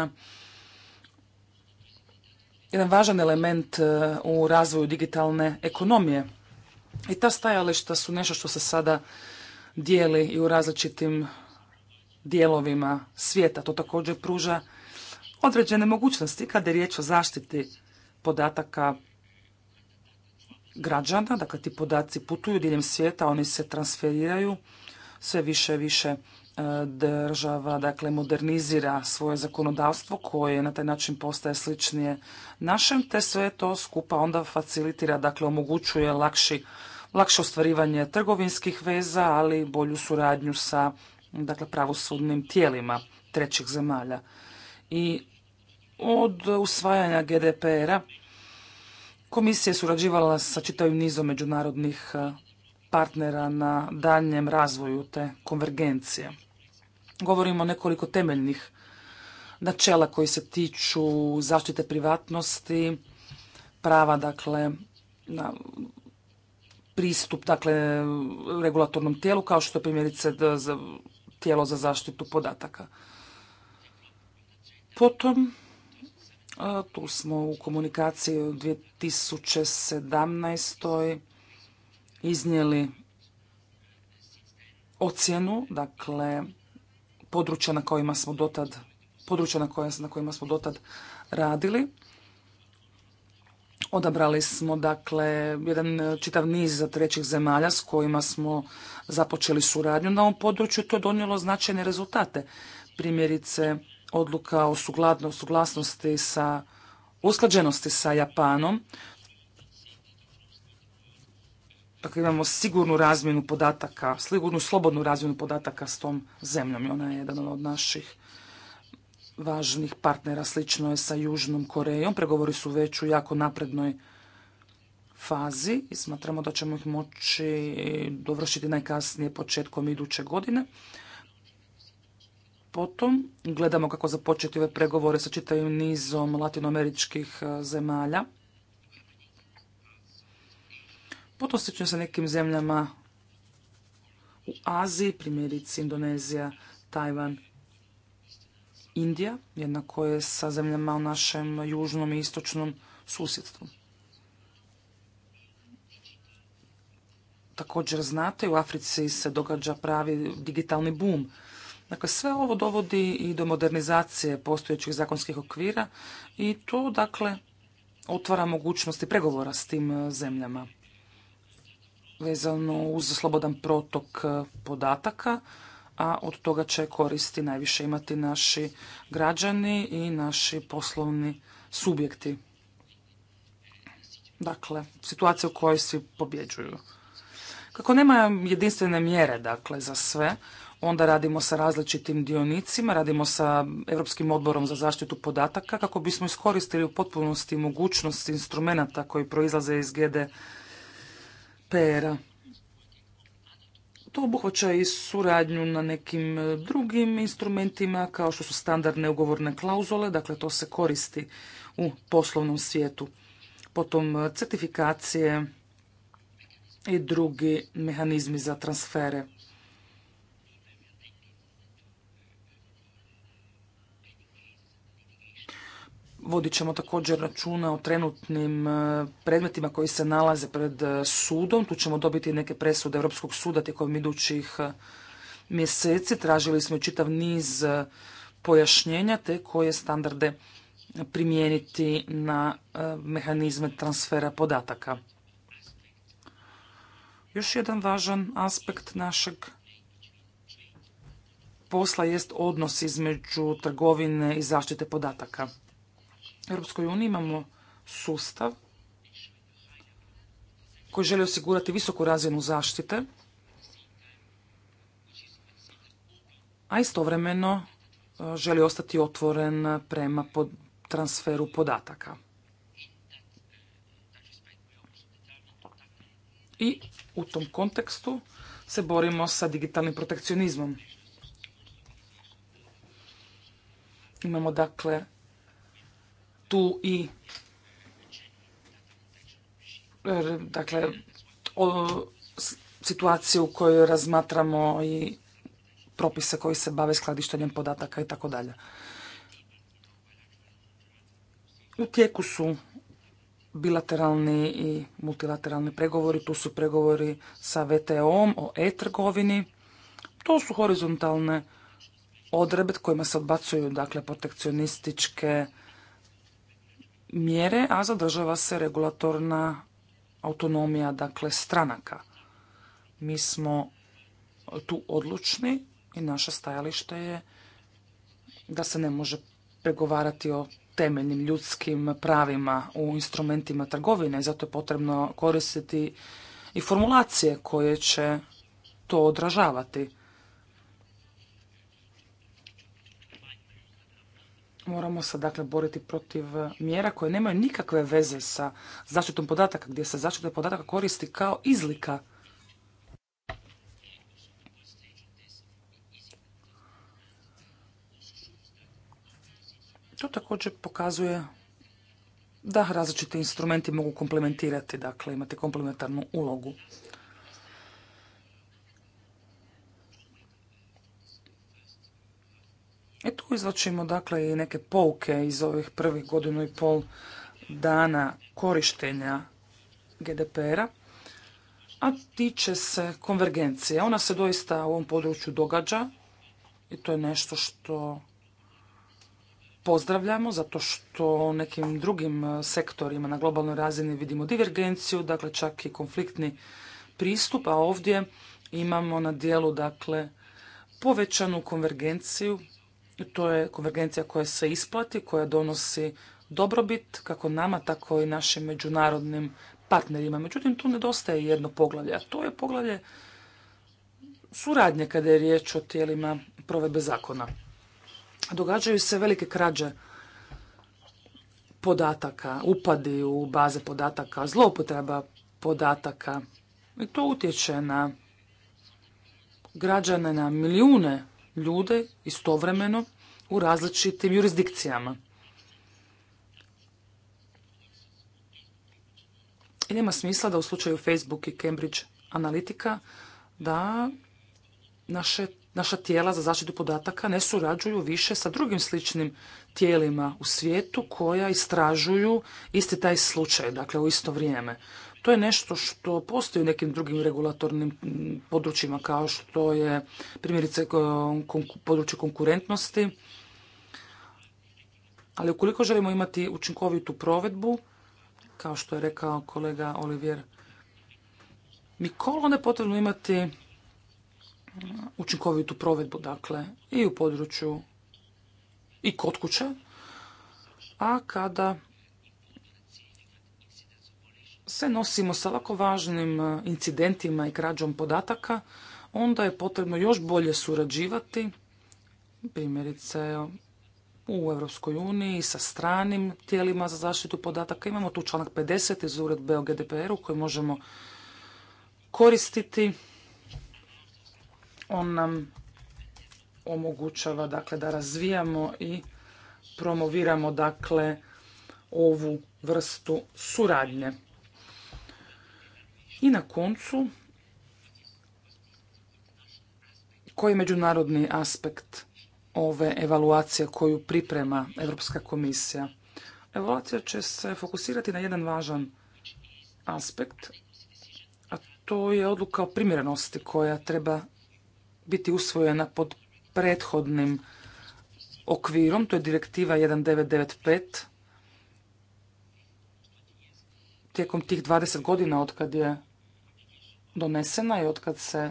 jedan važan element e, u razvoju digitalne ekonomije. I ta stajališta su nešto što se sada dijeli i u različitim dijelovima svijeta. To također pruža određene mogućnosti kada je riječ o zaštiti podataka građana. Dakle, ti podaci putuju diljem svijeta, oni se transferiraju sve više i više država dakle modernizira svoje zakonodavstvo koje na taj način postaje sličnije našem te sve to skupa onda facilitira dakle omogućuje lakši, lakše ostvarivanje trgovinskih veza ali i bolju suradnju sa dakle pravosudnim tijelima trećih zemalja. I od usvajanja GDPR-a komisija je surađivala sa čitavim nizom međunarodnih eh, partnera na daljnjem razvoju te konvergencije govorimo o nekoliko temeljnih načela koji se tiču zaštite privatnosti, prava dakle na pristup dakle regulatornom tijelu kao što je primjerice za tijelo za zaštitu podataka. Potom tu smo u komunikaciji u 2017. iznijeli ocjenu, dakle područja na kojima smo dotad područja na, kojima smo dotad radili. Odabrali smo dakle jedan čitav niz trećih zemalja s kojima smo započeli suradnju na ovom području i to je donijelo značajne rezultate. Primjerice odluka o suglasnosti sa usklađenosti sa Japanom Dakle, imamo sigurnu razmjenu podataka, sigurnu slobodnu razmjenu podataka s tom zemljom i ona je jedan od naših važnih partnera. Slično je sa Južnom Korejom. Pregovori su već u jako naprednoj fazi i smatramo da ćemo ih moći dovršiti najkasnije početkom iduće godine. Potom gledamo kako započeti ove pregovore sa čitavim nizom latinoameričkih eh, zemalja potosjećaju sa nekim zemljama u Aziji, primjerice Indonezija, Tajvan, Indija, jednako je sa zemljama u našem južnom i istočnom susjedstvu. Također znate, u Africi se događa pravi digitalni boom. Dakle, sve ovo dovodi i do modernizacije postojećih zakonskih okvira i to, dakle, otvara mogućnosti pregovora s tim zemljama vezano uz slobodan protok e, podataka, a od toga će koristi najviše imati naši građani i naši poslovni subjekti. Dakle, situacija u kojoj svi pobjeđuju. Kako nema jedinstvene mjere dakle, za sve, onda radimo sa različitim dionicima, radimo sa Europskim odborom za zaštitu podataka kako bismo iskoristili u potpunosti mogućnosti instrumenata koji proizlaze iz GDPR pera. To obuhvaća i suradnju na nekim e, drugim instrumentima kao što su standardne ugovorne klauzule, dakle to se koristi u poslovnom svijetu. Potom e, certifikacije i drugi mehanizmi za transfere. Vodit ćemo također računa o trenutnim e, predmetima koji se nalaze pred e, sudom. Tu ćemo dobiti neke presude Europskog suda tijekom idućih e, mjeseci. Tražili smo čitav niz pojašnjenja te koje standarde primijeniti na mehanizme transfera podataka. Još jedan važan aspekt našeg posla jest odnos između trgovine i zaštite podataka. Europskoj uniji imamo sustav koji želi osigurati visoku razinu zaštite, a istovremeno e, želi ostati otvoren prema transferu podataka. I u tom kontekstu se borimo sa digitalnim protekcionizmom. Imamo dakle tu i er, dakle o, situaciju u kojoj razmatramo i propise koji se bave skladištenjem podataka i tako dalje. U tijeku su bilateralni i multilateralni pregovori, tu su pregovori sa VTO-om o e-trgovini. To su horizontalne odredbe kojima se odbacuju dakle protekcionističke mjere, a zadržava se regulatorna autonomija, dakle stranaka. Mi smo tu odlučni i naše stajalište je da se ne može pregovarati o temeljnim ljudskim pravima u instrumentima trgovine i zato je potrebno koristiti i formulacije koje će to odražavati. Moramo se dakle boriti protiv e, mjera koje nemaju nikakve veze sa zaštitom podataka, gdje se zaštita podataka koristi kao izlika. To također pokazuje da različiti instrumenti mogu komplementirati, dakle imati komplementarnu ulogu. E tu izvlačimo dakle i neke pouke iz ovih prvih godinu i pol dana korištenja GDPR-a, a tiče se konvergencije. Ona se doista u ovom području događa i to je nešto što pozdravljamo zato što u nekim drugim e, sektorima na globalnoj razini vidimo divergenciju, dakle čak i konfliktni pristup, a ovdje imamo na dijelu dakle povećanu konvergenciju to je konvergencija koja se isplati, koja donosi dobrobit kako nama, tako i našim međunarodnim partnerima. Međutim, tu nedostaje jedno poglavlje, a to je poglavlje suradnje kada je riječ o tijelima provedbe zakona. Događaju se velike krađe podataka, upadi u baze podataka, zloupotreba podataka. I to utječe na građane, na milijune ljude istovremeno u različitim jurisdikcijama. I nema smisla da u slučaju Facebook i Cambridge Analytica da naše, naša tijela za zaštitu podataka ne surađuju više sa drugim sličnim tijelima u svijetu koja istražuju isti taj slučaj, dakle u isto vrijeme. To je nešto što postoji u nekim drugim regulatornim područjima kao što je primjerice područje konkurentnosti. Ali ukoliko želimo imati učinkovitu provedbu, kao što je rekao kolega Olivier Mikolo, ne potrebno imati učinkovitu provedbu, dakle, i u području i kod kuće, a kada se nosimo sa ovako važnim e, incidentima i krađom podataka, onda je potrebno još bolje surađivati, primjerice u Europskoj uniji sa stranim tijelima za zaštitu podataka. Imamo tu članak 50 iz uredbe o GDPR-u koji možemo koristiti. On nam omogućava dakle, da razvijamo i promoviramo dakle, ovu vrstu suradnje. I na koncu, koji je međunarodni aspekt ove evaluacije koju priprema Europska komisija? Evaluacija će se fokusirati na jedan važan aspekt, a to je odluka o primjerenosti koja treba biti usvojena pod prethodnim okvirom, to je direktiva 1995. Tijekom tih 20 godina od kad je donesena i otkad se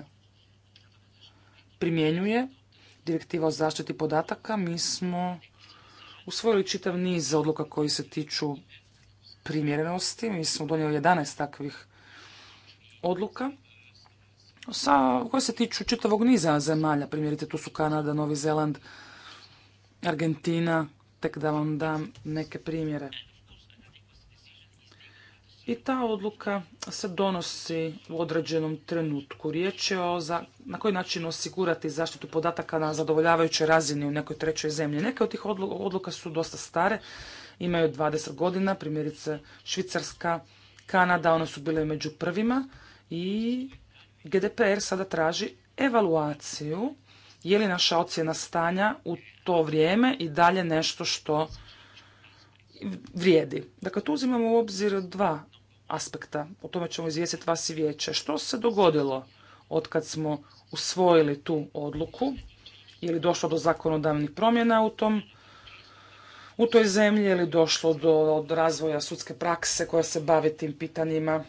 primjenjuje direktiva o zaštiti podataka, mi smo usvojili čitav niz odluka koji se tiču primjerenosti. Mi smo donijeli 11 takvih odluka koje se tiču čitavog niza zemalja. Primjerite, tu su Kanada, Novi Zeland, Argentina, tek da vam dam neke primjere i ta odluka se donosi u određenom trenutku. Riječ je o za, na koji način osigurati zaštitu podataka na zadovoljavajućoj razini u nekoj trećoj zemlji. Neke od tih odluka su dosta stare, imaju 20 godina, primjerice Švicarska, Kanada, one su bile među prvima i GDPR sada traži evaluaciju je li naša ocjena stanja u to vrijeme i dalje nešto što vrijedi. Dakle, tu uzimamo u obzir dva aspekta. O tome ćemo izvijestiti vas i vijeće. Što se dogodilo od kad smo usvojili tu odluku? Je li došlo do zakonodavnih promjena u tom u toj zemlji je li došlo do, od razvoja sudske prakse koja se bavi tim pitanjima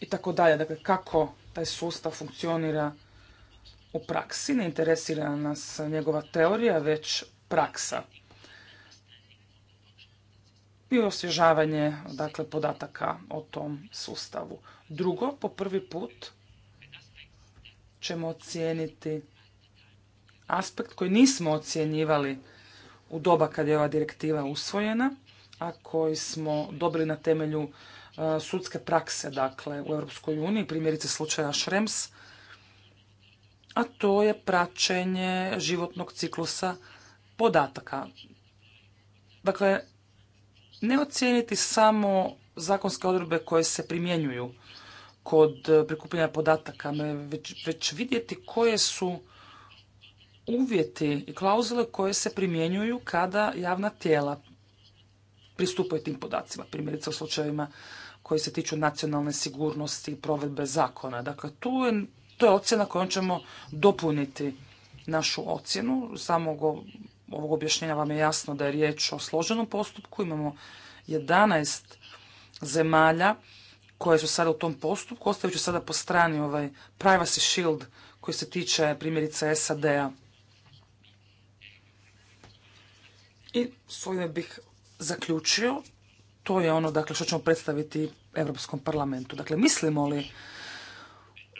i tako dalje. Dakle, kako taj sustav funkcionira u praksi. Ne interesira nas njegova teorija, već praksa i osvježavanje dakle, podataka o tom sustavu. Drugo, po prvi put ćemo ocijeniti aspekt koji nismo ocjenjivali u doba kad je ova direktiva usvojena, a koji smo dobili na temelju e, sudske prakse dakle, u Europskoj uniji, primjerice slučaja Šrems, a to je praćenje životnog ciklusa podataka. Dakle, ne ocijeniti samo zakonske odredbe koje se primjenjuju kod e, prikupljanja podataka, već, vidjeti koje su uvjeti i klauzule koje se primjenjuju kada javna tijela pristupaju tim podacima, primjerice u slučajevima koji se tiču nacionalne sigurnosti i provedbe zakona. Dakle, tu je, to je ocjena kojom ćemo dopuniti našu ocjenu samog ovog objašnjenja vam je jasno da je riječ o složenom postupku. Imamo 11 zemalja koje su sada u tom postupku. Ostavit ću sada po strani ovaj privacy shield koji se tiče primjerice SAD-a. I s ovime bih zaključio. To je ono dakle, što ćemo predstaviti Europskom parlamentu. Dakle, mislimo li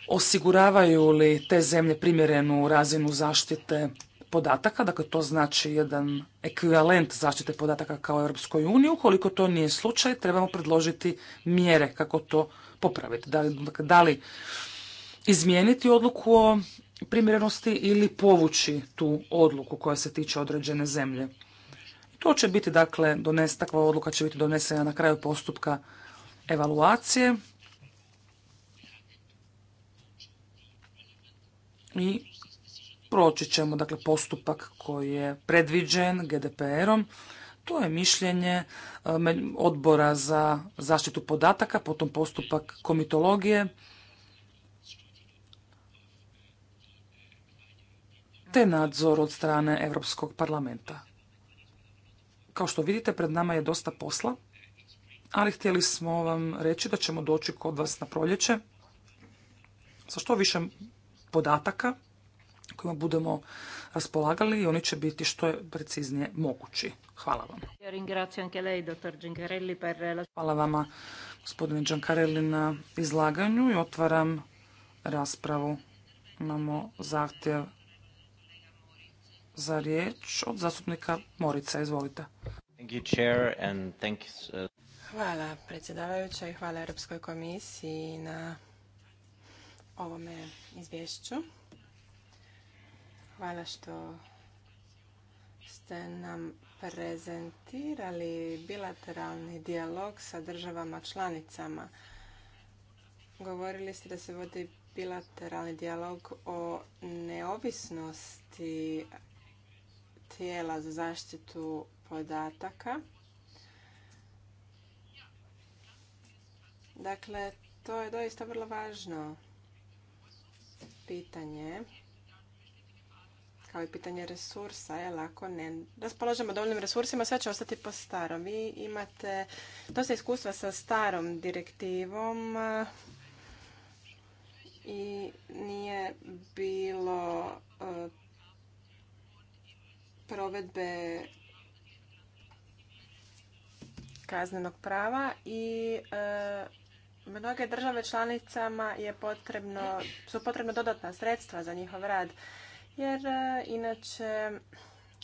osiguravaju li te zemlje primjerenu razinu zaštite podataka, dakle to znači jedan ekvivalent zaštite podataka kao Europskoj uniji. Ukoliko to nije slučaj, trebamo predložiti mjere kako to popraviti. Da li, dakle, da li izmijeniti odluku o primjerenosti ili povući tu odluku koja se tiče određene zemlje. To će biti, dakle, dones, takva odluka će biti donesena na kraju postupka evaluacije. I proći ćemo dakle, postupak koji je predviđen GDPR-om. To je mišljenje e, odbora za zaštitu podataka, potom postupak komitologije, te nadzor od strane Europskog parlamenta. Kao što vidite, pred nama je dosta posla, ali htjeli smo vam reći da ćemo doći kod vas na proljeće sa što više podataka kojima budemo raspolagali i oni će biti što je preciznije mogući. Hvala vam. Hvala vama gospodine Đankarelli na izlaganju i otvaram raspravu. Imamo zahtjev za riječ od zastupnika Morica. Izvolite. Hvala predsjedavajuća i hvala Europskoj komisiji na ovome izvješću. Hvala što ste nam prezentirali bilateralni dijalog sa državama članicama. Govorili ste da se vodi bilateralni dijalog o neovisnosti tijela za zaštitu podataka. Dakle, to je doista vrlo važno pitanje kao i pitanje resursa, je lako. ne raspolažemo dovoljnim resursima, sve će ostati po starom. Vi imate dosta iskustva sa starom direktivom eh, i nije bilo eh, provedbe kaznenog prava i eh, mnoge države članicama je potrebno, su potrebna dodatna sredstva za njihov rad jer e, inače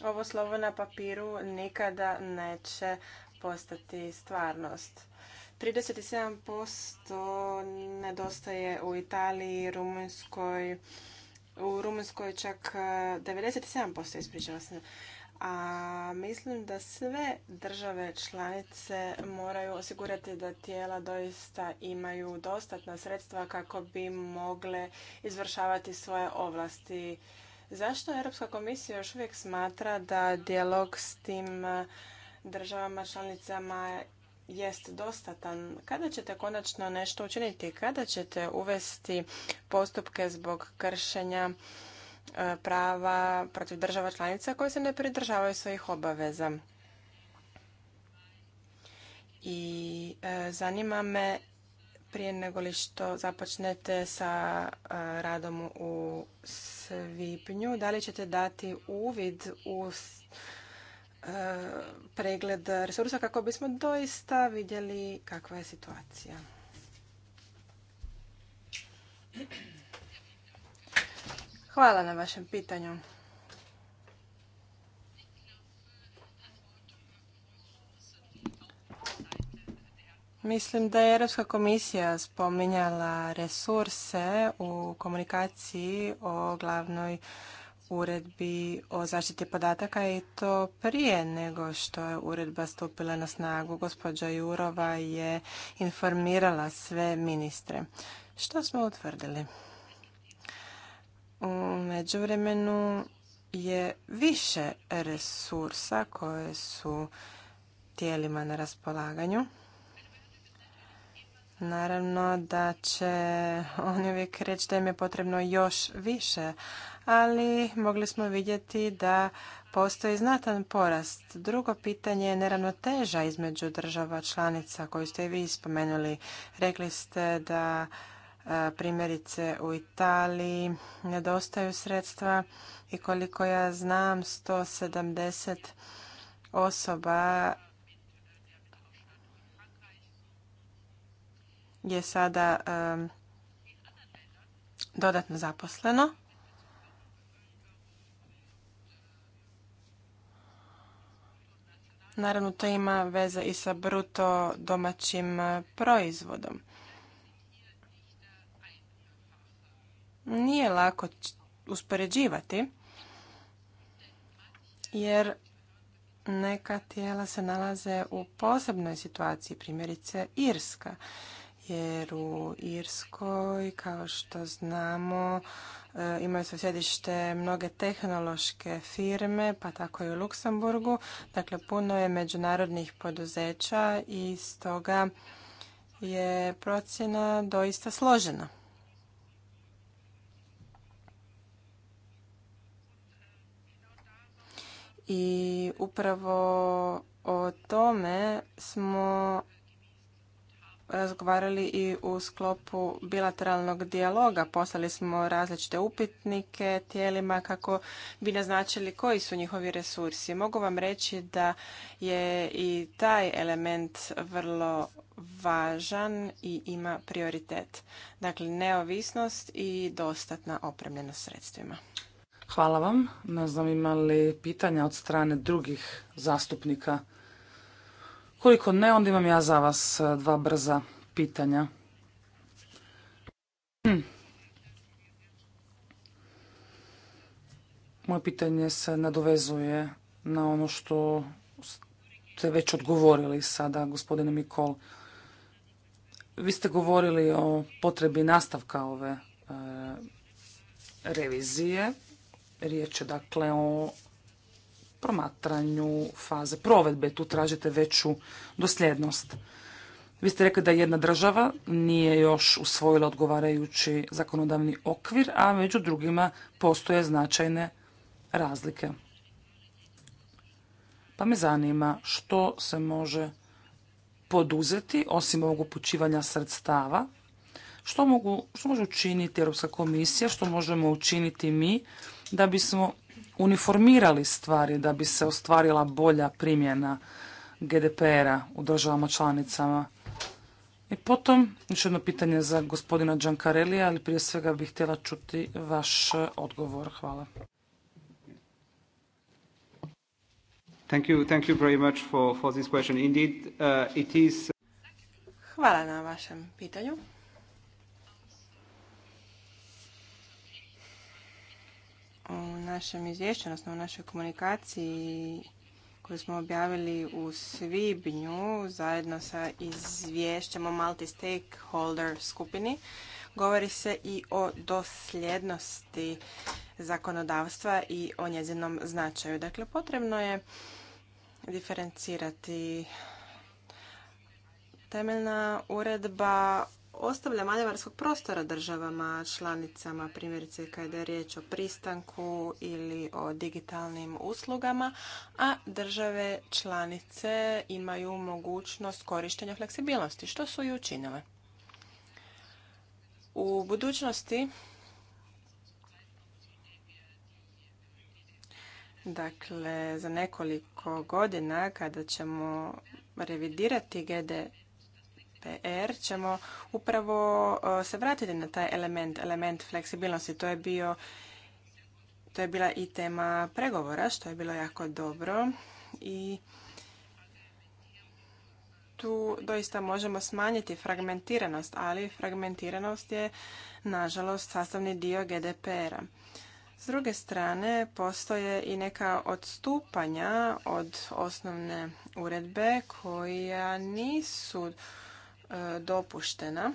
ovo slovo na papiru nikada neće postati stvarnost. 37% nedostaje u Italiji, Rumunjskoj, u Rumunjskoj čak 97% e, ispričava se. A mislim da sve države članice moraju osigurati da tijela doista imaju dostatna sredstva kako bi mogle izvršavati svoje ovlasti Zašto Europska komisija još uvijek smatra da dijalog s tim eh, državama članicama jest dostatan? Kada ćete konačno nešto učiniti? Kada ćete uvesti postupke zbog kršenja eh, prava protiv država članica koje se ne pridržavaju svojih obaveza? I eh, zanima me prije nego li što započnete sa e, radom u svipnju, da li ćete dati uvid u e, pregled resursa kako bismo doista vidjeli kakva je situacija. Hvala na vašem pitanju. Mislim da je Europska komisija spominjala resurse u komunikaciji o glavnoj uredbi o zaštiti podataka i to prije nego što je uredba stupila na snagu. Gospođa Jurova je informirala sve ministre. Što smo utvrdili? U međuvremenu je više resursa koje su tijelima na raspolaganju. Naravno da će oni uvijek reći da im je potrebno još više, ali mogli smo vidjeti da postoji znatan porast. Drugo pitanje je neravnoteža između država članica koju ste i vi spomenuli. Rekli ste da e, primjerice u Italiji nedostaju sredstva i koliko ja znam 170 osoba je sada dodatno zaposleno. Naravno, to ima veze i sa bruto domaćim e, proizvodom. Nije lako uspoređivati, jer neka tijela se nalaze u posebnoj situaciji, primjerice Irska jer u Irskoj, kao što znamo, e, imaju svoje sjedište mnoge tehnološke firme, pa tako i u Luksemburgu. Dakle, puno je međunarodnih poduzeća i stoga je procjena doista složena. I upravo o tome smo razgovarali i u sklopu bilateralnog dijaloga. Poslali smo različite upitnike tijelima kako bi naznačili koji su njihovi resursi. Mogu vam reći da je i taj element vrlo važan i ima prioritet. Dakle, neovisnost i dostatna opremljenost sredstvima. Hvala vam. Ne znam imali pitanja od strane drugih zastupnika. Koliko ne, onda imam ja za vas e, dva brza pitanja. Hmm. Moje pitanje se nadovezuje na ono što ste već odgovorili sada, gospodine Mikol. Vi ste govorili o potrebi nastavka ove e, revizije. Riječ je dakle o promatranju faze provedbe. Tu tražite veću dosljednost. Vi ste rekli da jedna država nije još usvojila odgovarajući zakonodavni okvir, a među drugima postoje značajne razlike. Pa me zanima što se može poduzeti, osim ovog upućivanja sredstava, što, može učiniti Europska komisija, što možemo učiniti mi da bismo uniformirali stvari da bi se ostvarila bolja primjena GDPR-a u državama članicama. I potom, još jedno pitanje za gospodina Đankarelija, ali prije svega bih htjela čuti vaš odgovor. Hvala. Thank you, thank Hvala na vašem pitanju. u našem izvješću, odnosno u našoj komunikaciji koju smo objavili u svibnju zajedno sa izvješćem o multi-stakeholder skupini, govori se i o dosljednosti zakonodavstva i o njezinom značaju. Dakle, potrebno je diferencirati temeljna uredba ostavlja manevarskog prostora državama članicama, primjerice kada je riječ o pristanku ili o digitalnim uslugama, a države članice imaju mogućnost korištenja fleksibilnosti, što su i učinile. U budućnosti Dakle, za nekoliko godina kada ćemo revidirati GD PR ćemo upravo e, se vratiti na taj element, element fleksibilnosti. To je bio to je bila i tema pregovora, što je bilo jako dobro i tu doista možemo smanjiti fragmentiranost, ali fragmentiranost je nažalost sastavni dio GDPR-a. S druge strane, postoje i neka odstupanja od osnovne uredbe koja nisu E, dopuštena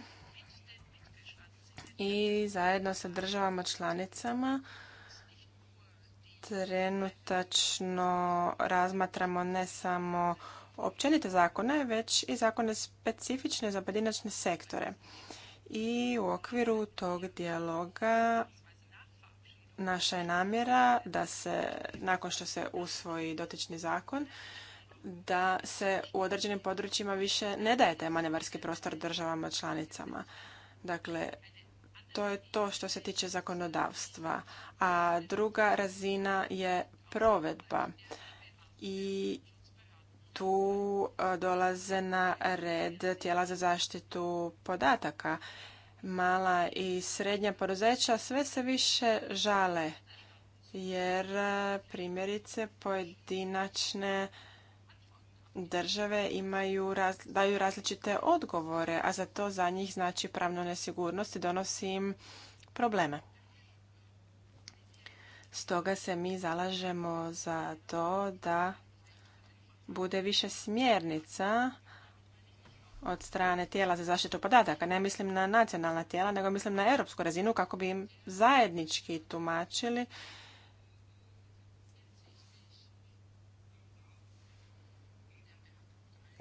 i zajedno sa državama članicama trenutačno razmatramo ne samo općenite zakone, već i zakone specifične za pojedinačne sektore. I u okviru tog dijaloga naša je namjera da se, nakon što se usvoji dotični zakon, da se u određenim područjima više ne daje taj manevarski prostor državama članicama. Dakle, to je to što se tiče zakonodavstva. A druga razina je provedba. I tu e, dolaze na red tijela za zaštitu podataka. Mala i srednja poduzeća sve se više žale jer e, primjerice pojedinačne države imaju, daju različite odgovore, a za to za njih znači pravno nesigurnost i donosi im probleme. Stoga se mi zalažemo za to da bude više smjernica od strane tijela za zaštitu podataka. Ne mislim na nacionalna tijela, nego mislim na europsku razinu kako bi im zajednički tumačili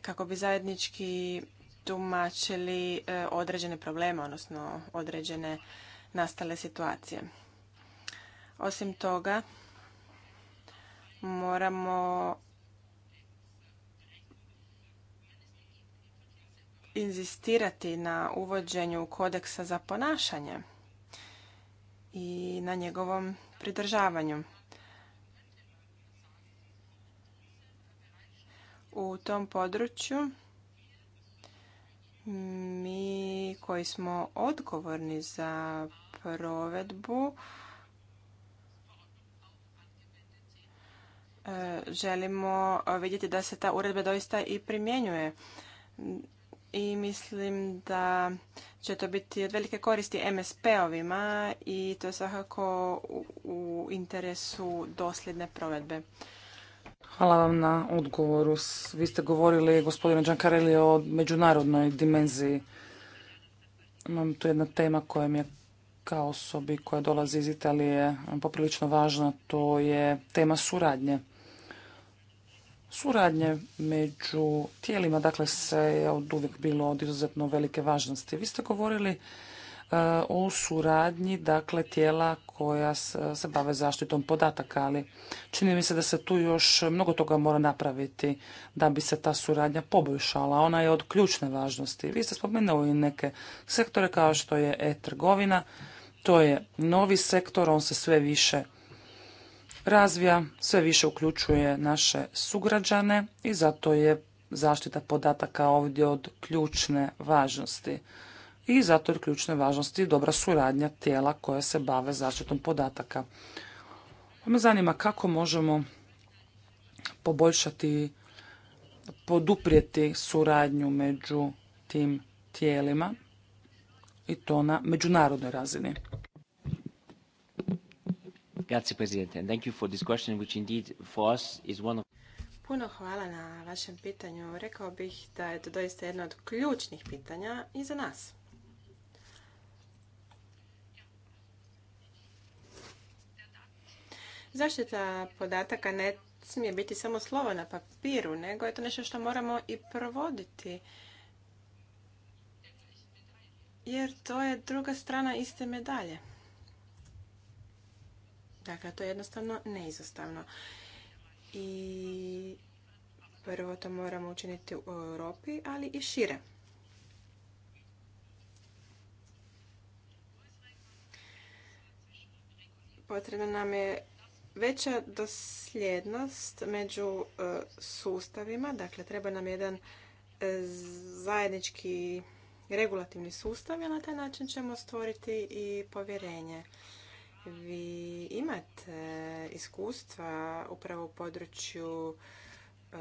kako bi zajednički tumačili e, određene probleme, odnosno određene nastale situacije. Osim toga, moramo inzistirati na uvođenju kodeksa za ponašanje i na njegovom pridržavanju. u tom području mi koji smo odgovorni za provedbu e, želimo vidjeti da se ta uredba doista i primjenjuje. I mislim da će to biti od velike koristi MSP-ovima i to je svakako u interesu dosljedne provedbe. Hvala vam na odgovoru. Vi ste govorili, gospodine Đankareli, o međunarodnoj dimenziji. Imam tu jedna tema koja mi je kao osobi koja dolazi iz Italije poprilično važna, to je tema suradnje. Suradnje među tijelima, dakle, se je od uvijek bilo od izuzetno velike važnosti. Vi ste govorili u suradnji dakle tijela koja se bave zaštitom podataka, ali čini mi se da se tu još mnogo toga mora napraviti da bi se ta suradnja poboljšala. Ona je od ključne važnosti. Vi ste spomenuli neke sektore kao što je e-trgovina. To je novi sektor, on se sve više razvija, sve više uključuje naše sugrađane i zato je zaštita podataka ovdje od ključne važnosti i zato je ključne važnosti dobra suradnja tijela koja se bave zaštitom podataka. Pa me zanima kako možemo poboljšati, poduprijeti suradnju među tim tijelima i to na međunarodnoj razini. Puno hvala na vašem pitanju. Rekao bih da je to doista jedno od ključnih pitanja i za nas. Zaštita podataka ne smije biti samo slovo na papiru, nego je to nešto što moramo i provoditi. Jer to je druga strana iste medalje. Dakle, to je jednostavno neizostavno. I prvo to moramo učiniti u Europi, ali i šire. Potrebno nam je veća dosljednost među e, sustavima, dakle treba nam jedan e, zajednički regulativni sustav, i na taj način ćemo stvoriti i povjerenje. Vi imate iskustva upravo u području E,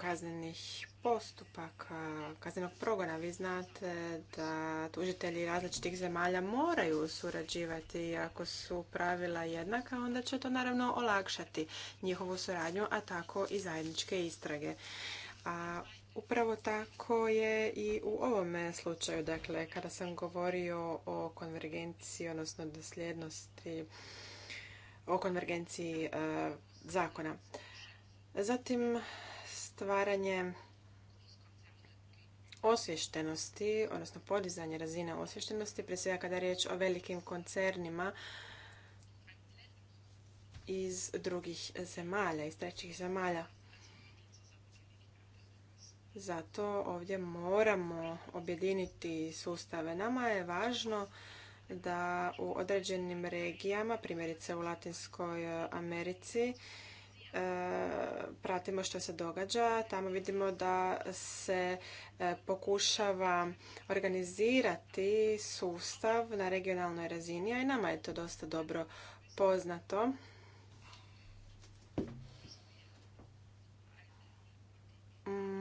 kaznenih postupaka, kaznenog progona. Vi znate da tužitelji različitih zemalja moraju surađivati i ako su pravila jednaka, onda će to naravno olakšati njihovu suradnju, a tako i zajedničke istrage. A upravo tako je i u ovome slučaju, dakle, kada sam govorio o konvergenciji, odnosno dosljednosti, o konvergenciji e, zakona. Zatim stvaranje osvještenosti, odnosno podizanje razine osviještenosti, prije svega kada je riječ o velikim koncernima iz drugih zemalja, iz trećih zemalja. Zato ovdje moramo objediniti sustave. Nama je važno da u određenim regijama, primjerice u Latinskoj Americi, E, pratimo što se događa. Tamo vidimo da se e, pokušava organizirati sustav na regionalnoj razini, a i nama je to dosta dobro poznato.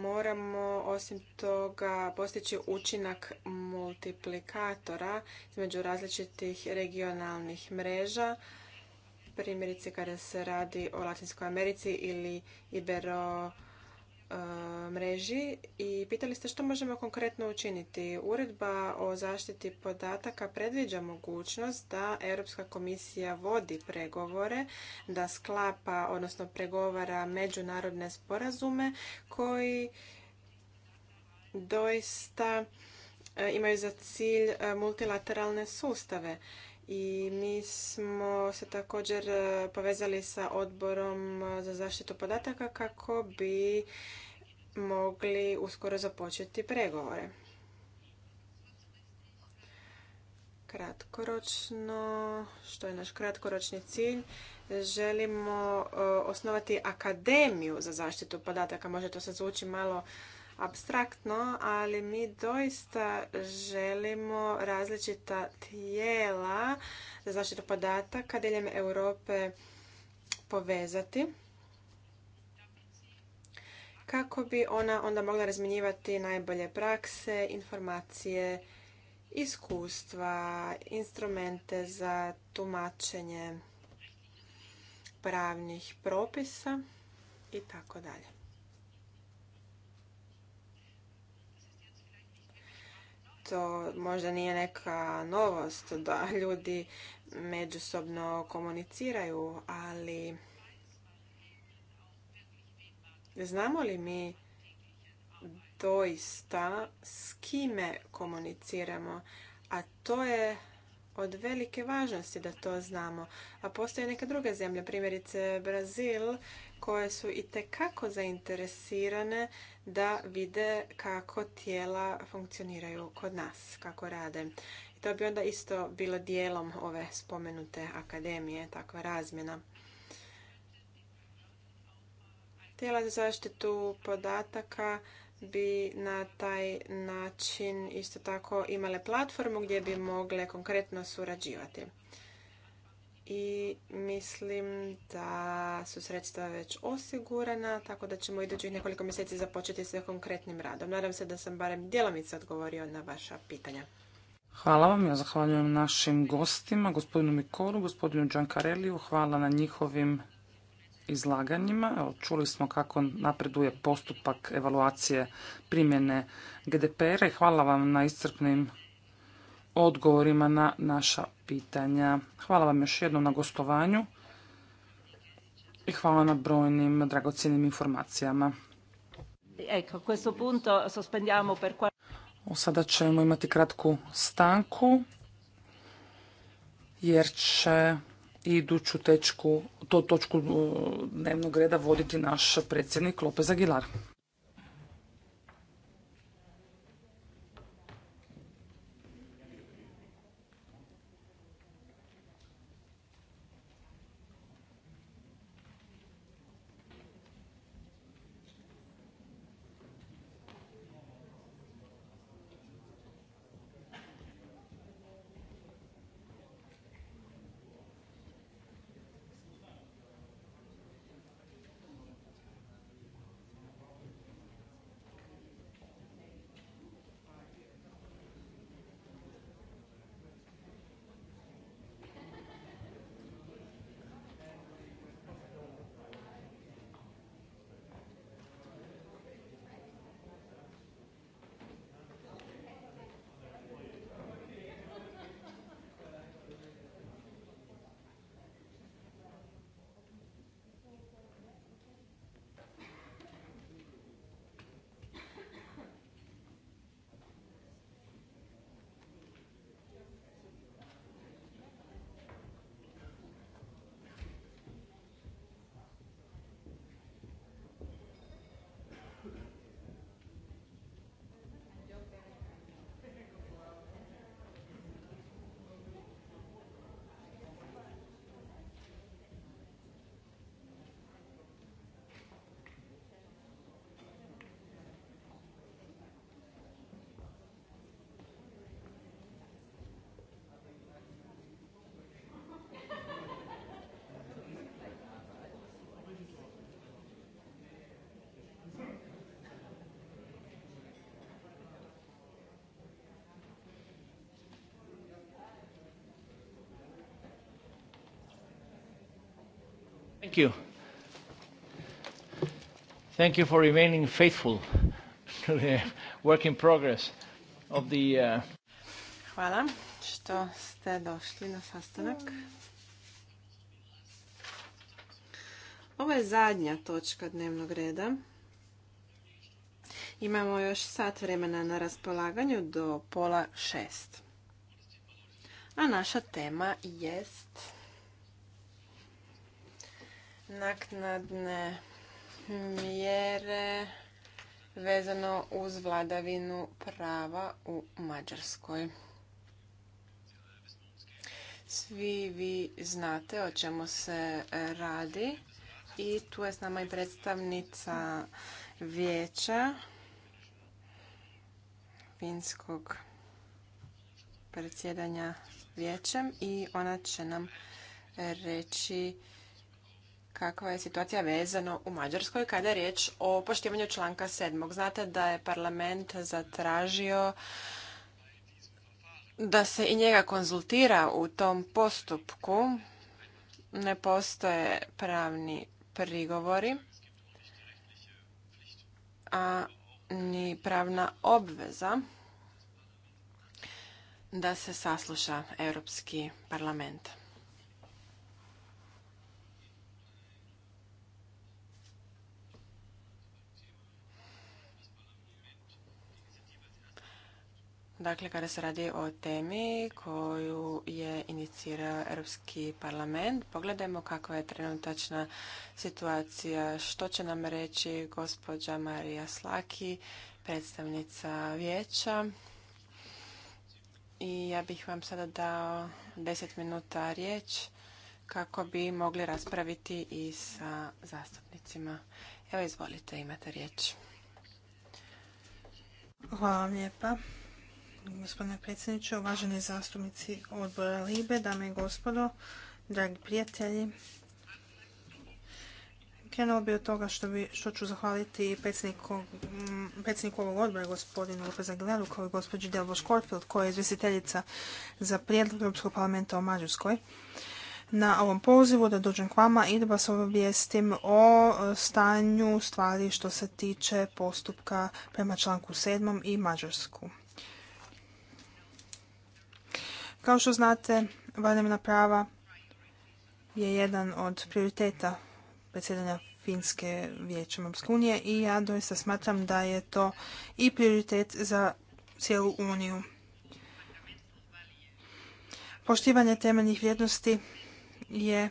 moramo osim toga postići učinak multiplikatora između različitih regionalnih mreža primjerice kada se radi o Latinskoj Americi ili Ibero e, mreži i pitali ste što možemo konkretno učiniti. Uredba o zaštiti podataka predviđa mogućnost da Europska komisija vodi pregovore, da sklapa, odnosno pregovara međunarodne sporazume koji doista e, imaju za cilj e, multilateralne sustave i mi smo se također e, povezali sa odborom e, za zaštitu podataka kako bi mogli uskoro započeti pregovore. Kratkoročno, što je naš kratkoročni cilj? Želimo e, osnovati akademiju za zaštitu podataka. Može to se zvuči malo abstraktno, ali mi doista želimo različita tijela za zaštitu podataka diljem Europe povezati kako bi ona onda mogla razminjivati najbolje prakse, informacije, iskustva, instrumente za tumačenje pravnih propisa i tako dalje. to možda nije neka novost da ljudi međusobno komuniciraju, ali znamo li mi doista s kime komuniciramo, a to je od velike važnosti da to znamo. A postoje neke druge zemlje, primjerice Brazil, koje su i tekako zainteresirane da vide kako tijela funkcioniraju kod nas, kako rade. I to bi onda isto bilo dijelom ove spomenute akademije, takva razmjena. Tijela za zaštitu podataka bi na taj način isto tako imale platformu gdje bi mogle konkretno surađivati i mislim da su sredstva već osigurana, tako da ćemo idućih nekoliko mjeseci započeti sa konkretnim radom. Nadam se da sam barem djelomice odgovorio na vaša pitanja. Hvala vam, ja zahvaljujem našim gostima, gospodinu Mikoru, gospodinu Đankareliju, hvala na njihovim izlaganjima. Evo, čuli smo kako napreduje postupak evaluacije primjene GDPR-a i hvala vam na iscrpnim odgovorima na naša pitanja. Hvala vam još jednom na gostovanju i hvala na brojnim dragocjenim informacijama. Sada ćemo imati kratku stanku jer će iduću tečku, točku e, dnevnog reda voditi naš predsjednik Lopez Aguilar. Thank you for remaining faithful to the work progress of the... Uh, Hvala što ste došli na sastanak. Ovo je zadnja točka dnevnog reda. Imamo još sat vremena na raspolaganju do pola šest. A naša tema jest naknadne mjere vezano uz vladavinu prava u Mađarskoj. Svi vi znate o čemu se e, radi i tu je s nama i predstavnica vijeća finskog predsjedanja vijećem i ona će nam reći kakva je situacija vezano u Mađarskoj kada je riječ o poštivanju članka 7. Znate da je parlament zatražio da se i njega konzultira u tom postupku. Ne postoje pravni prigovori, a ni pravna obveza da se sasluša Europski parlament. Dakle, kada se radi o temi koju je inicirao Europski parlament, pogledajmo kakva je trenutačna situacija, što će nam reći gospođa Marija Slaki, predstavnica vijeća. I ja bih vam sada dao deset minuta riječ kako bi mogli raspraviti i sa zastupnicima. Evo, izvolite, imate riječ. Hvala vam lijepa gospodine predsjedniče, uvaženi zastupnici odbora Libe, dame i gospodo, dragi prijatelji. Krenuo bi od toga što, ću zahvaliti predsjedniku, ovog odbora, gospodinu Lopez Aguilaru, kao i gospođi Delbo Škorfield, koja je izvjestiteljica za prijedlog Europskog parlamenta o Mađarskoj na ovom pozivu da dođem k vama i da vas obavijestim o stanju stvari što se tiče postupka prema članku 7. i Mađarsku. Kao što znate, vladavina prava je jedan od prioriteta predsjedanja Finske vijećem Europske unije i ja doista smatram da je to i prioritet za cijelu Uniju. Poštivanje temeljnih vrijednosti je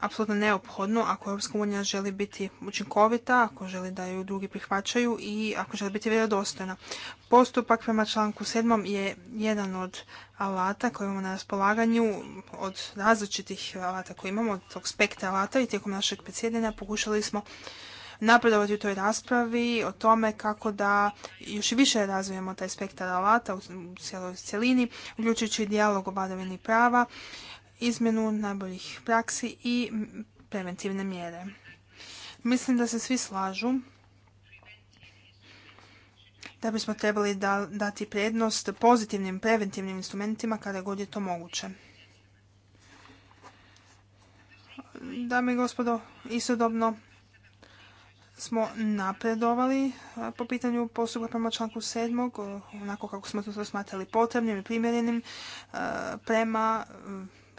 apsolutno neophodno ako Europska unija želi biti učinkovita, ako želi da ju drugi prihvaćaju i ako želi biti vjerodostojna. Postupak prema članku 7. je jedan od alata koje imamo na raspolaganju, od različitih alata koje imamo, od tog spektra alata i tijekom našeg predsjedanja pokušali smo napredovati u toj raspravi o tome kako da još i više razvijemo taj spektar alata u cijeloj cjelini, uključujući dijalog o vladavini prava, izmjenu najboljih praksi i preventivne mjere. Mislim da se svi slažu da bismo trebali dati prednost pozitivnim preventivnim instrumentima kada god je to moguće. Dame i gospodo, istodobno smo napredovali po pitanju postupka prema članku 7. onako kako smo to smatrali potrebnim i primjerenim prema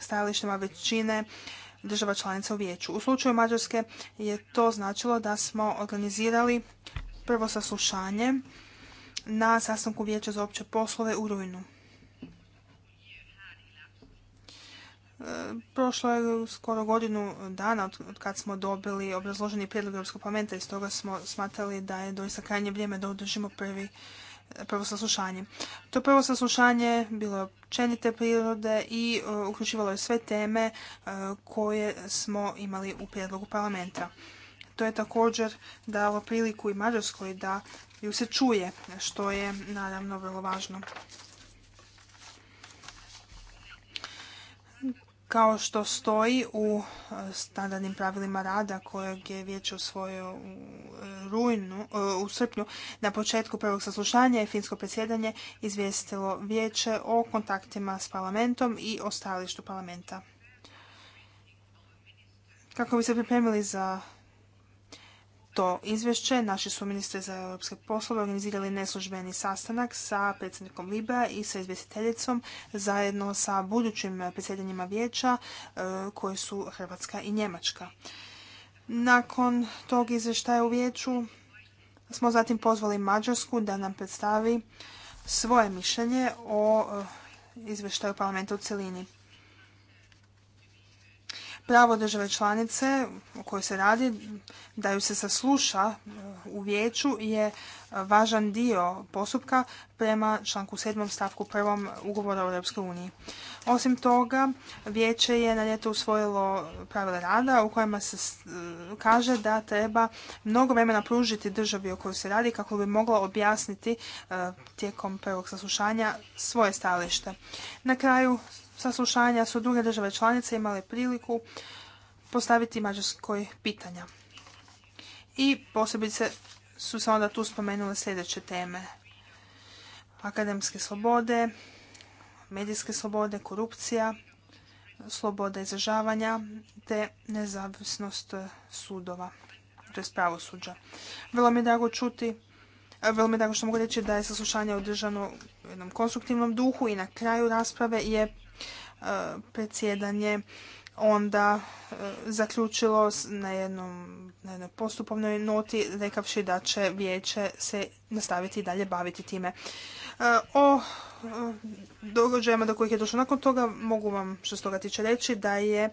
stajalištima većine država članica u vijeću. U slučaju Mađarske je to značilo da smo organizirali prvo saslušanje na sastanku vijeća za opće poslove u rujnu. E, prošlo je skoro godinu dana od kad smo dobili obrazloženi prijedlog Europskog parlamenta i stoga smo smatrali da je doista krajnje vrijeme da održimo prvi prvo saslušanje. To prvo saslušanje bilo je općenite prirode i e, uključivalo je sve teme e, koje smo imali u prijedlogu parlamenta. To je također dalo priliku i Mađarskoj da ju se čuje, što je naravno vrlo važno. kao što stoji u e, standardnim pravilima rada kojeg je vijeće u u, e, rujnu, e, u srpnju, na početku prvog saslušanja je finsko predsjedanje izvijestilo vijeće o kontaktima s parlamentom i o stajalištu parlamenta. Kako bi se pripremili za to izvješće, naši su ministri za europske poslove organizirali neslužbeni sastanak sa predsjednikom Libra i sa izvjestiteljicom zajedno sa budućim predsjedanjima vijeća e, koji su Hrvatska i Njemačka. Nakon tog izvještaja u vijeću smo zatim pozvali Mađarsku da nam predstavi svoje mišljenje o e, izvještaju parlamenta u celini pravo države članice o kojoj se radi, da ju se sasluša e, u vijeću je e, važan dio postupka prema članku 7. stavku 1. ugovora o Europskoj uniji. Osim toga, vijeće je na ljeto usvojilo pravila rada u kojima se e, kaže da treba mnogo vremena pružiti državi o kojoj se radi kako bi mogla objasniti tijekom prvog saslušanja svoje stajalište. Na kraju saslušanja su druge države članice imale priliku postaviti Mađarskoj pitanja. I posebice su se onda tu spomenule sljedeće teme. Akademske slobode, medijske slobode, korupcija, sloboda izražavanja te nezavisnost sudova, to je pravosuđa. Vrlo mi je drago čuti vrlo mi je drago što mogu reći da je saslušanje održano u jednom konstruktivnom duhu i na kraju rasprave je predsjedanje onda e, zaključilo na, jednom, na jednoj postupovnoj noti rekavši da će vijeće se nastaviti i dalje baviti time. E, o e, događajima do kojih je došlo nakon toga mogu vam što s toga tiče reći da je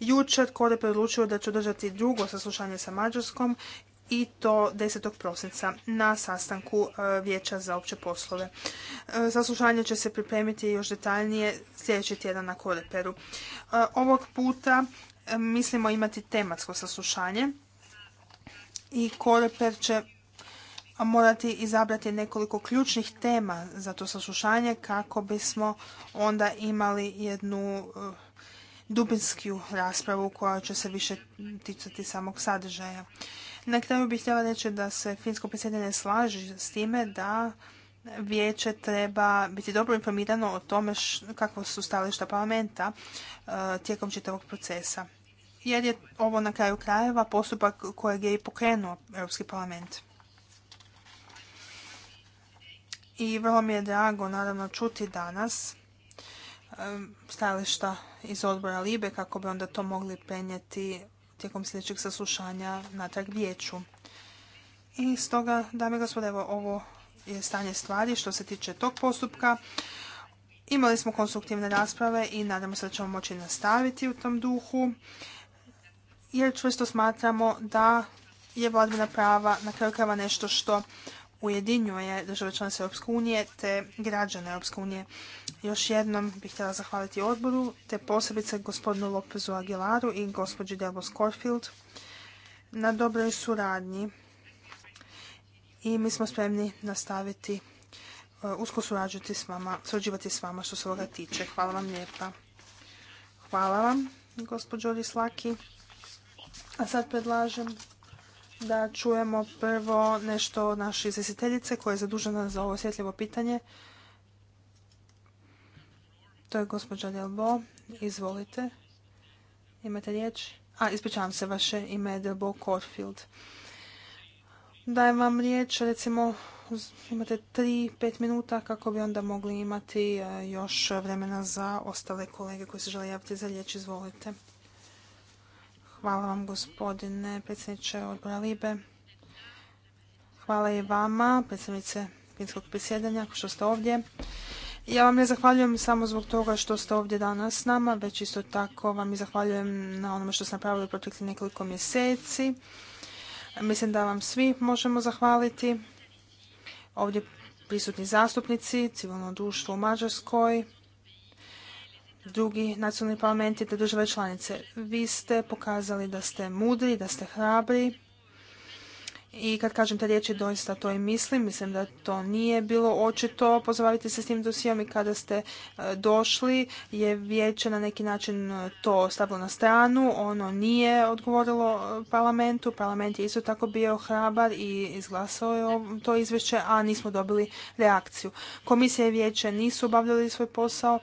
jučer Kore odlučio da će održati drugo saslušanje sa Mađarskom i to 10. prosinca na sastanku e, Vijeća za opće poslove. E, saslušanje će se pripremiti još detaljnije sljedeći tjedan na Koreperu. E, ovog puta mislimo imati tematsko saslušanje i Koreper će morati izabrati nekoliko ključnih tema za to saslušanje kako bismo onda imali jednu dubinsku raspravu koja će se više ticati samog sadržaja. Na kraju bih htjela reći da se finsko predsjedanje slaže s time da vijeće treba biti dobro informirano o tome kako su stališta parlamenta e, tijekom čitavog procesa. Jer je ovo na kraju krajeva postupak kojeg je i pokrenuo Europski parlament. I vrlo mi je drago naravno čuti danas e, stajališta iz odbora Libe kako bi onda to mogli prenijeti tijekom sljedećeg saslušanja natrag vijeću. I stoga, dame i gospode, evo ovo je stanje stvari što se tiče tog postupka. Imali smo konstruktivne rasprave i nadamo se da ćemo moći nastaviti u tom duhu, jer čvrsto smatramo da je vladvina prava na kraju krajeva nešto što ujedinjuje države članice Europske unije te građane Europske unije. Još jednom bih htjela zahvaliti odboru te posebice gospodinu Lopezu Aguilaru i gospođi Delbos Corfield na dobroj suradnji i mi smo spremni nastaviti e, usko surađivati s vama, surađivati s vama što se ovoga tiče. Hvala vam lijepa. Hvala vam, gospođo Rislaki. A sad predlažem da čujemo prvo nešto od naše izvjestiteljice koja je zadužena za ovo osjetljivo pitanje. To je gospođa Delbo. Izvolite. Imate riječ? A, ispričavam se, vaše ime je Delbo Corfield. Dajem vam riječ, recimo, imate tri, pet minuta kako bi onda mogli imati e, još vremena za ostale kolege koji se žele javiti za riječ. Izvolite. Hvala vam gospodine predsjedniče odbora Libe. Hvala i vama, predsjednice finskog predsjedanja, što ste ovdje. Ja vam ne zahvaljujem samo zbog toga što ste ovdje danas s nama, već isto tako vam i zahvaljujem na onome što ste napravili u proteklih nekoliko mjeseci. Mislim da vam svi možemo zahvaliti. Ovdje prisutni zastupnici, civilno društvo u Mađarskoj, drugi nacionalni parlamenti te države članice. Vi ste pokazali da ste mudri, da ste hrabri i kad kažem te riječi doista to i mislim. Mislim da to nije bilo očito pozabaviti se s tim dosijom i kada ste e, došli je vijeće na neki način e, to stavilo na stranu. Ono nije odgovorilo e, parlamentu. Parlament je isto tako bio hrabar i izglasao je to izvješće, a nismo dobili reakciju. Komisija i vijeće nisu obavljali svoj posao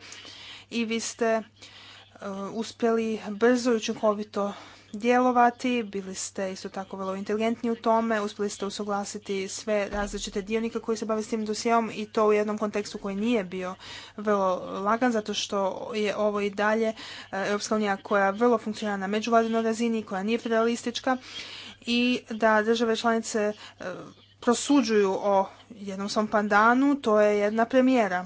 i vi ste e, uspjeli brzo i učinkovito djelovati, bili ste isto tako vrlo inteligentni u tome, uspjeli ste usuglasiti sve različite dionike koji se bave s tim dosijom i to u jednom kontekstu koji nije bio vrlo lagan, zato što je ovo i dalje e, Europska unija koja vrlo funkcionira na međuvladinoj razini, koja nije federalistička i da države članice e, prosuđuju o jednom svom pandanu, to je jedna premijera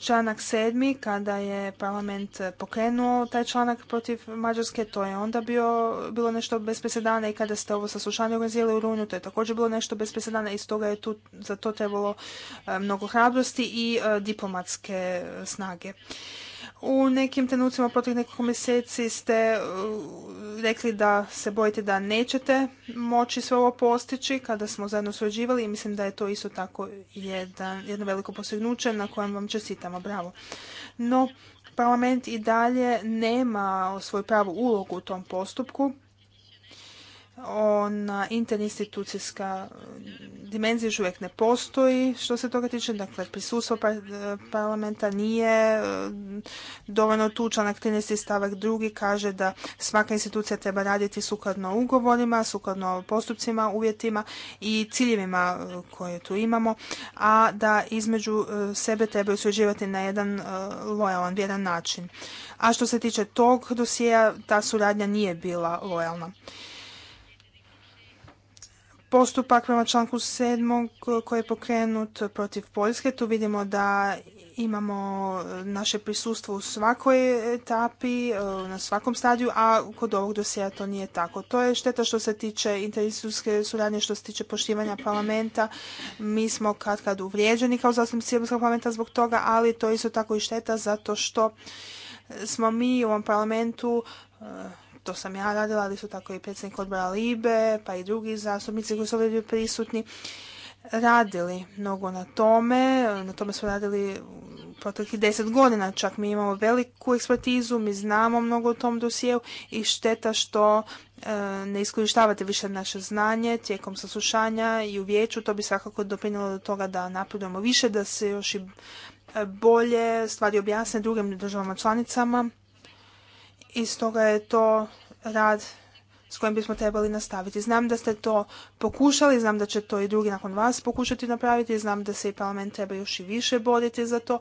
članak 7. kada je parlament pokrenuo taj članak protiv Mađarske, to je onda bio, bilo nešto bez presedana i kada ste ovo saslušanje organizirali u Runju, to je također bilo nešto bez presedana i stoga je tu, za to trebalo eh, mnogo hrabrosti i eh, diplomatske snage. U nekim trenucima protiv nekoliko mjeseci ste uh, rekli da se bojite da nećete moći sve ovo postići kada smo zajedno surađivali i mislim da je to isto tako jedan, jedno veliko postignuće na kojem vam čestitamo. Bravo. No, parlament i dalje nema svoju pravu ulogu u tom postupku ona interinstitucijska dimenzija još uvijek ne postoji što se toga tiče, dakle prisustvo e, parlamenta nije e, dovoljno tu, članak 13. stavak 2. kaže da svaka institucija treba raditi sukladno ugovorima, sukladno postupcima, uvjetima i ciljevima e, koje tu imamo, a da između sebe trebaju surađivati na jedan lojalan, vjeran način. A što se tiče tog dosija, ta suradnja nije bila lojalna postupak prema članku 7. koji je pokrenut protiv Poljske. Tu vidimo da imamo e, naše prisustvo u svakoj etapi, e, na svakom stadiju, a kod ovog dosija to nije tako. To je šteta što se tiče interinstitutske suradnje, što se tiče poštivanja parlamenta. Mi smo kad kad uvrijeđeni kao zastupnici parlamenta zbog toga, ali to je isto tako i šteta zato što smo mi u ovom parlamentu e, što sam ja radila, ali su tako i predsjednik odbora Libe, pa i drugi zastupnici koji su ovdje prisutni, radili mnogo na tome. Na tome smo radili proteklih deset godina čak. Mi imamo veliku ekspertizu, mi znamo mnogo o tom dosjeu i šteta što e, ne iskorištavate više naše znanje tijekom saslušanja i u vijeću. To bi svakako doprinjelo do toga da napredujemo više, da se još i e, bolje stvari objasne drugim državama članicama i stoga je to rad s kojim bismo trebali nastaviti. Znam da ste to pokušali, znam da će to i drugi nakon vas pokušati napraviti, znam da se i parlament treba još i više boriti za to,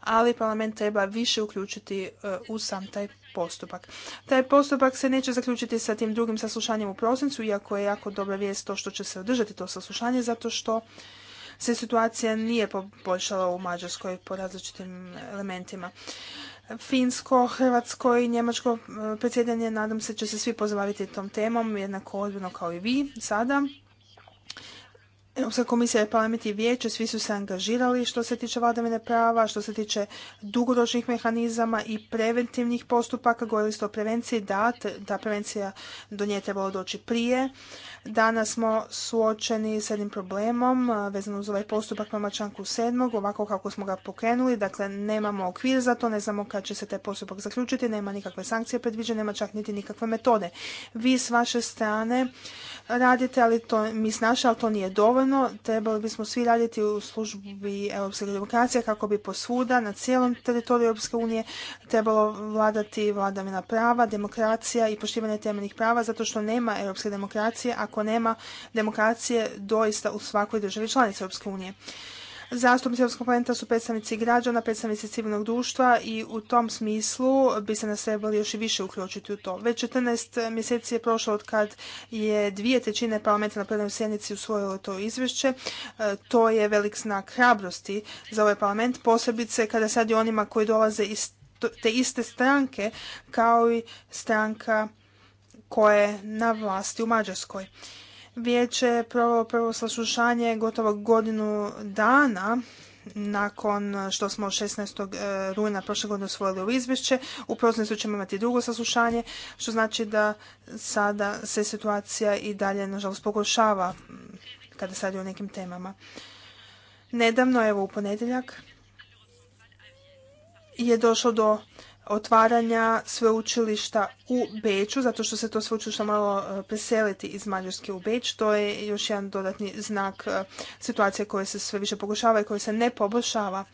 ali parlament treba više uključiti e, u sam taj postupak. Taj postupak se neće zaključiti sa tim drugim saslušanjem u prosincu, iako je jako dobra vijest to što će se održati to saslušanje, zato što se situacija nije poboljšala u Mađarskoj po različitim elementima. Finsko, Hrvatsko i Njemačko e, predsjedanje, nadam se, će se svi pozabaviti tom temom, jednako odbjeno kao i vi sada. Europska komisija je parlament i vijeće, svi su se angažirali što se tiče vladavine prava, što se tiče dugoročnih mehanizama i preventivnih postupaka. Govorili ste o prevenciji, da, prevencija do nje trebalo doći prije. Danas smo suočeni s jednim problemom vezano uz ovaj postupak prema članku 7. ovako kako smo ga pokrenuli. Dakle, nemamo okvir za to, ne znamo kad će se taj postupak zaključiti, nema nikakve sankcije predviđene, nema čak niti nikakve metode. Vi s vaše strane radite, ali to mi naše, ali to nije dovoljno. Trebali bismo svi raditi u službi europske demokracije kako bi posvuda na cijelom teritoriju Europske unije trebalo vladati vladavina prava, demokracija i poštivanje temeljnih prava, zato što nema europske demokracije ako nema demokracije doista u svakoj državi članici Europske unije. Zastupnici Europskog parlamenta su predstavnici građana, predstavnici civilnog društva i u tom smislu bi se nas trebali još i više uključiti u to. Već 14 mjeseci je prošlo od kad je dvije trećine parlamenta na plenarnoj sjednici usvojilo to izvješće. E, to je velik znak hrabrosti za ovaj parlament, posebice kada sad i onima koji dolaze iz te iste stranke kao i stranka koja je na vlasti u Mađarskoj. Vijeće je provelo prvo saslušanje gotovo godinu dana nakon što smo 16. E, rujna prošle godine usvojili u izvješće. U prosincu ćemo imati drugo saslušanje, što znači da sada se situacija i dalje, nažalost, pogoršava kada se radi o nekim temama. Nedavno, evo u ponedjeljak, je došlo do otvaranja sveučilišta u Beču, zato što se to sveučilište malo e, preseliti iz Mađarske u Beč. To je još jedan dodatni znak e, situacije koja se sve više pokušava i koje se ne poboljšava.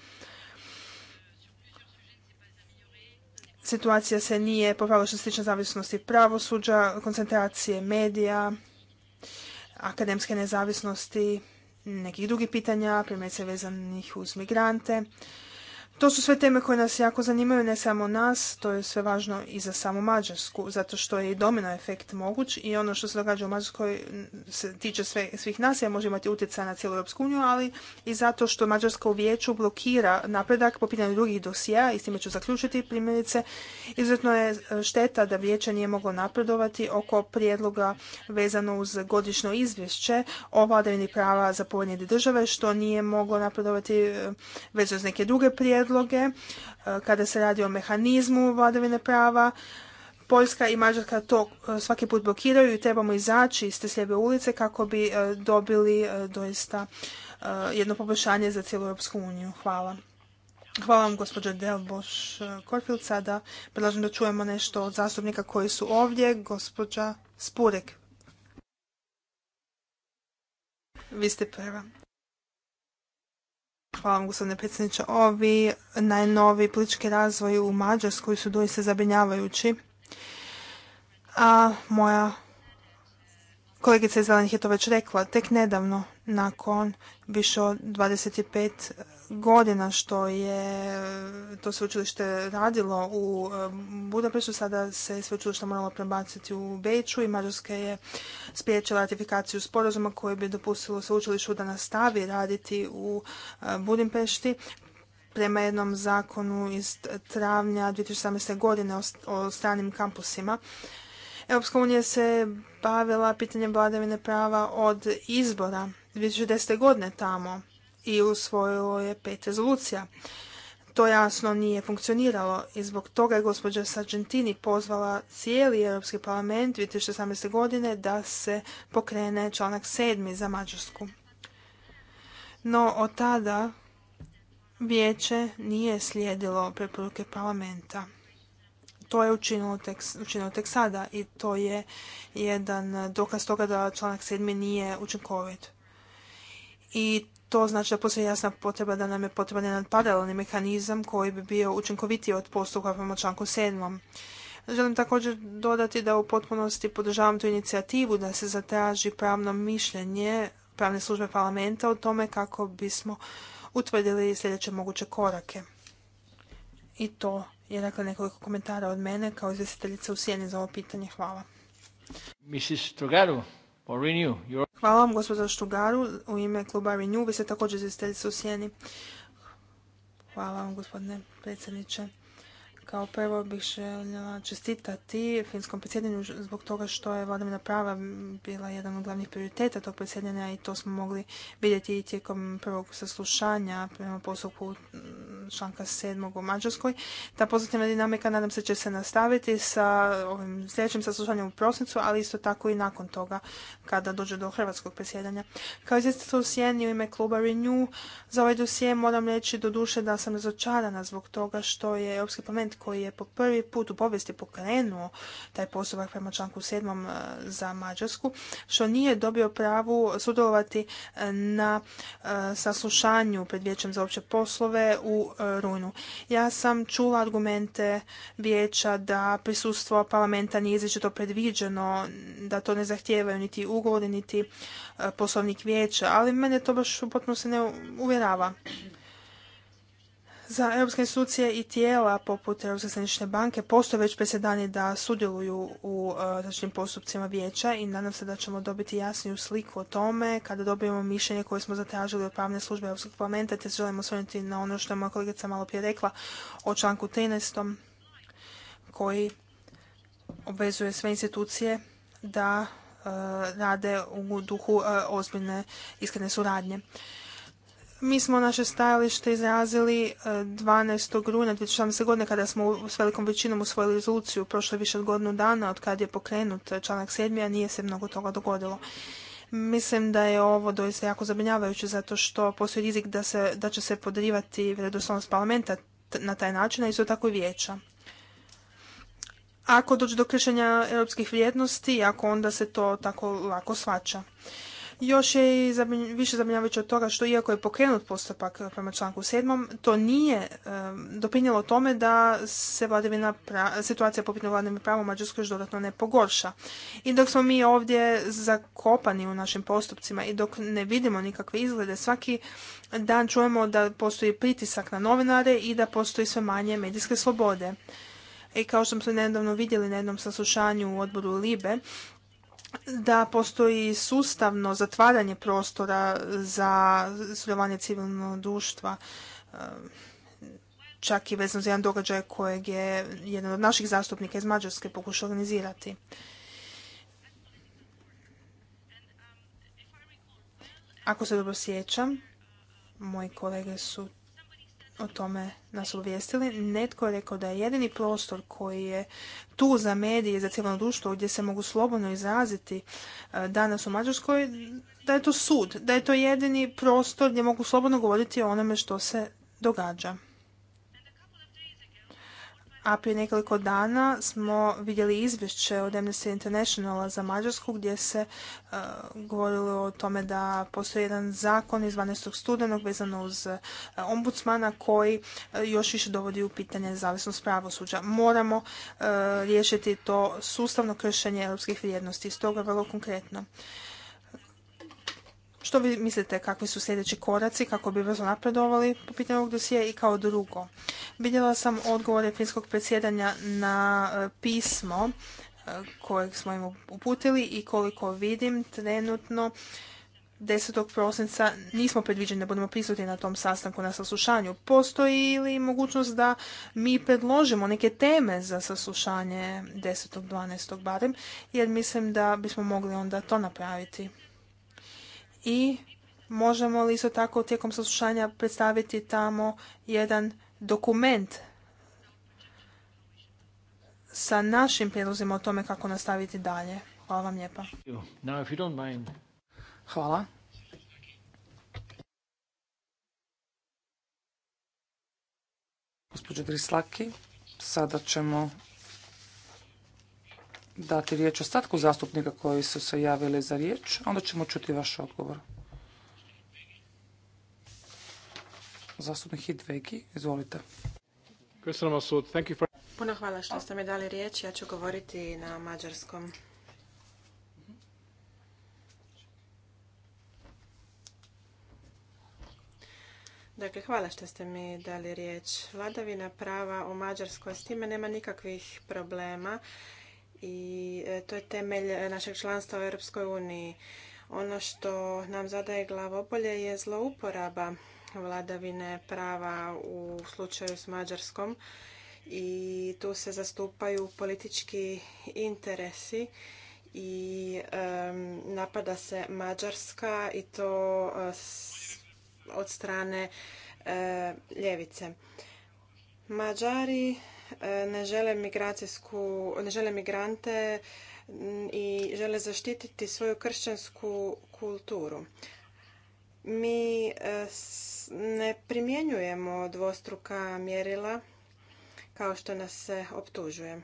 Situacija se nije popravila što se tiče zavisnosti pravosuđa, koncentracije medija, akademske nezavisnosti, nekih drugih pitanja, primjerice vezanih uz migrante. To su sve teme koje nas jako zanimaju, ne samo nas, to je sve važno i za samu Mađarsku, zato što je i domino efekt moguć i ono što se događa u Mađarskoj se tiče sve, svih nas, ja može imati utjecaj na cijelu Europsku uniju, ali i zato što Mađarska u vijeću blokira napredak po pitanju drugih dosija i s time ću zaključiti primjerice. Izuzetno je e, šteta da vijeće nije moglo napredovati oko prijedloga vezano uz godišnje izvješće o vladavini prava za pojedine države, što nije moglo napredovati e, vezano uz neke druge prijedloge prijedloge e, kada se radi o mehanizmu vladavine prava. Poljska i Mađarska to e, svaki put blokiraju i trebamo izaći iz te slijeve ulice kako bi e, dobili doista jedno poboljšanje za cijelu Europsku uniju. Hvala. Hvala vam gospođa Delboš Korfield. Sada predlažem da čujemo nešto od zastupnika koji su ovdje. Gospođa Spurek. Vi ste prva. Hvala vam, gospodine predsjedniče. Ovi najnovi politički razvoj u Mađarskoj su doista zabrinjavajući. A moja kolegica iz Zelenih je to već rekla, tek nedavno, nakon više od 25 godina što je to sveučilište radilo u um, Budapestu, sada se sveučilište moralo prebaciti u Beču i Mađarska je spriječila ratifikaciju sporazuma koji bi dopustilo sveučilištu da nastavi raditi u uh, Budimpešti prema jednom zakonu iz travnja 2017. godine o stranim kampusima. Europska unija se bavila pitanjem vladavine prava od izbora 2010. godine tamo i usvojilo je pet rezolucija. To jasno nije funkcioniralo i zbog toga je gospođa Sargentini pozvala cijeli Europski parlament 2018. godine da se pokrene članak 7. za Mađarsku. No od tada vijeće nije slijedilo preporuke parlamenta. To je učinilo tek, učinilo tek sada i to je jedan dokaz toga da članak 7. nije učinkovit. I to znači da postoji jasna potreba da nam je potreban jedan paralelni mehanizam koji bi bio učinkovitiji od postupka prema članku 7. Želim također dodati da u potpunosti podržavam tu inicijativu da se zatraži pravno mišljenje pravne službe parlamenta o tome kako bismo utvrdili sljedeće moguće korake. I to je dakle nekoliko komentara od mene kao izvjestiteljice u sjeni za ovo pitanje. Hvala. Mrs. Hvala vam gospodo Štugaru. U ime kluba Renew vi ste također izvjestiteljica u sjeni. Hvala vam gospodine predsjedniče. Kao prvo bih željela čestitati finskom predsjedanju zbog toga što je vladavina prava bila jedan od glavnih prioriteta tog predsjedanja i to smo mogli vidjeti i tijekom prvog saslušanja prema postupku članka 7. u Mađarskoj. Ta pozitivna dinamika nadam se će se nastaviti sa ovim sljedećim saslušanjem u prosincu, ali isto tako i nakon toga kada dođe do hrvatskog predsjedanja. Kao izvjestitelj u Sjeni u ime kluba Renew za ovaj dosje, moram reći do duše da sam razočarana zbog toga što je Europski parlament koji je po prvi put u povijesti pokrenuo taj postupak prema članku 7. E, za Mađarsku, što nije dobio pravu sudjelovati e, na e, saslušanju pred vijećem za opće poslove u Rujnu. Ja sam čula argumente vijeća da prisustvo parlamenta nije izričito predviđeno, da to ne zahtijevaju niti ugovori, niti poslovnik vijeća, ali mene to baš potpuno se ne uvjerava. Za europske institucije i tijela poput Europske središnje banke postoje već presedani da sudjeluju u e, različitim postupcima vijeća i nadam se da ćemo dobiti jasniju sliku o tome kada dobijemo mišljenje koje smo zatražili od pravne službe Europskog parlamenta te želimo osvrnuti na ono što je moja kolegica malo prije rekla o članku 13. koji obvezuje sve institucije da e, rade u duhu e, ozbiljne iskrene suradnje. Mi smo naše stajalište izrazili 12. E, rujna 2017. godine kada smo s velikom većinom usvojili rezoluciju. Prošlo je više od godinu dana od kad je pokrenut e, članak 7. a nije se mnogo toga dogodilo. Mislim da je ovo doista jako zabrinjavajuće zato što postoji rizik da, se, da će se podrivati vredoslovnost parlamenta na taj način, a isto tako i vijeća. Ako dođe do kršenja europskih vrijednosti, ako onda se to tako lako svača. Još je i više zabinjavajuće od toga što iako je pokrenut postupak eh, prema članku 7. to nije doprinjelo tome da se vladavina situacija popitno vladavine prava u Mađarskoj još dodatno ne pogorša. I dok smo mi ovdje zakopani u našim postupcima i dok ne vidimo nikakve izglede, svaki dan čujemo da postoji pritisak na novinare i da postoji sve manje medijske slobode. I kao što smo nedavno vidjeli na jednom saslušanju u odboru Libe, da postoji sustavno zatvaranje prostora za sudjelovanje civilnog društva, eh, čak i vezano za jedan događaj kojeg je jedan od naših zastupnika iz Mađarske pokušao organizirati. Ako se dobro sjećam, moji kolege su o tome nas uvijestili. Netko je rekao da je jedini prostor koji je tu za medije, za civilno društvo, gdje se mogu slobodno izraziti e, danas u Mađarskoj, da je to sud, da je to jedini prostor gdje mogu slobodno govoriti o onome što se događa a prije nekoliko dana smo vidjeli izvješće od Amnesty Internationala za Mađarsku gdje se e, govorilo o tome da postoji jedan zakon iz 12. studenog vezano uz e, ombudsmana koji e, još više dovodi u pitanje zavisnost pravosuđa. Moramo riješiti to sustavno kršenje europskih vrijednosti. Stoga vrlo konkretno. Što vi mislite kakvi su sljedeći koraci kako bi brzo napredovali po pitanju ovog dosije i kao drugo? Vidjela sam odgovore finskog predsjedanja na e, pismo e, kojeg smo im uputili i koliko vidim trenutno 10. prosinca nismo predviđeni da budemo prisutni na tom sastanku na saslušanju. Postoji li mogućnost da mi predložimo neke teme za saslušanje 12. barem, jer mislim da bismo mogli onda to napraviti i možemo li isto tako tijekom saslušanja predstaviti tamo jedan dokument sa našim prijedlozima o tome kako nastaviti dalje. Hvala vam lijepa. Hvala. sada ćemo dati riječ ostatku zastupnika koji su se javili za riječ, onda ćemo čuti vaš odgovor. Zastupnik Hidvegi, izvolite. Puno hvala što ste mi dali riječ. Ja ću govoriti na mađarskom. Dakle, hvala što ste mi dali riječ. Vladavina prava u Mađarskoj s time nema nikakvih problema i e, to je temelj e, našeg članstva u Europskoj uniji. Ono što nam zadaje glavobolje je zlouporaba vladavine prava u slučaju s Mađarskom i tu se zastupaju politički interesi i e, napada se Mađarska i to od strane ljevice. Mađari E, ne žele migrante mm, i žele zaštititi svoju kršćansku kulturu. Mi e, ne primjenjujemo dvostruka mjerila kao što nas se optužuje.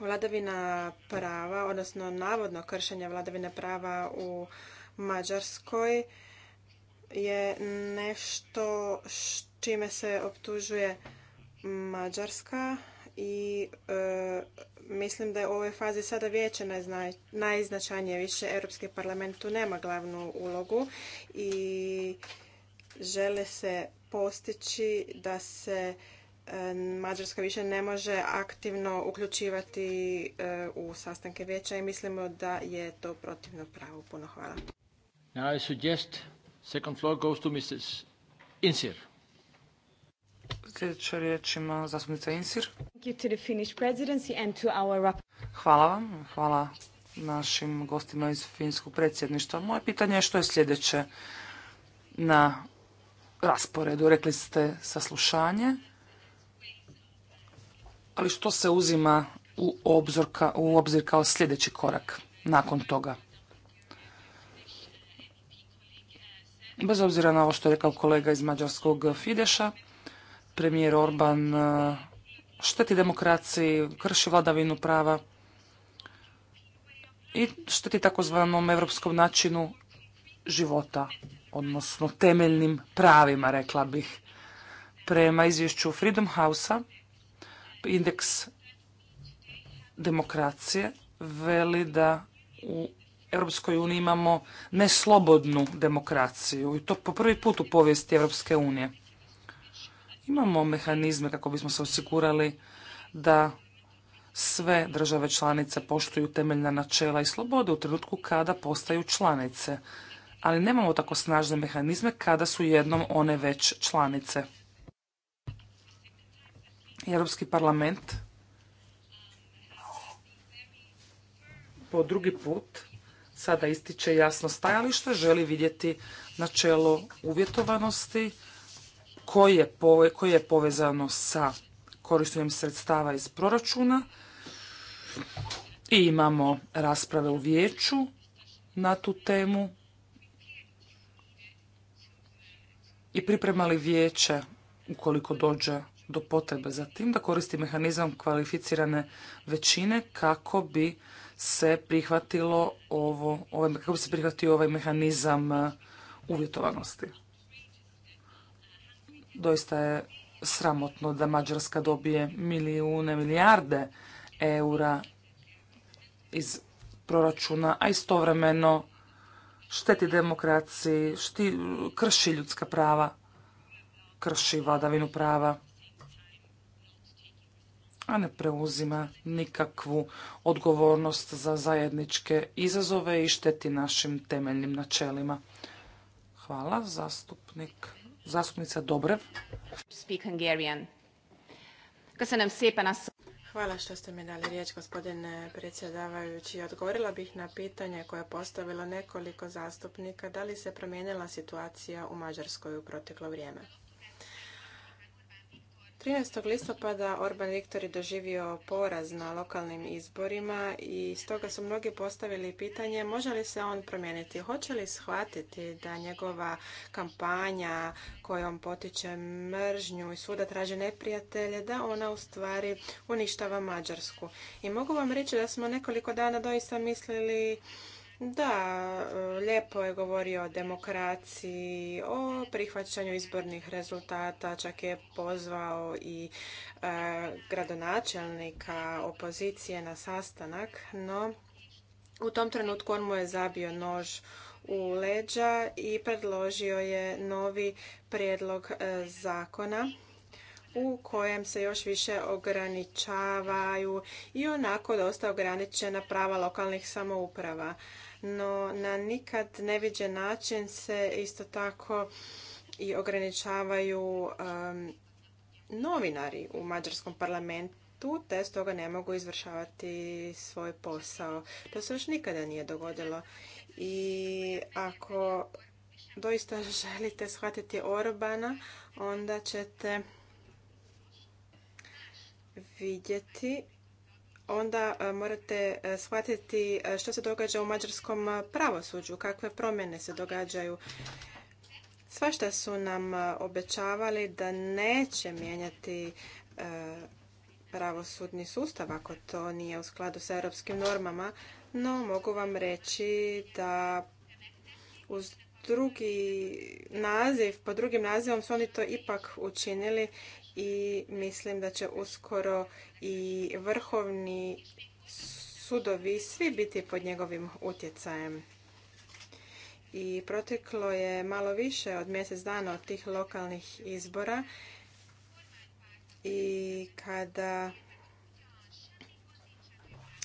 Vladavina prava, odnosno navodno kršenje vladavine prava u Mađarskoj je nešto čime se optužuje Mađarska i e, mislim da je u ovoj fazi sada vijeće najznačajnije više. Europski parlament tu nema glavnu ulogu i žele se postići da se e, Mađarska više ne može aktivno uključivati e, u sastanke vijeća i mislimo da je to protivno pravo. Puno hvala. I second floor Sljedeća riječ ima zastupnica Insir. Hvala vam, hvala našim gostima iz finskog predsjedništva. Moje pitanje je što je sljedeće na rasporedu. Rekli ste saslušanje, ali što se uzima u, u obzir kao sljedeći korak nakon toga? Bez obzira na ovo što je rekao kolega iz mađarskog Fideša, premijer Orban e, šteti demokraciji, krši vladavinu prava i šteti takozvanom evropskom načinu života, odnosno temeljnim pravima, rekla bih. Prema izvješću Freedom House-a, indeks demokracije veli da u Europskoj uniji imamo neslobodnu demokraciju i to po prvi put u povijesti Europske unije. Imamo mehanizme kako bismo se osigurali da sve države članice poštuju temeljna načela i slobode u trenutku kada postaju članice, ali nemamo tako snažne mehanizme kada su jednom one već članice. Europski parlament po drugi put sada ističe jasno stajalište, želi vidjeti načelo uvjetovanosti koje je povezano sa korištenjem sredstava iz proračuna i imamo rasprave u vijeću na tu temu i pripremali vijeće ukoliko dođe do potrebe za tim da koristi mehanizam kvalificirane većine kako bi se prihvatilo ovo, ovaj, kako bi se prihvatio ovaj mehanizam eh, uvjetovanosti. Doista je sramotno da Mađarska dobije milijune, milijarde eura iz proračuna, a istovremeno šteti demokraciji, šti, krši ljudska prava, krši vladavinu prava, a ne preuzima nikakvu odgovornost za zajedničke izazove i šteti našim temeljnim načelima. Hvala, zastupnik Zastupnica Dobre. Speak Hungarian. Köszönöm szépen Hvala što ste mi dali riječ, gospodine predsjedavajući. Odgovorila bih na pitanje koje je postavilo nekoliko zastupnika. Da li se promijenila situacija u Mađarskoj u proteklo vrijeme? 13. listopada Orban Viktor je doživio poraz na lokalnim izborima i stoga su mnogi postavili pitanje može li se on promijeniti, hoće li shvatiti da njegova kampanja kojom potiče mržnju i svuda traže neprijatelje, da ona u stvari uništava Mađarsku. I mogu vam reći da smo nekoliko dana doista mislili da, lijepo je govorio o demokraciji, o prihvaćanju izbornih rezultata, čak je pozvao i e, gradonačelnika opozicije na sastanak, no u tom trenutku on mu je zabio nož u leđa i predložio je novi prijedlog e, zakona u kojem se još više ograničavaju i onako dosta ograničena prava lokalnih samouprava. No na nikad neviđen način se isto tako i ograničavaju um, novinari u mađarskom parlamentu te stoga ne mogu izvršavati svoj posao. To se još nikada nije dogodilo. I ako doista *laughs* želite shvatiti Orbana, onda ćete vidjeti, onda e, morate e, shvatiti e, što se događa u mađarskom pravosuđu, kakve promjene se događaju. što su nam obećavali da neće mijenjati pravosudni sustav ako to nije u skladu sa europskim normama, no mogu vam reći da uz drugi naziv, pod drugim nazivom su oni to ipak učinili i mislim da će uskoro i vrhovni sudovi svi biti pod njegovim utjecajem. I proteklo je malo više od mjesec dana od tih lokalnih izbora i kada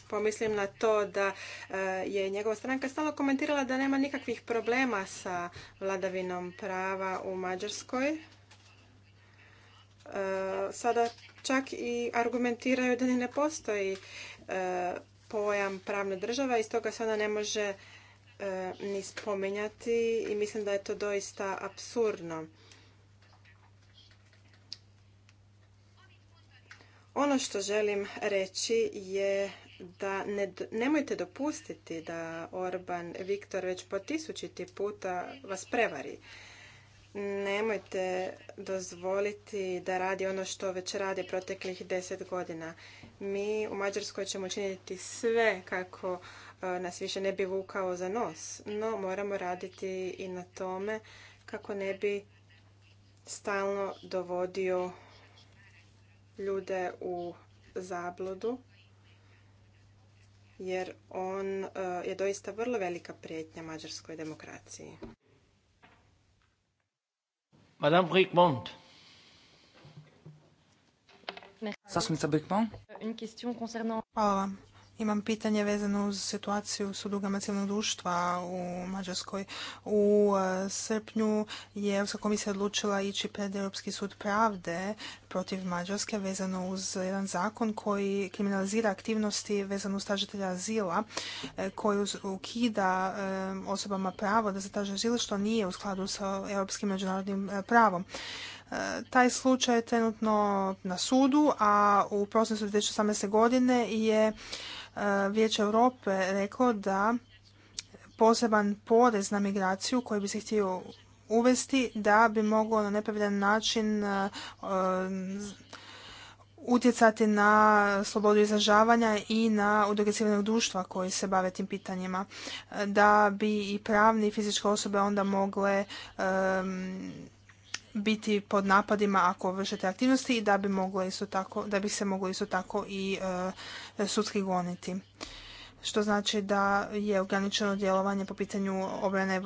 pomislim na to da e, je njegova stranka stalo komentirala da nema nikakvih problema sa vladavinom prava u Mađarskoj E, sada čak i argumentiraju da ni ne postoji e, pojam pravne države i stoga se ona ne može e, ni spominjati i mislim da je to doista absurdno. Ono što želim reći je da ne, nemojte dopustiti da Orban Viktor već po tisućiti puta vas prevari. Nemojte dozvoliti da radi ono što već radi proteklih deset godina. Mi u Mađarskoj ćemo činiti sve kako e, nas više ne bi vukao za nos, no moramo raditi i na tome kako ne bi stalno dovodio ljude u zabludu, jer on e, je doista vrlo velika prijetnja mađarskoj demokraciji. Madame Brickmont. Merci. Ça, Brickmont. Euh, une question concernant. Oh. Imam pitanje vezano uz situaciju s udrugama civilnog društva u Mađarskoj. U e, srpnju je Europska komisija odlučila ići pred Europski sud pravde protiv Mađarske vezano uz jedan zakon koji kriminalizira aktivnosti vezano uz tražitelja azila e, koji ukida e, osobama pravo da zatraže azil što nije u skladu sa europskim međunarodnim pravom. Taj slučaj je trenutno na sudu, a u prosincu 2018. godine je Vijeće Europe rekao da poseban porez na migraciju koji bi se htio uvesti da bi mogao na nepravedan način e, utjecati na slobodu izražavanja i na udruge društva koji se bave tim pitanjima. E, da bi i pravni i fizičke osobe onda mogle e, biti pod napadima ako vršete aktivnosti i da bi moglo isto tako, da bi se moglo isto tako i sudski goniti. Što znači da je ograničeno djelovanje po pitanju obrane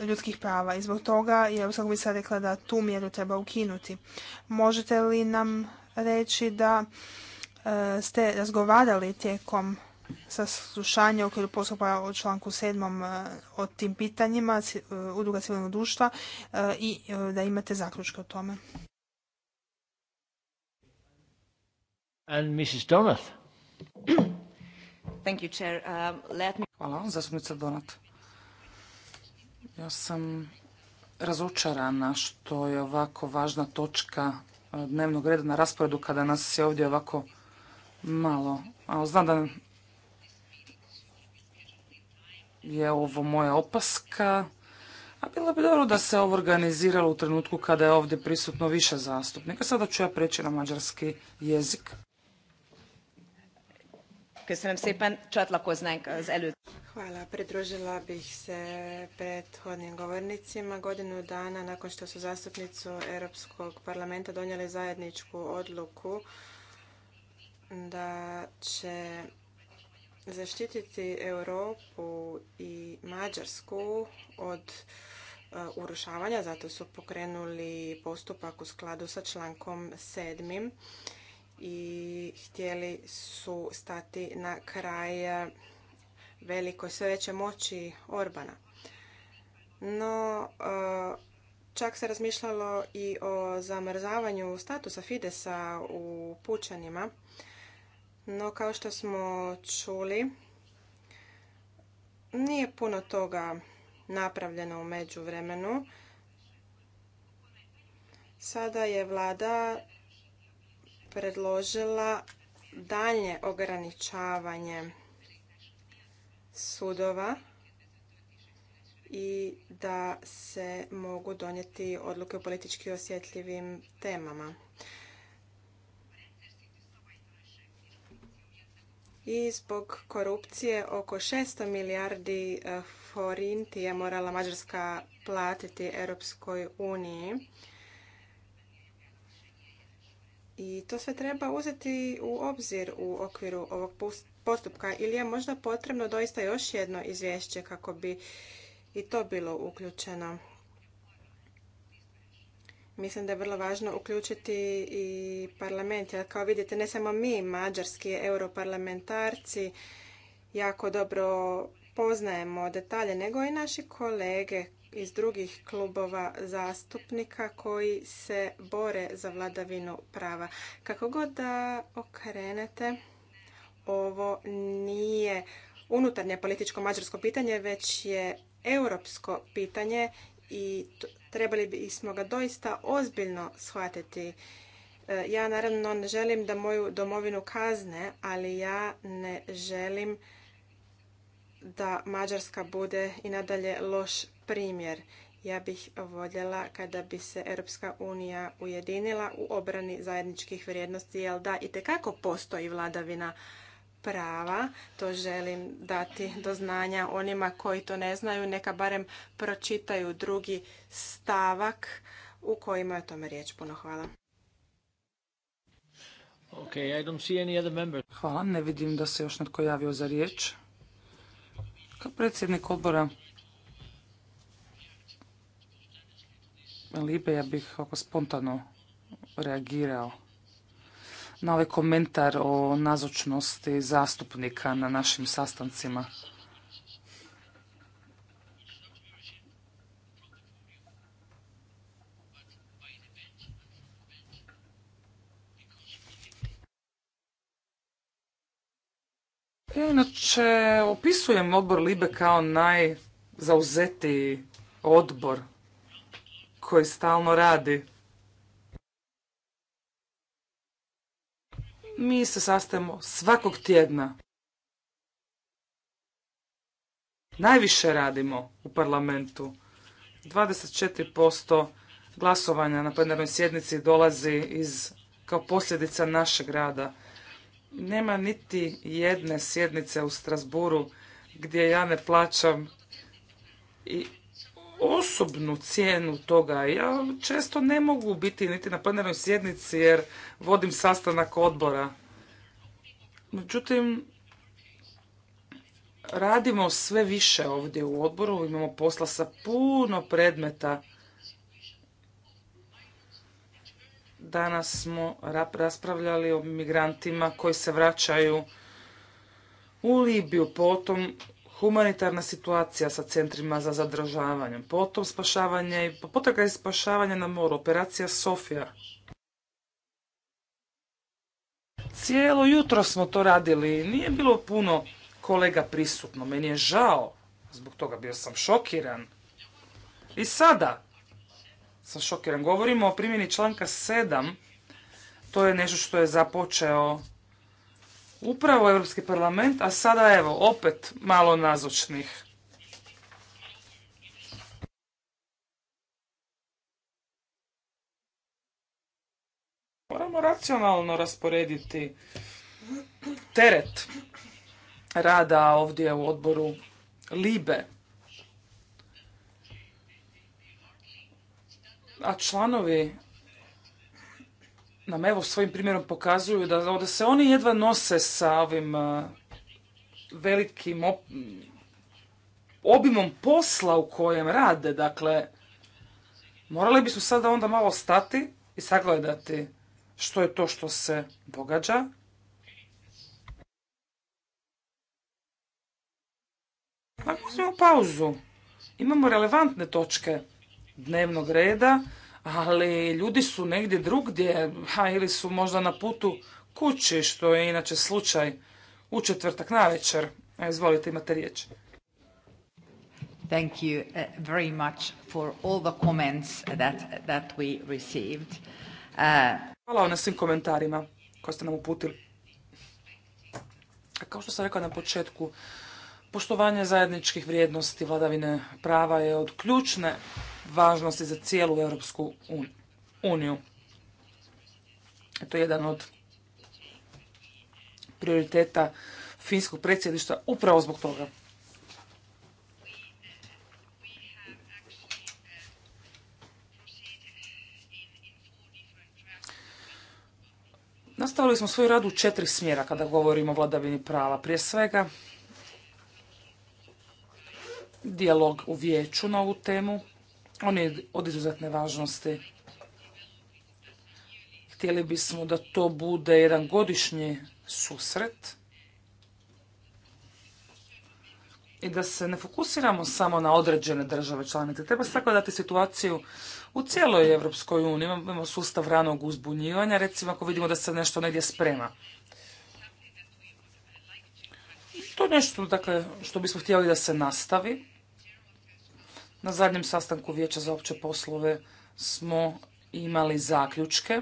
ljudskih prava i zbog toga je Europska komisija rekla da tu mjeru treba ukinuti. Možete li nam reći da e, ste razgovarali tijekom saslušanja u okviru postupka o članku 7. E, o tim pitanjima e, Udruga civilnog društva i da imate zaključke o tome? And um, Hvala vam, zastupnica Donat. Ja sam razočarana što je ovako važna točka uh, dnevnog reda na rasporedu kada nas je ovdje ovako malo. A znam da je ovo moja opaska, a bilo bi dobro da se ovo organiziralo u trenutku kada je ovdje prisutno više zastupnika. Sada ću ja preći na mađarski jezik. Hvala, pridružila bih se prethodnim govornicima. Godinu dana nakon što su zastupnicu Europskog parlamenta donijeli zajedničku odluku da će zaštititi Europu i Mađarsku od uh, urušavanja, zato su pokrenuli postupak u skladu sa člankom sedmim i htjeli su stati na kraj eh, velikoj sve moći Orbana. No, eh, čak se razmišljalo i o zamrzavanju statusa Fidesa u Pučanima. No, kao što smo čuli, nije puno toga napravljeno u međuvremenu. Sada je vlada predložila dalje ograničavanje sudova i da se mogu donijeti odluke o politički osjetljivim temama. I zbog korupcije oko 600 milijardi eh, forinti je morala Mađarska platiti Europskoj uniji i to sve treba uzeti u obzir u okviru ovog postupka ili je možda potrebno doista još jedno izvješće kako bi i to bilo uključeno. Mislim da je vrlo važno uključiti i parlament, jer kao vidite ne samo mi, mađarski europarlamentarci, jako dobro poznajemo detalje, nego i naši kolege iz drugih klubova zastupnika koji se bore za vladavinu prava. Kako god da okrenete, ovo nije unutarnje političko mađarsko pitanje, već je europsko pitanje i trebali bismo ga doista ozbiljno shvatiti. E, ja naravno ne želim da moju domovinu kazne, ali ja ne želim da Mađarska bude i nadalje loš primjer. Ja bih voljela kada bi se Europska unija ujedinila u obrani zajedničkih vrijednosti, jel da i tekako postoji vladavina prava. To želim dati do znanja onima koji to ne znaju. Neka barem pročitaju drugi stavak u kojima je o tome riječ. Puno hvala. hvala, ne vidim da se još netko javio za riječ. Kao predsjednik odbora Libe, ja bih ovako spontano reagirao na ovaj komentar o nazočnosti zastupnika na našim sastancima. Ja inače opisujem odbor Libe kao najzauzetiji odbor koji stalno radi. Mi se sastajemo svakog tjedna. Najviše radimo u parlamentu. 24% glasovanja na plenarnoj sjednici dolazi iz, kao posljedica našeg rada. Nema niti jedne sjednice u Strasburu gdje ja ne plaćam i osobnu cijenu toga. Ja često ne mogu biti niti na plenarnoj sjednici jer vodim sastanak odbora. Međutim, radimo sve više ovdje u odboru, imamo posla sa puno predmeta. Danas smo raspravljali o migrantima koji se vraćaju u Libiju, potom humanitarna situacija sa centrima za zadržavanje, potom spašavanje i potraga i spašavanje na moru, operacija Sofija. Cijelo jutro smo to radili nije bilo puno kolega prisutno. Meni je žao, zbog toga bio sam šokiran. I sada sam šokiran. Govorimo o primjeni članka 7. To je nešto što je započeo upravo Europski parlament, a sada evo, opet malo nazočnih. Moramo racionalno rasporediti teret rada ovdje u odboru Libe. A članovi nam evo svojim primjerom pokazuju da, se oni jedva nose sa ovim e, velikim obimom posla u kojem rade. Dakle, morali bismo sada onda malo stati i sagledati što je to što se događa. Dakle, pauzu. Imamo relevantne točke dnevnog reda ali ljudi su negdje drugdje, ha, ili su možda na putu kući, što je inače slučaj u četvrtak na večer. E, izvolite, imate riječ. Thank you eh, very much for all the comments that, we received. Eh, Hvala vam na svim komentarima koje ste nam uputili. Kao što sam rekao na početku, poštovanje zajedničkih vrijednosti vladavine prava je od ključne važnosti za cijelu Europsku uniju. To je jedan od prioriteta finskog predsjedništva upravo zbog toga. Nastavili smo svoj radu u četiri smjera kada govorimo o vladavini prava. Prije svega, dijalog u vijeću na ovu temu, on je od izuzetne važnosti. Htjeli bismo da to bude jedan godišnji susret i da se ne fokusiramo samo na određene države članice. Treba dati situaciju u cijeloj Evropskoj uniji. Imamo sustav ranog uzbunjivanja, recimo ako vidimo da se nešto negdje sprema. To je nešto dakle, što bismo htjeli da se nastavi na zadnjem sastanku Vijeća za opće poslove smo imali zaključke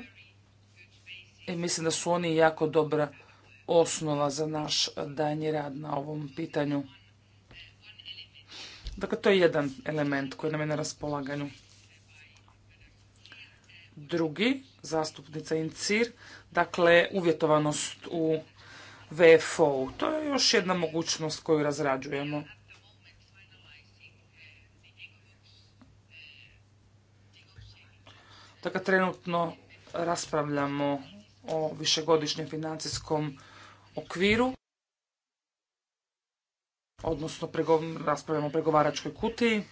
i mislim da su oni jako dobra osnova za naš danji rad na ovom pitanju. Dakle, to je jedan element koji nam je na raspolaganju. Drugi, zastupnica Incir, dakle, uvjetovanost u VFO. To je još jedna mogućnost koju razrađujemo. Dakle, trenutno raspravljamo o višegodišnjem financijskom okviru, odnosno raspravljamo o pregovaračkoj kutiji.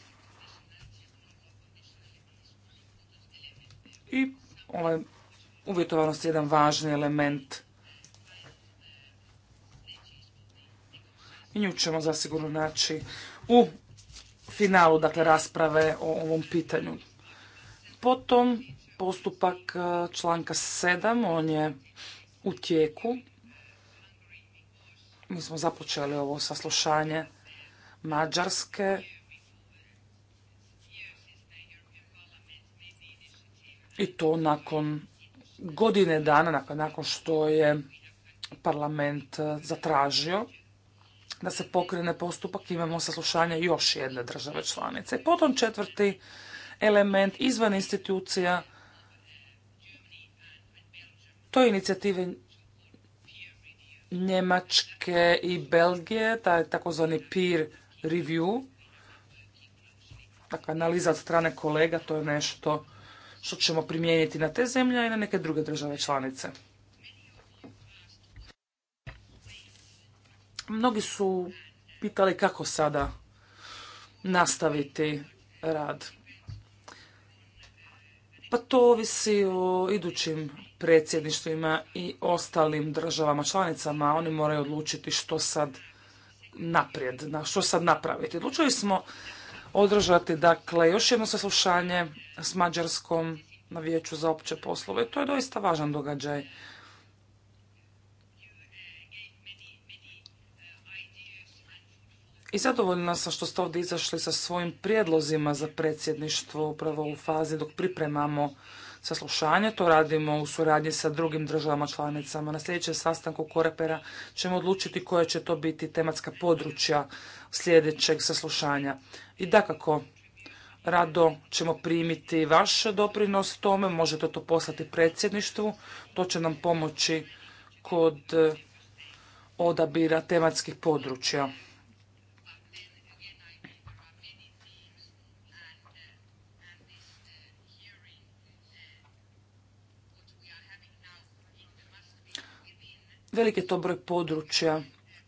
I ovaj uvjetovanost je jedan važni element. I nju ćemo zasigurno naći u finalu, dakle, rasprave o ovom pitanju. Potom postupak e, članka 7, on je u tijeku. Mi smo započeli ovo saslušanje Mađarske. I to nakon godine dana, nakon što je parlament e, zatražio da se pokrene postupak, imamo saslušanje još jedne države članice. I potom četvrti element izvan institucija je inicijative Njemačke i Belgije, taj takozvani peer review, dakle analiza od strane kolega, to je nešto što ćemo primijeniti na te zemlje i na neke druge države članice. Mnogi su pitali kako sada nastaviti rad. Pa to ovisi o idućim predsjedništvima i ostalim državama članicama. Oni moraju odlučiti što sad naprijed, što sad napraviti. Odlučili smo održati dakle još jedno saslušanje s Mađarskom na vijeću za opće poslove. To je doista važan događaj. I zadovoljna sam što ste ovdje izašli sa svojim prijedlozima za predsjedništvo upravo u fazi dok pripremamo saslušanje. To radimo u suradnji sa drugim državama članicama. Na sljedećem sastanku Korepera ćemo odlučiti koja će to biti tematska područja sljedećeg saslušanja. I dakako, rado ćemo primiti vaš doprinos tome, možete to poslati predsjedništvu, to će nam pomoći kod odabira tematskih područja. Velik je to broj područja,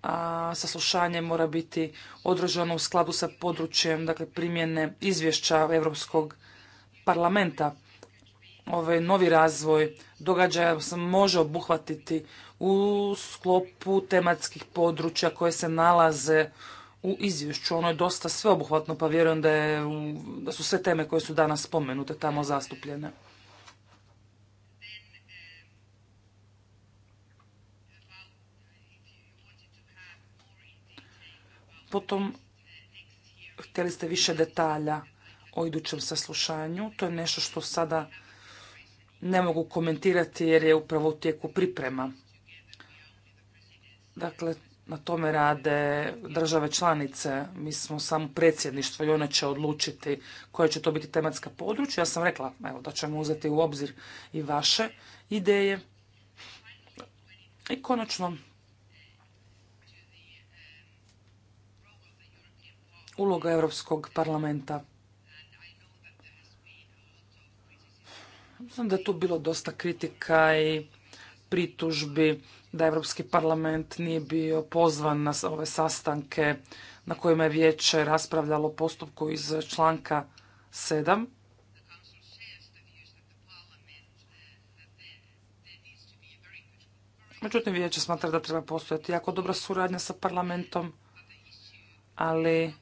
a saslušanje mora biti održano u skladu sa područjem dakle, primjene izvješća Europskog parlamenta. Ovaj novi razvoj događaja se može obuhvatiti u sklopu tematskih područja koje se nalaze u izvješću. Ono je dosta sveobuhvatno, pa vjerujem da, je, da su sve teme koje su danas spomenute tamo zastupljene. Potom, htjeli ste više detalja o idućem saslušanju. To je nešto što sada ne mogu komentirati jer je upravo u tijeku priprema. Dakle, na tome rade države članice. Mi smo samo predsjedništvo i one će odlučiti koja će to biti tematska područja. Ja sam rekla evo, da ćemo uzeti u obzir i vaše ideje. I konačno, uloga Europskog parlamenta. Znam da je tu bilo dosta kritika i pritužbi da Europski parlament nije bio pozvan na ove sastanke na kojima je vijeće raspravljalo postupku iz članka 7. Međutim, vijeće smatra da treba postojati jako dobra suradnja sa parlamentom, ali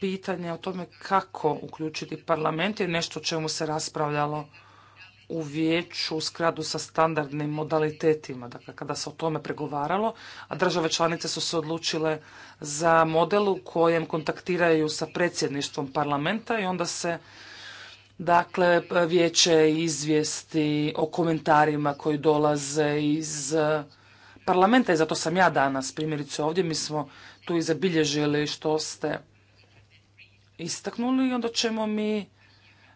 pitanje o tome kako uključiti parlament je nešto o čemu se raspravljalo u vijeću u skladu sa standardnim modalitetima, dakle kada se o tome pregovaralo, a države članice su se odlučile za model u kojem kontaktiraju sa predsjedništvom parlamenta i onda se dakle vijeće izvijesti o komentarima koji dolaze iz parlamenta i zato sam ja danas primjerice ovdje, mi smo tu i zabilježili što ste istaknuli i onda ćemo mi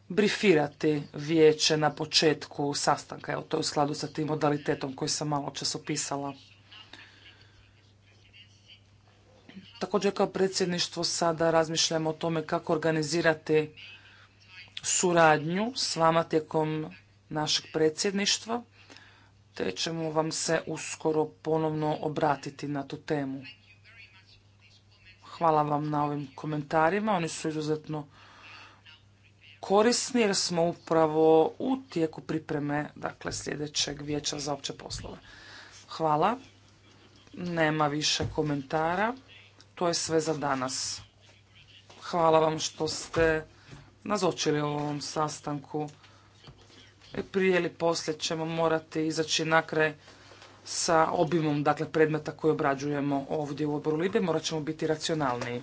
brifirati vijeće na početku sastanka. Evo, to je u skladu sa tim modalitetom koji sam malo čas opisala. Također kao predsjedništvo sada razmišljamo o tome kako organizirati suradnju s vama tijekom našeg predsjedništva, te ćemo vam se uskoro ponovno obratiti na tu temu. Hvala vam na ovim komentarima, oni su izuzetno korisni jer smo upravo u tijeku pripreme dakle, sljedećeg vijeća za opće poslove. Hvala. Nema više komentara. To je sve za danas. Hvala vam što ste nazočili u ovom sastanku. Prije ili poslije ćemo morati izaći na kraj sa obimom dakle, predmeta koje obrađujemo ovdje u odboru Libe, morat ćemo biti racionalniji.